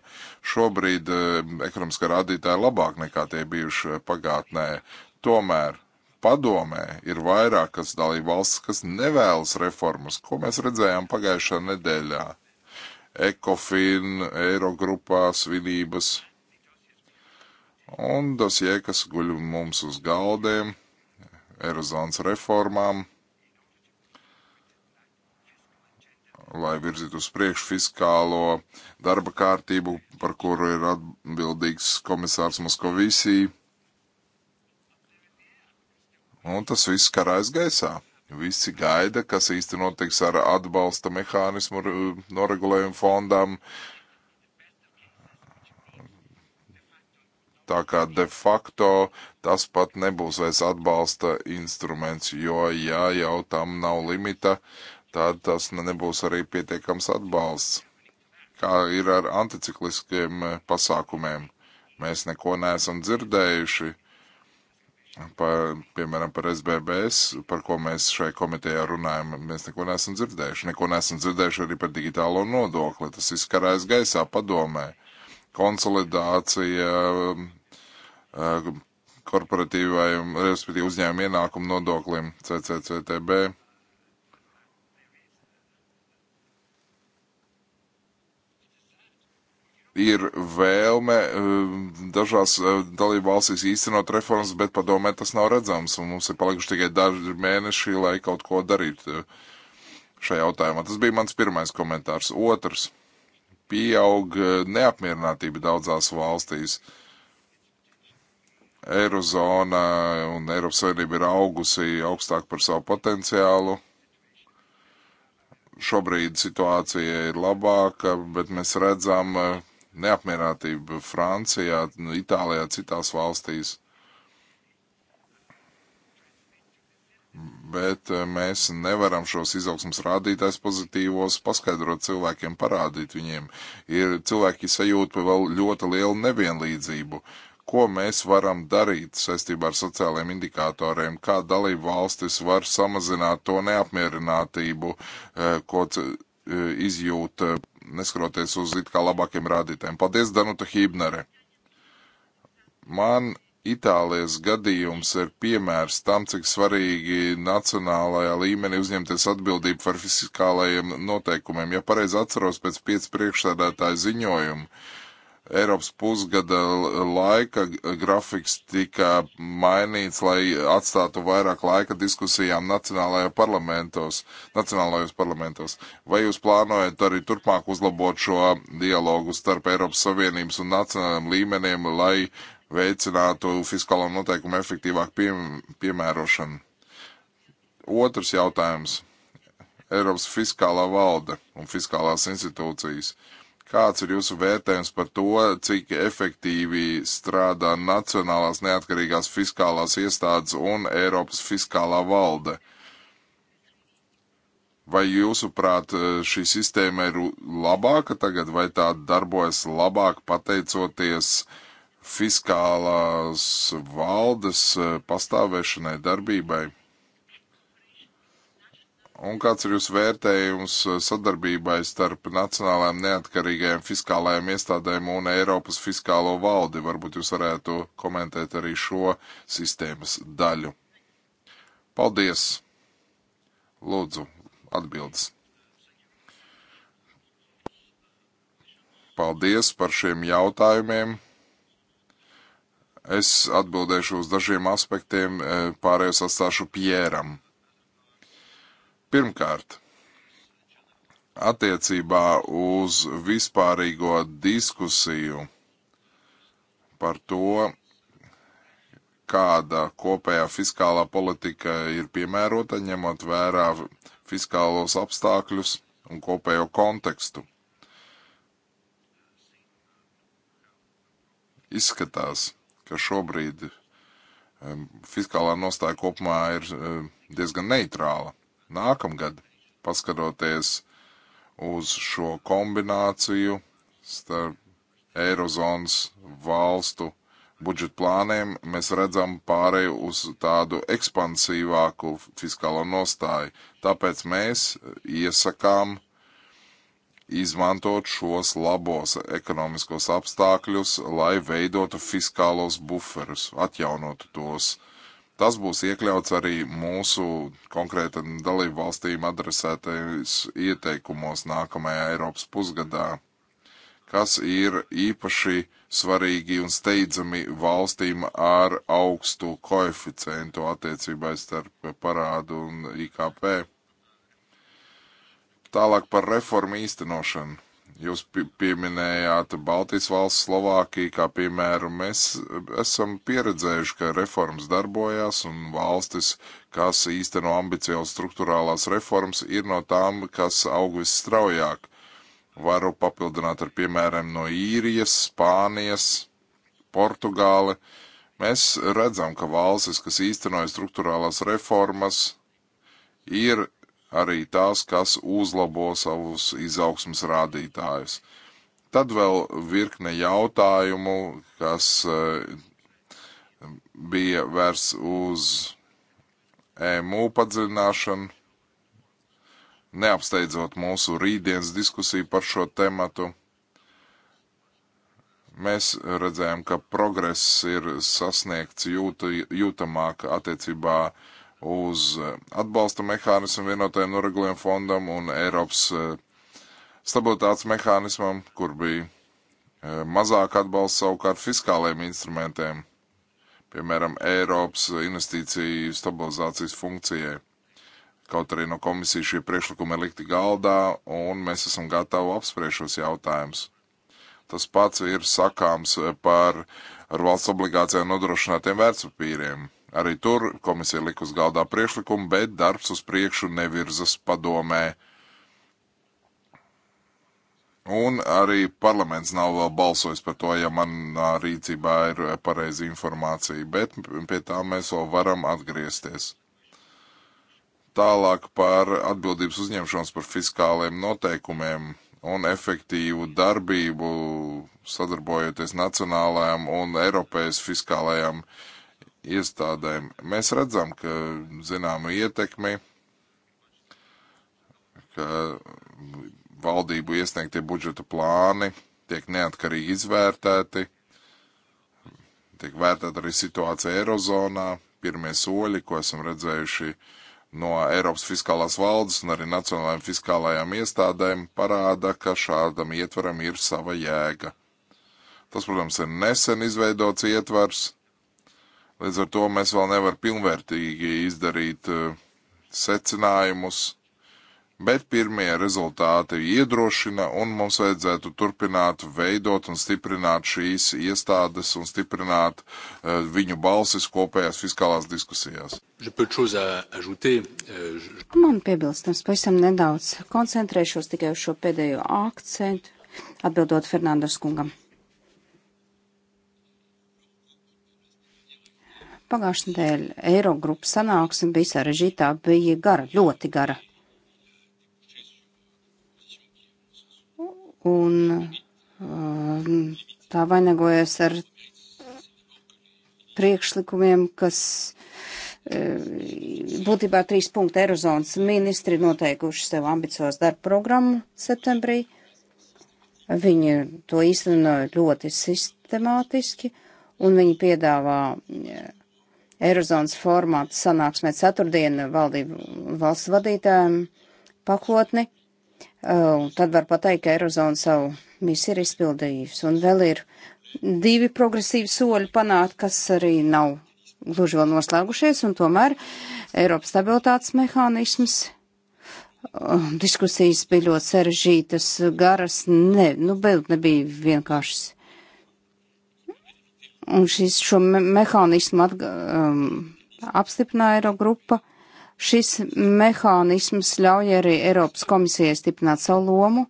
Šobrīd eh, ekonomiskā rādītāja labāk nekā tie bijuši pagātnē. Tomēr padomē ir vairākas dalība valsts, kas nevēlas reformas, ko mēs redzējām pagājušā nedēļā. Ekofin, Eirogrupā, svinības un dosie, kas guļ mums uz galdiem, Eirozonas reformām, lai virzītu uz priekšu fiskālo darba kārtību, par kuru ir atbildīgs komisārs Moskovisī. Un tas viss karājas gaisā. Visi gaida, kas īsti notiks ar atbalsta mehānismu noregulējumu fondam, uh, Tā kā de facto tas pat nebūs vairs atbalsta instruments, jo, ja jau tam nav limita, tad tas nebūs arī pietiekams atbalsts. Kā ir ar anticikliskiem eh, pasākumiem? Mēs neko neesam dzirdējuši, par, piemēram, par SBBS, par ko mēs šai komitejā runājam. Mēs neko neesam dzirdējuši. Neko neesam dzirdējuši arī par digitālo nodokli. Tas izkarājas gaisā padomē konsolidācija, korporatīvajam, respektīvi uzņēmuma ienākumu nodoklim CCCTB. Ir vēlme dažās dalību valstīs īstenot reformas, bet padomē tas nav redzams, un mums ir palikuši tikai daži mēneši, lai kaut ko darītu šajā jautājumā. Tas bija mans pirmais komentārs. Otrs - pieaug neapmierinātība daudzās valstīs. Uh, Eirozona un Eiropas Savienība ir augusi augstāk par savu potenciālu. Šobrīd situācija ir labāka, bet mēs redzam eh, neapmierinātību Francijā, Itālijā, citās valstīs. bet eh, mēs nevaram šos izaugsmas rādītājs pozitīvos paskaidrot cilvēkiem, parādīt viņiem. Ir cilvēki sajūta vēl ļoti lielu nevienlīdzību ko mēs varam darīt saistībā ar sociālajiem indikatoriem, kā dalību valstis var samazināt to neapmierinātību, eh, ko eh, izjūt, eh, neskroties uz it kā labākiem rādītājiem. Paldies, Danuta Hībnere! Man Itālijas gadījums ir piemērs tam, cik svarīgi nacionālajā līmenī uzņemties atbildību par fiskālajiem noteikumiem. Ja pareizi atceros pēc piec priekšsēdētāju ziņojumu, uh, Eiropas pusgada laika grafiks tika mainīts, lai atstātu vairāk laika diskusijām nacionālajā parlamentos, nacionālajos parlamentos. Vai jūs plānojat arī turpmāk uzlabot šo dialogu starp Eiropas Savienības un nacionālajiem līmeniem, lai veicinātu fiskālo noteikumu efektīvāku pie, piemērošanu? Otrs jautājums. Eiropas fiskālā valde un fiskālās institūcijas. Uh, Kāds ir jūsu vērtējums par to, cik efektīvi strādā Nacionālās neatkarīgās fiskālās iestādes un Eiropas fiskālā valde? Vai jūsuprāt eh, šī sistēma ir labāka tagad, vai tā darbojas labāk pateicoties fiskālās valdes eh, pastāvēšanai darbībai? Un kāds ir jūsu vērtējums eh, sadarbībai starp nacionālajām neatkarīgajām fiskālajām iestādēm un Eiropas fiskālo valdi? Varbūt jūs varētu komentēt arī šo sistēmas daļu. Paldies! Lūdzu, atbildes. Paldies par šiem jautājumiem. Es atbildēšu uz dažiem aspektiem, eh, pārējos atstāšu Pjēram. Pirmkārt, attiecībā uz vispārīgo diskusiju par to, kāda kopējā fiskālā politika ir piemērota, ņemot vērā fiskālos apstākļus un kopējo kontekstu. Izskatās, ka šobrīd fiskālā nostāja kopumā ir diezgan neitrāla nākamgad, paskatoties uz šo kombināciju starp Eirozonas valstu budžeta plāniem, mēs redzam pārēju uz tādu ekspansīvāku fiskālo nostāju. Tāpēc mēs iesakām izmantot šos labos ekonomiskos apstākļus, lai veidotu fiskālos buferus, atjaunotu tos. Uh, Tas būs iekļauts arī mūsu konkrētam dalību valstīm adresētais ieteikumos nākamajā Eiropas pusgadā, kas ir īpaši svarīgi un steidzami valstīm ar augstu koeficientu attiecībai starp parādu un IKP. Tālāk par reformu īstenošanu. Jūs pieminējāt Baltijas valsts, Slovākiju, kā piemēru. Mēs esam pieredzējuši, ka reformas darbojās un valstis, kas īsteno ambiciozu struktūrālās reformas, ir no tām, kas aug visstraujāk. Varu papildināt ar piemēram no īrijas, Spānijas, Portugāle. Mēs redzam, ka valstis, kas īstenoja struktūrālās reformas, ir arī tās, kas uzlabo savus izaugsmas rādītājus. Tad vēl virkne jautājumu, kas eh, bija vērsts uz EMU padziļināšanu, neapsteidzot mūsu rītdienas diskusiju par šo tematu. Mēs redzējām, ka progress ir sasniegts jūt, jūtamāk attiecībā uh, uz eh, atbalsta mehānismu vienotajam noregulējumu fondam un Eiropas eh, stabilitātes mehānismam, kur bija eh, mazāk atbalsts savukārt fiskālajiem instrumentiem, piemēram, Eiropas investīciju stabilizācijas funkcijai. Kaut arī no komisijas šie priekšlikumi ir likti galdā, un mēs esam gatavi apspriest šos jautājumus. Tas pats ir sakāms par ar valsts obligācijām nodrošinātiem vērtspapīriem. Arī tur komisija likus galdā priekšlikumu, bet darbs uz priekšu nevirzas padomē. Un arī parlaments nav vēl balsojis par to, ja manā rīcībā ir pareizi informācija, bet pie tā mēs vēl varam atgriezties. Tālāk par atbildības uzņemšanos par fiskāliem noteikumiem un efektīvu darbību sadarbojoties nacionālajām un Eiropējas fiskālajām uh, iestādēm. Mēs redzam, ka zināma ietekme, ka valdību iesniegtie budžeta plāni tiek neatkarīgi izvērtēti, tiek vērtēta arī situācija Eirozonā, pirmie soļi, ko esam redzējuši no Eiropas fiskālās valdes un arī nacionālajām fiskālajām iestādēm, parāda, ka šādam ietvaram ir sava jēga. Tas, protams, ir nesen izveidots ietvars, Līdz ar to mēs vēl nevaram pilnvērtīgi izdarīt e, secinājumus, bet pirmie rezultāti iedrošina un mums vajadzētu turpināt veidot un stiprināt šīs iestādes un stiprināt uh, viņu balsis kopējās fiskālās diskusijās. E, Man piebilstams pavisam nedaudz. Koncentrēšos tikai uz šo pēdējo akcentu, atbildot Fernandes kungam. Pagājušajā nedēļā Eirogrupas sanāksme bija sarežģītā, bija gara, ļoti gara. Un um, tā vainagojas ar priekšlikumiem, kas eh, būtībā trīs punkti Eirozonas ministri noteikuši sev ambiciozu darbu programmu septembrī. Viņi to īstenoja ļoti sistemātiski, un viņi piedāvā eh, Eirozonas formāta sanāksmē ceturtdien valdību valsts vadītājiem pakotni. Uh, un tad var pateikt, ka Eirozona savu misiju ir izpildījusi. Un vēl ir divi progresīvi soļi panākt, kas arī nav gluži vēl noslēgušies, un tomēr Eiropas stabilitātes mehānisms. Uh, diskusijas bija ļoti sarežģītas, garas, ne, nu, bet nebija vienkāršas Un šis šo me mehānismu at, um, apstiprināja Eirogrupa. Šis mehānisms ļauj arī Eiropas komisijai stiprināt savu lomu.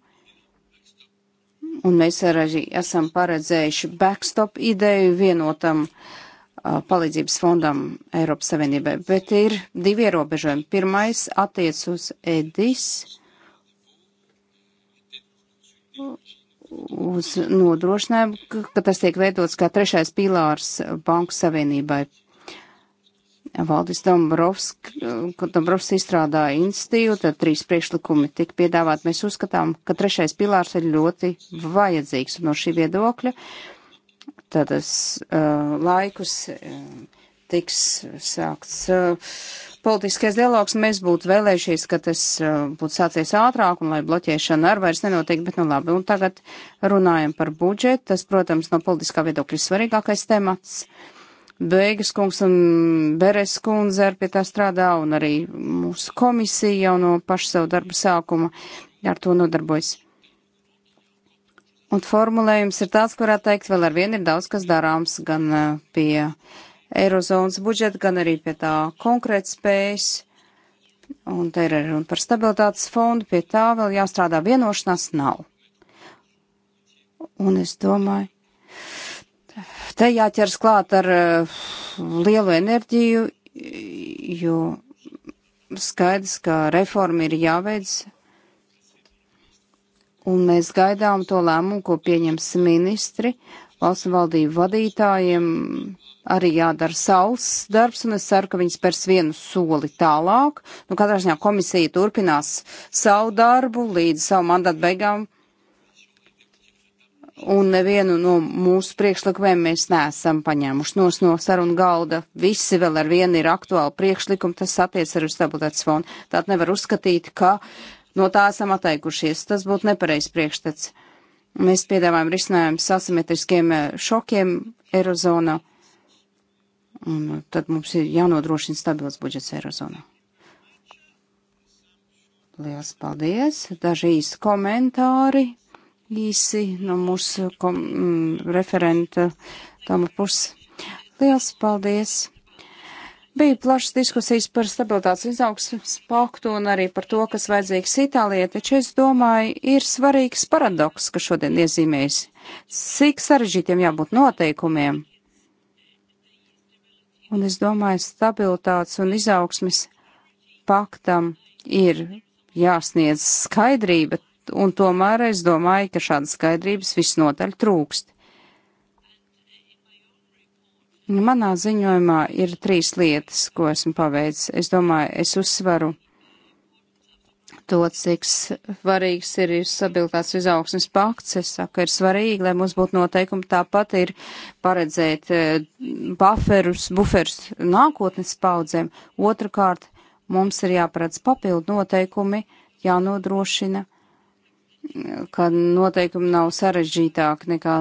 Un mēs arī esam paredzējuši backstop ideju vienotam uh, palīdzības fondam Eiropas Savienībai. Bet ir divi ierobežojumi. Pirmais attiec uz EDIS uz nodrošinājumu, ka, ka tas tiek veidots kā trešais pīlārs Banku Savienībai. Valdis Dombrovskis izstrādāja institīvu, tad trīs priekšlikumi tika piedāvāti. Mēs uzskatām, ka trešais pilārs ir ļoti vajadzīgs no šī viedokļa. Tad es uh, laikus uh, tiks sākts. Uh, politiskais dialogs mēs būtu vēlējušies, ka tas uh, būtu sācies ātrāk un lai bloķēšana ar vairs nenotiek, bet nu labi. Un tagad runājam par budžetu. Tas, protams, no politiskā viedokļa svarīgākais temats. Beigas kungs un Beres kundze ar pie tā strādā un arī mūsu komisija jau no paša savu darbu sākuma ar to nodarbojas. Un formulējums ir tāds, kurā teikt, vēl ar vienu ir daudz kas darāms gan uh, pie uh, Eirozonas budžetu, gan arī pie tā konkrēt spējas. Un te ir runa par stabilitātes fondu, pie tā vēl jāstrādā vienošanās nav. Un es domāju, te jāķers klāt ar uh, lielu enerģiju, jo skaidrs, ka reforma ir jāveic. Un mēs gaidām to lēmumu, ko pieņems ministri, valsts valdību vadītājiem arī jādara savs darbs, un es ceru, ka viņi spērs vienu soli tālāk. Nu, katrā ziņā komisija turpinās savu darbu līdz savu mandātu beigām, un nevienu no mūsu priekšlikumiem mēs neesam paņēmuši nos no sarunu galda. Visi vēl ar vienu ir aktuāli priekšlikumi, tas attiec arī uz stabilitātes fondu. Tātad nevar uzskatīt, ka no tā esam atteikušies. Tas būtu nepareizs priekšstats. Mēs piedāvājam risinājumu sasimetriskiem eh, šokiem Eirozonā. Un uh, tad mums ir jānodrošina stabils budžets Eirozonā. Lielas paldies! Daži īsi komentāri, īsi no mūsu kom, m, mm, referenta toma puses. Lielas paldies! Bija plašas diskusijas par stabilitātes izaugsmes paktu un arī par to, kas vajadzīgs Itālijai, taču es domāju, ir svarīgs paradoks, kas šodien iezīmējas. Cik sarežģītiem jābūt noteikumiem, Un es domāju, stabilitātes un izaugsmes paktam ir jāsniedz skaidrība, un tomēr es domāju, ka šādas skaidrības visnotaļ trūkst. Manā ziņojumā ir trīs lietas, ko esmu paveicis. Es domāju, es uzsveru to, cik svarīgs ir, ir stabilitātes izaugsmes pakts. Es saku, ir svarīgi, lai mums būtu noteikumi tāpat ir paredzēt e, buferus, buferus nākotnes paudzēm. Otrakārt, mums ir jāparedz papildu noteikumi, jānodrošina, ka noteikumi nav sarežģītāki nekā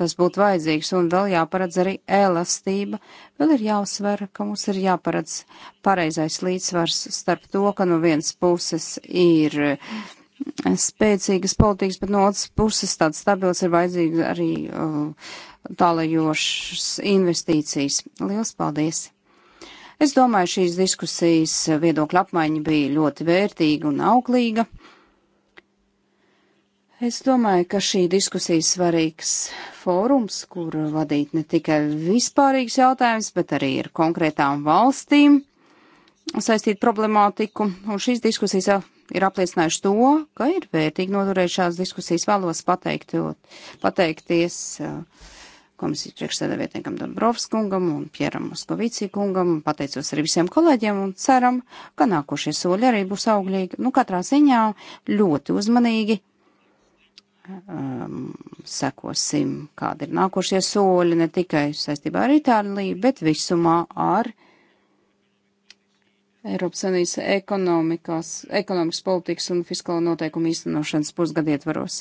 tas būtu vajadzīgs, un vēl jāparedz arī elastība. Vēl ir jāuzsver, ka mums ir jāparedz pareizais līdzsvars starp to, ka no vienas puses ir spēcīgas politikas, bet no otras puses tāds stabils ir vajadzīgs arī uh, tālajošas investīcijas. Liels paldies! Es domāju, šīs diskusijas viedokļa apmaiņa bija ļoti vērtīga un auglīga. Es domāju, ka šī diskusija svarīgs fórums, kur vadīt ne tikai vispārīgs jautājums, bet arī ar konkrētām valstīm saistīt problemātiku. Un šīs diskusijas ir apliecinājuši to, ka ir vērtīgi noturēt šās diskusijas. Vēlos pateikt, pateikties uh, komisijas priekšsēdētājiem Dombrovskungam un Pieram Moskovici kungam, un pateicos arī visiem kolēģiem, un ceram, ka nākošie soļi arī būs augļīgi. Nu, katrā ziņā ļoti uzmanīgi um, sekosim, kādi ir nākošie soļi, ne tikai saistībā ar Itāliju, bet visumā ar Eiropas Savienības ekonomikas, ekonomikas politikas un fiskāla noteikuma īstenošanas pusgadietvaros.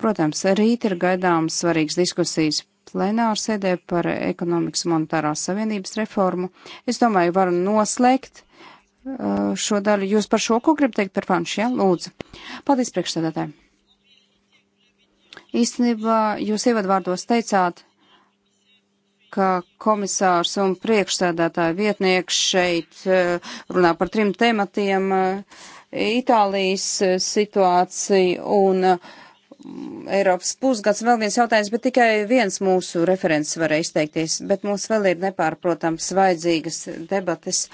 Protams, rīt ir gaidāms svarīgs diskusijas plenāru sēdē par ekonomikas monetārās savienības reformu. Es domāju, varu noslēgt Eh, šo daļu. Jūs par šo ko gribat teikt par vanšu, ja? Lūdzu. Paldies priekšstādātāji. Īstenībā jūs ievadvārdos teicāt, ka komisārs un priekšstādātāja vietnieks šeit eh, runā par trim tematiem eh, - Itālijas situāciju un Eiropas pusgads. Vēl viens jautājums, bet tikai viens mūsu referents var izteikties, bet mums vēl ir nepārprotams vajadzīgas debates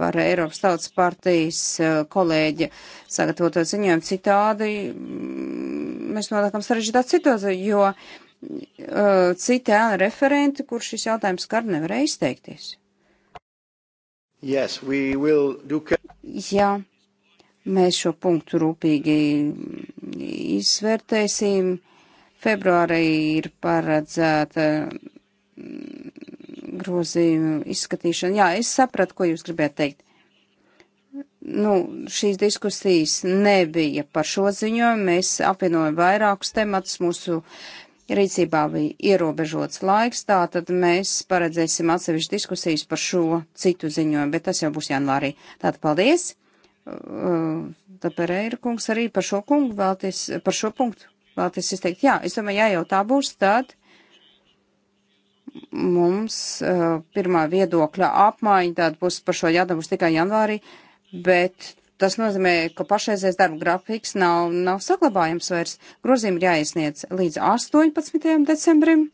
par Eiropas Tautas partijas eh, kolēģi sagatavoto ziņojumu. Citādi mm, mēs nonākam sarežģītā situācijā, jo uh, citi ēna referenti, kurš šis jautājums skar, nevarēja izteikties. Yes, do... Jā, mēs šo punktu rūpīgi izvērtēsim. Februārī ir paredzēta mm, grozījumu izskatīšanu. Jā, es sapratu, ko jūs gribētu teikt. Nu, šīs diskusijas nebija par šo ziņojumu. Mēs apvienojam vairākus tematus. Mūsu rīcībā bija ierobežots laiks, tā tad mēs paredzēsim atsevišķu diskusijas par šo citu ziņojumu, bet tas jau būs janvārī. Tātad paldies! Uh, Tāpēc Eira kungs arī par šo, kungu vēlties, par šo punktu vēlties izteikt. Jā, es domāju, ja jau tā būs, tad mums uh, pirmā viedokļa apmaiņa tāda būs par šo jādabu tikai janvārī, bet tas nozīmē, ka pašreizējais darba grafiks nav, nav saglabājams vairs. Grozījumi ir jāiesniedz līdz 18. decembrim.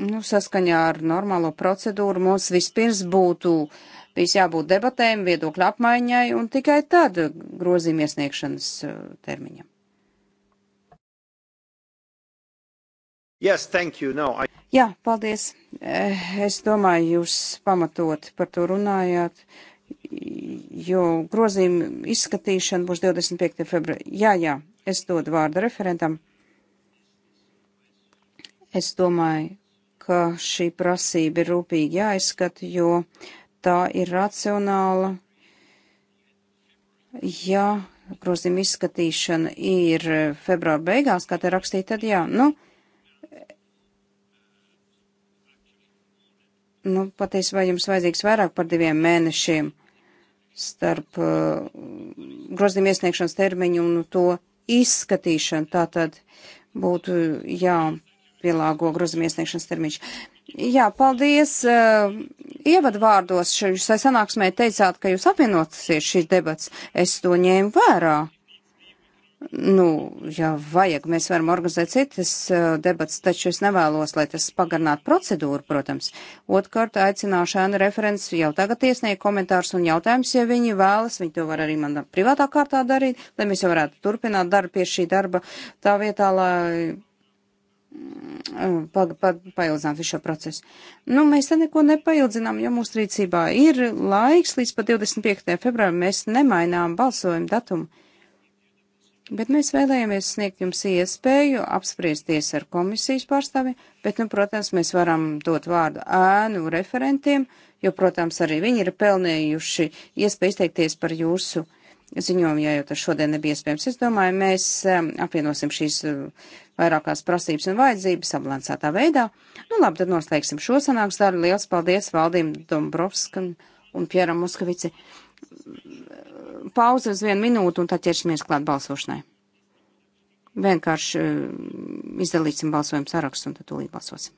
Nu, saskaņā ar normālo procedūru mums vispirms būtu bijis jābūt debatēm, viedokļa apmaiņai un tikai tad grozījuma iesniegšanas eh, termiņam. Yes, thank you. No, I... Jā, paldies. Eh, es domāju, jūs pamatot par to runājāt, jo grozījuma izskatīšana būs 25. februārī. Jā, jā, es dodu vārdu referentam. Es domāju, ka šī prasība ir rūpīgi jāizskata, jo tā ir racionāla. Ja grozījuma izskatīšana ir februāra beigās, kā te rakstīja, tad jā. Nu, Nu, patiesībā jums vajadzīgs vairāk par diviem mēnešiem starp uh, grozījuma iesniegšanas termiņu un to izskatīšanu. Tātad būtu jāpielāgo grozījuma iesniegšanas termiņš. Jā, paldies. Uh, ievadvārdos šai sanāksmē teicāt, ka jūs apvienotasies šīs debats. Es to ņēmu vērā. Nu, ja vajag, mēs varam organizēt citas uh, debats, taču es nevēlos, lai tas pagarinātu procedūru, protams. Otkārt, aicināšu ēnu referents jau tagad iesniegt komentārus un jautājumus, ja viņi vēlas, viņi to var arī man privātā kārtā darīt, lai mēs jau varētu turpināt darbu pie šī darba tā vietā, lai mm, uh, pa, pa, paildzināt visu šo procesu. Nu, mēs te neko nepaildzinām, jo mūsu rīcībā ir laiks līdz pat 25. februārim mēs nemainām balsojumu datumu. Bet mēs vēlējāmies sniegt jums iespēju apspriesties ar komisijas pārstāvi, bet, nu, protams, mēs varam dot vārdu ēnu referentiem, jo, protams, arī viņi ir pelnījuši iespēju izteikties par jūsu ziņojumu, ja jau tas šodien nebija iespējams. Es domāju, mēs um, apvienosim šīs uh, vairākās prasības un vajadzības sabalansētā veidā. Nu, labi, tad noslēgsim šo sanāks darbu. Liels paldies valdīm Dombrovskam un Pieram Muskavici pauze uz vienu minūtu un tad ķersimies klāt balsošanai. Vienkārši eh, izdalīsim balsojumu sarakstu un tad tūlīt balsosim.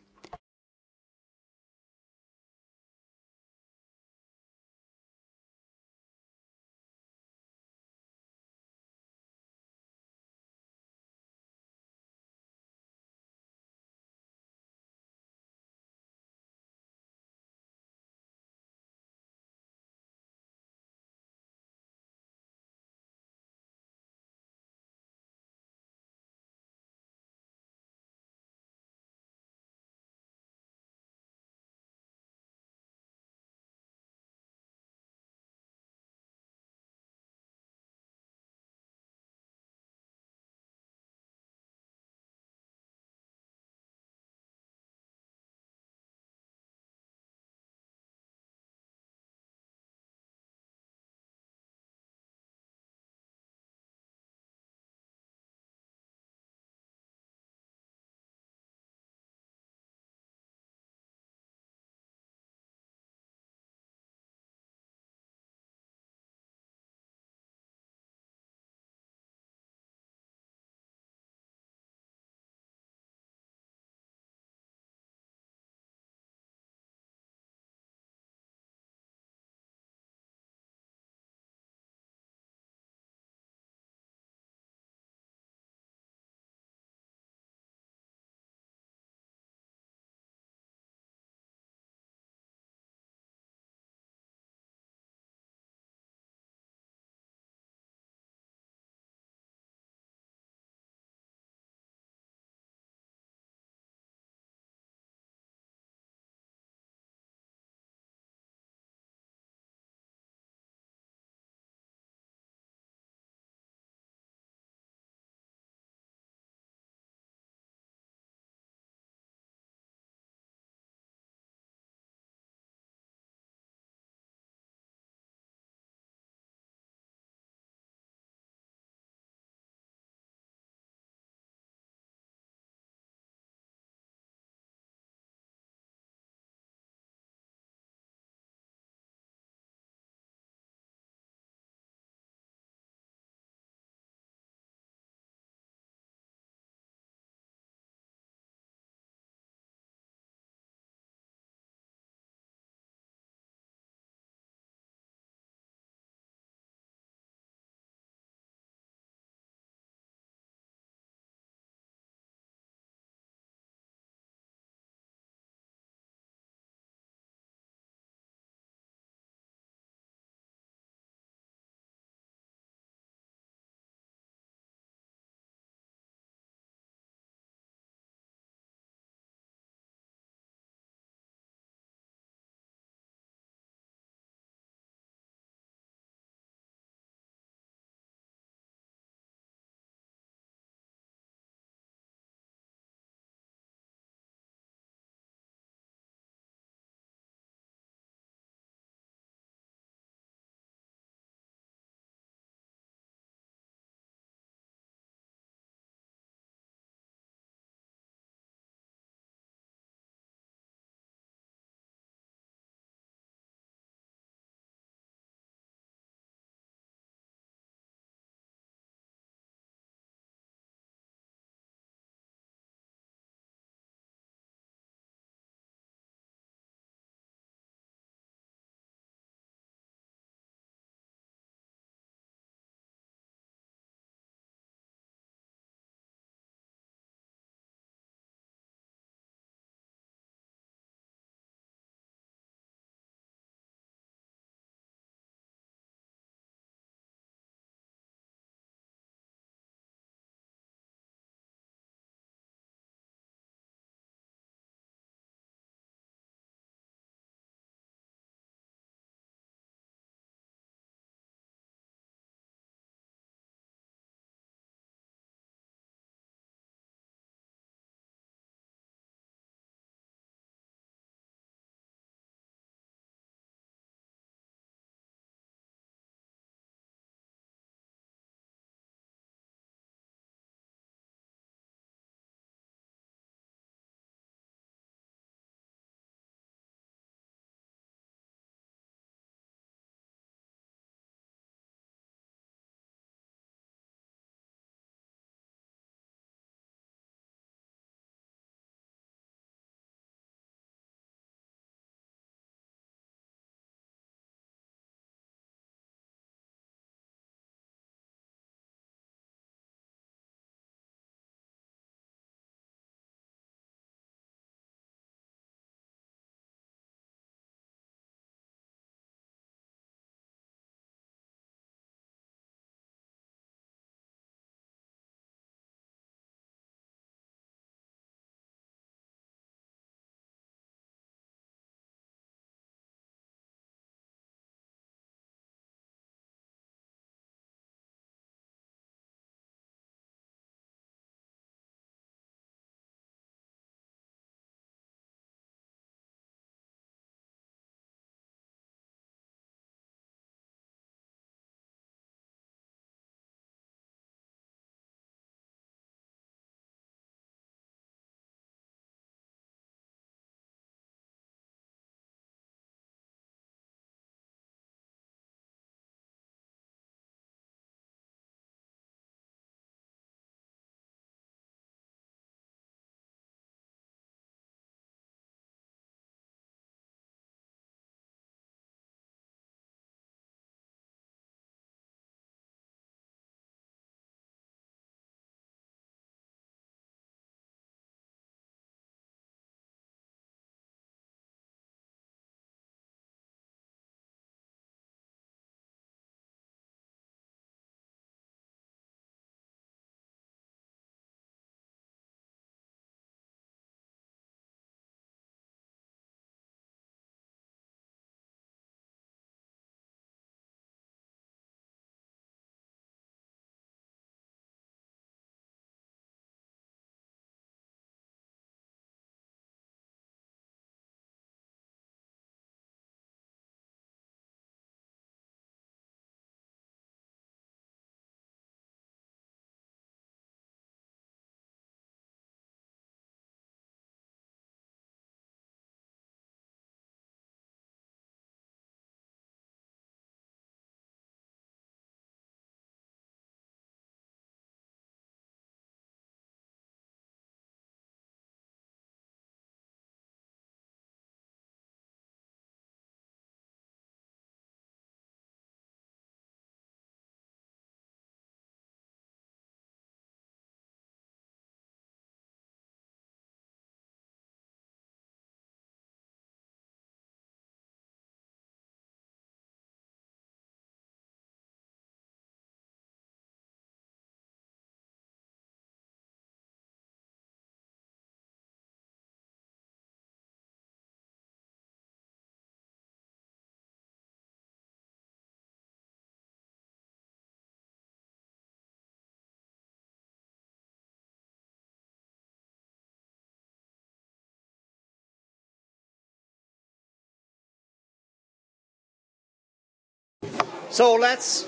So let's.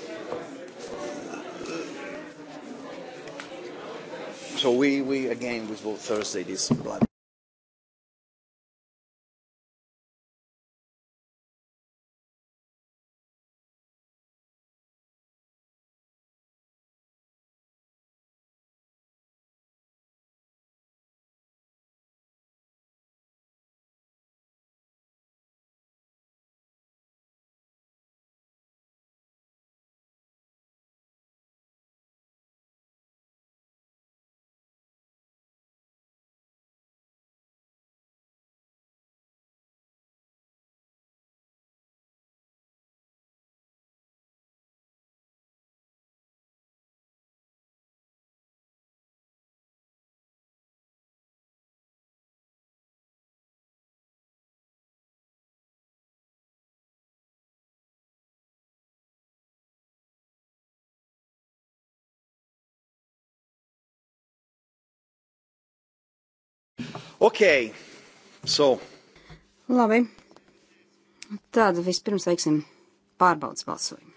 So we, we again, we will Thursday this bloody. Ok, so. Labi. Tad vispirms veiksim pārbaudas balsojumu.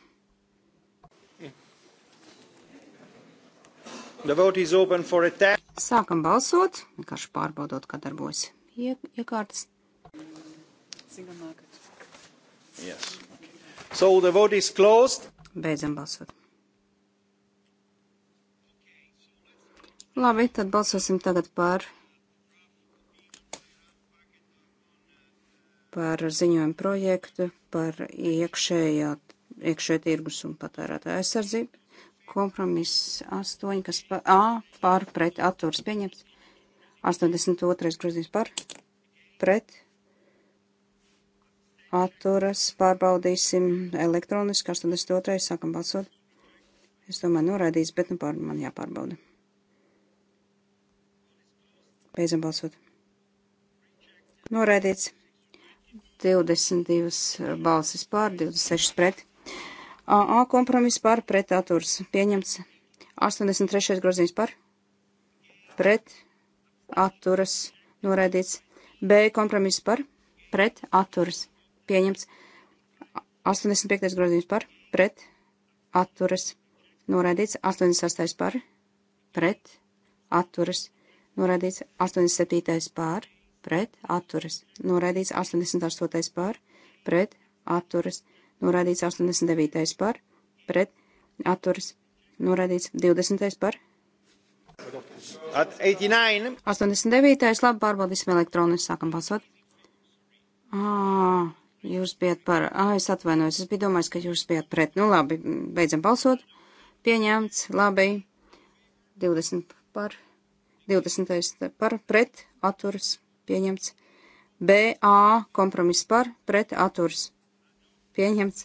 Sākam balsot, vienkārši pārbaudot, kā darbojas iekārtas. Yes. Okay. So the vote is closed. Beidzam balsot. Labi, tad balsosim tagad par par ziņojumu projektu par iekšējā, iekšējā tirgus un patērētāja aizsardzību. Kompromiss 8, kas pa, A, par pret atturs pieņemts. 82. grozījums par pret atturas pārbaudīsim elektroniski. 82. sākam balsot. Es domāju, noraidīs, bet nu pār, man jāpārbauda. Beidzam balsot. Noraidīts. 22 balsis pār, 26 pret. A kompromiss pār, pret atturs pieņemts. 83. grozījums par, pret atturas noraidīts. B kompromiss par, pret atturas pieņemts. 85. grozījums par, pret atturas noraidīts. 88. par, pret atturas noraidīts. 87. par, pret, atturas, noraidīts 88. par, pret, atturas, noraidīts 89. par, pret, atturas, noraidīts 20. par. At 89. 89. labi, pārbaudīsim elektroniski, sākam balsot. À, jūs bijat par, à, es atvainojos, es biju domājis, ka jūs bijat pret. Nu labi, beidzam balsot. Pieņemts, labi, 20 par, 20. par, pret, atturas pieņemts. BA kompromiss par pret atturs pieņemts.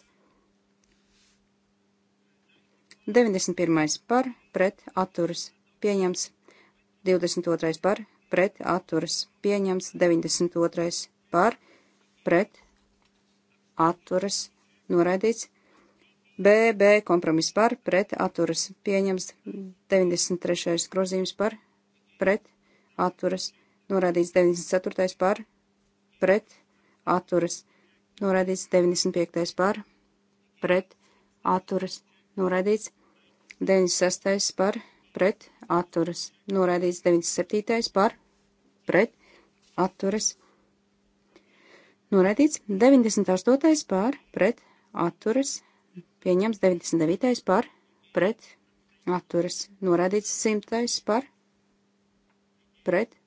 91. par pret atturs pieņemts. 22. par pret atturs pieņemts. 92. par pret atturs noraidīts. BB kompromiss par pret atturs pieņemts. 93. grozījums par pret atturs pieņemts norādīts 94. par, pret, atturas, norādīts 95. par, pret, atturas, norādīts 96. par, pret, atturas, norādīts 97. par, pret, atturas, norādīts 98. par, pret, atturas, pieņems 99. par, pret, atturas, norādīts 100. par, pret,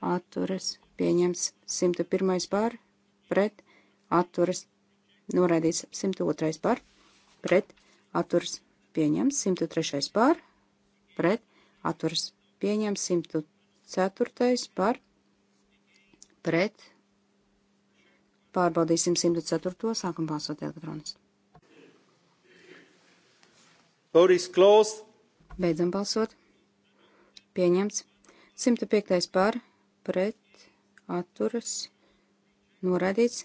atturas, pieņems 101. par, pret, atturas, noraidīts 102. par, pret, atturas, pieņems 103. par, pret, atturas, pieņems 104. par, pret, pārbaudīsim 104. sākam balsot elektronis. Vote is closed. Beidzam balsot. Pieņemts. 105. par, pret atturas noraidīts.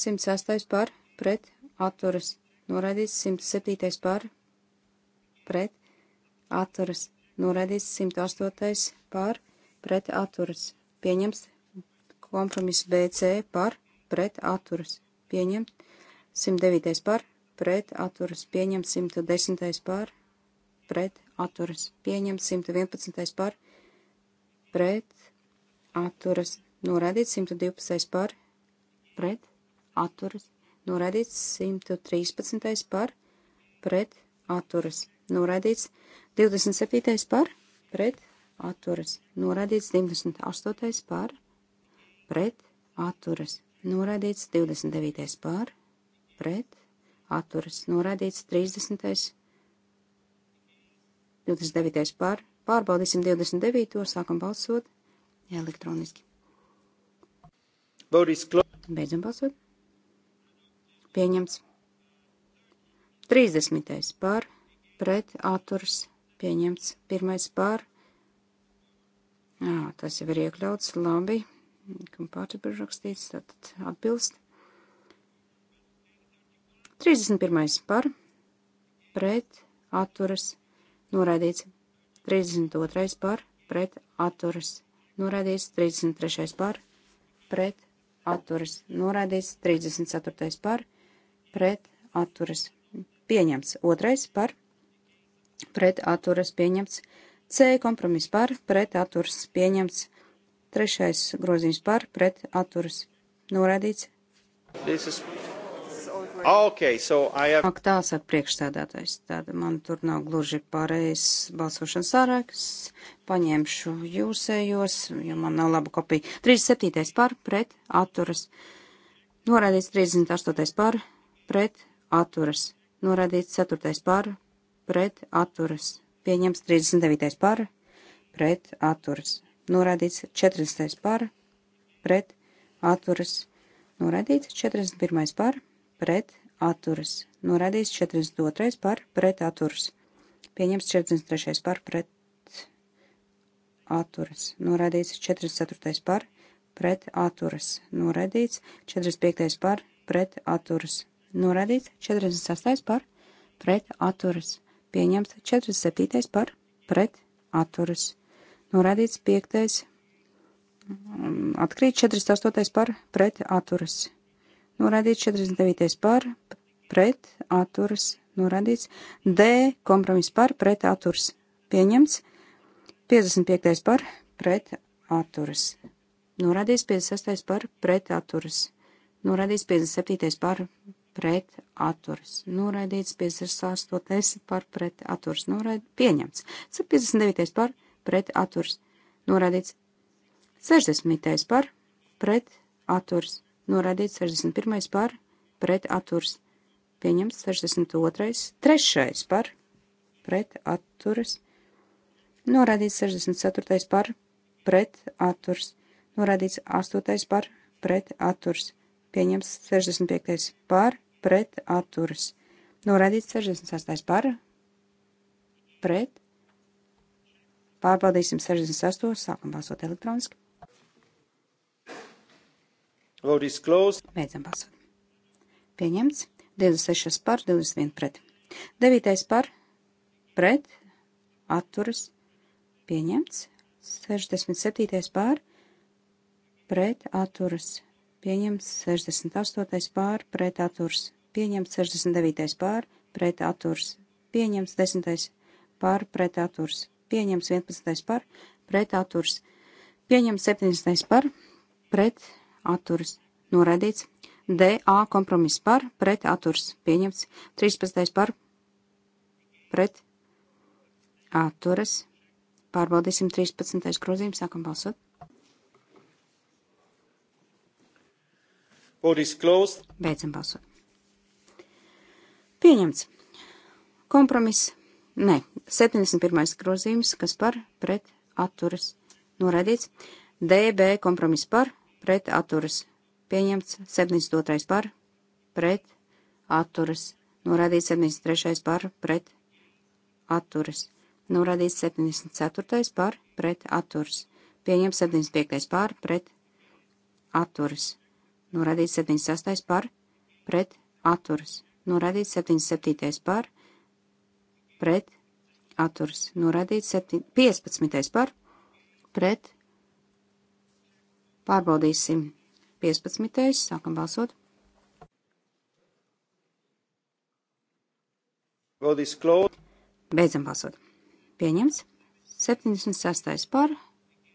106. par pret atturas noraidīts. 107. par pret atturas noraidīts. 108. par pret atturas pieņems. Kompromiss BC par pret atturas pieņemt. 109. par pret atturas pieņemt. 110. par pret atturas pieņemt. 111. par pret pret atturas norādīts 112. par pret atturas norādīts 113. par pret atturas norādīts 27. par pret atturas norādīts 28. par pret atturas norādīts 29. par pret atturas norādīts 30. 29. par Pārbaudīsim 29. sākam balsot elektroniski. Beidzam balsot. Pieņemts. 30. par, pret, atturs, pieņemts. 1. par. Jā, tas jau ir iekļauts, labi. Kam pārtipaši rakstīts, tad atbilst. 31. par, pret, atturas, noraidīts. 32. par pret atturas norādīts, 33. par pret atturas norādīts, 34. par pret atturas pieņemts, 2. par pret atturas pieņemts, C kompromiss par pret atturas pieņemts, 3. grozījums par pret atturas norādīts. This is Okay, so have... Ak, tā saka priekšstādātais, tad man tur nav gluži pareizs balsošanas saraksts. Paņemšu jūsējos, jo man nav laba kopija. 37. par, pret, atturas. Norādīts 38. par, pret, atturas. Norādīts 4. par, pret, atturas. Pieņems 39. par, pret, atturas. Norādīts 40. par, pret, atturas. Norādīts 41. par, pret, atturas pret atturas. Norādīts 42. par pret atturas. Pieņemts 43. par pret atturas. Norādīts 44. par pret atturas. Norādīts 45. par pret atturas. Norādīts 46. par pret atturas. Pieņemts 47. par pret atturas. Norādīts 5. Mm, atkrīt 48. par pret atturas norādīts, 49. par, pret, atturas, norādīts, D, kompromiss par, pret, atturas, pieņemts, 55. par, pret, atturas, norādīts, 56. par, pret, atturas, norādīts, 57. par, pret, atturas, norādīts, 58. par, pret, atturas, norādīts, pieņemts, 59. par, pret, atturas, norādīts, 60. par, pret, atturas, noraidīts 61. par pret atturs pieņemts 62. trešais par pret atturs noraidīts 64. par pret atturs noraidīts 8. par pret atturs pieņemts 65. par pret atturs noraidīts 68. par pret Pārbaudīsim 68. sākam balsot elektroniski. Vote is closed. Beidzam balsot. Pieņemts. 26 par, 21 pret. 9 par, pret, atturas, pieņemts. 67 par, pret, atturas, pieņemts. 68 par, pret, atturas, pieņemts. 69 par, pret, atturas, pieņemts. 10 par, pret, atturas, pieņemts. 11 par, pret, atturas, pieņemts. 17 par, pret, atturas atturas noraidīts. DA kompromiss par, pret atturas pieņemts. 13. par, pret atturas. Pārbaudīsim 13. grozījumu, sākam balsot. Beidzam balsot. Pieņemts. Kompromiss. Nē, 71. grozījums, kas par pret atturas noraidīts. DB kompromiss par pret atturas pieņemts, 72. par pret atturas norādīts, 73. par pret atturas norādīts, 74. par pret atturas pieņemts, 75. par pret atturas norādīts, 76. par pret atturas norādīts, 77. par pret atturas norādīts, 15. par pret atturas Pārbaudīsim. 15. Sākam balsot. Beidzam balsot. Pieņemts. 76. par,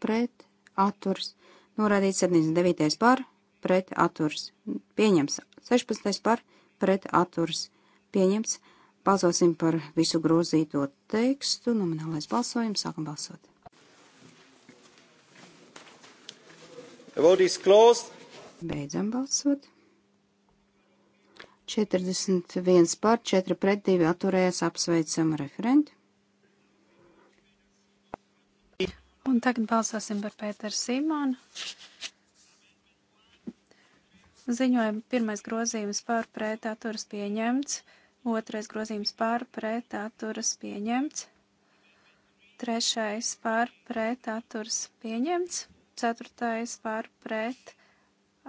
pret, atturs. Norādīts 79. par, pret, atturs. Pieņemts. 16. par, pret, atturs. Pieņemts. Balsosim par visu grozīto tekstu. Nominālais balsojums. Sākam balsot. Vote is closed. Beidzam balsot. 41 par, 4 pret, 2 atturējās apsveicam referenti. Un tagad balsosim par Pēteru Simonu. Ziņojuma pirmais grozījums par pret atturas pieņemts, otrais grozījums par pret atturas pieņemts, trešais par pret atturas pieņemts. Ceturtais par pret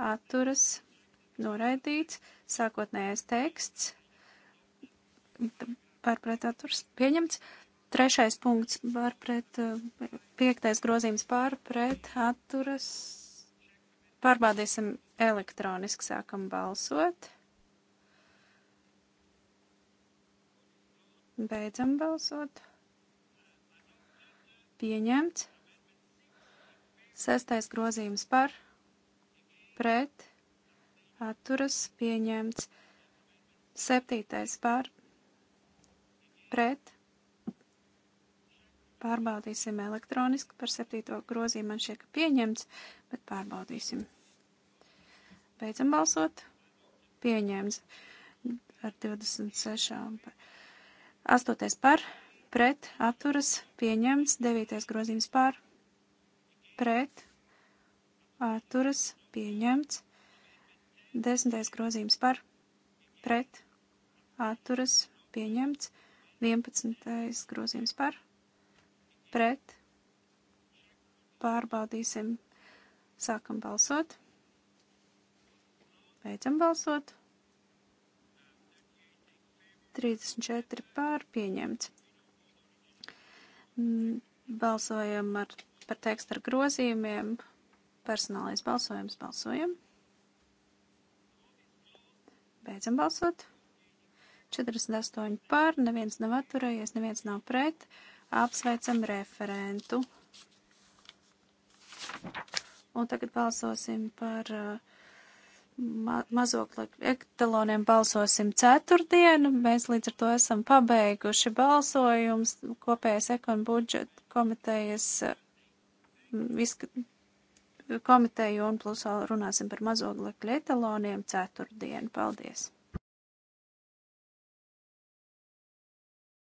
atturas noraidīts. Sākotnējais teksts par pret atturas pieņemts. Trešais punkts par pret, piektais grozījums par pret atturas. Pārbaudīsim elektroniski, sākam balsot. Beidzam balsot. Pieņemts. Sestais grozījums par, pret, atturas pieņemts. Septītais par, pret. Pārbaudīsim elektroniski par septīto grozījumu. Man šķiet, ka pieņemts, bet pārbaudīsim. Beidzam balsot. Pieņemts ar 26. Par. Astotais par, pret, atturas, pieņemts. Devītais grozījums par, pret atturas pieņemts. Desmitais grozījums par pret atturas pieņemts. Vienpadsmitais grozījums par pret. Pārbaudīsim. Sākam balsot. Beidzam balsot. 34 pār pieņemts. Mm, balsojam ar par tekstu ar grozījumiem. Personālais balsojums balsojam. Beidzam balsot. 48 pār, neviens nav atturējies, neviens nav pret. Apsveicam referentu. Un tagad balsosim par uh, ma mazokli ektaloniem balsosim ceturtdienu. Mēs līdz ar to esam pabeiguši balsojums kopējais ekon budžeta komitejas uh, viska komiteju un plus vēl runāsim par mazoglekļu etaloniem ceturtdien. Paldies!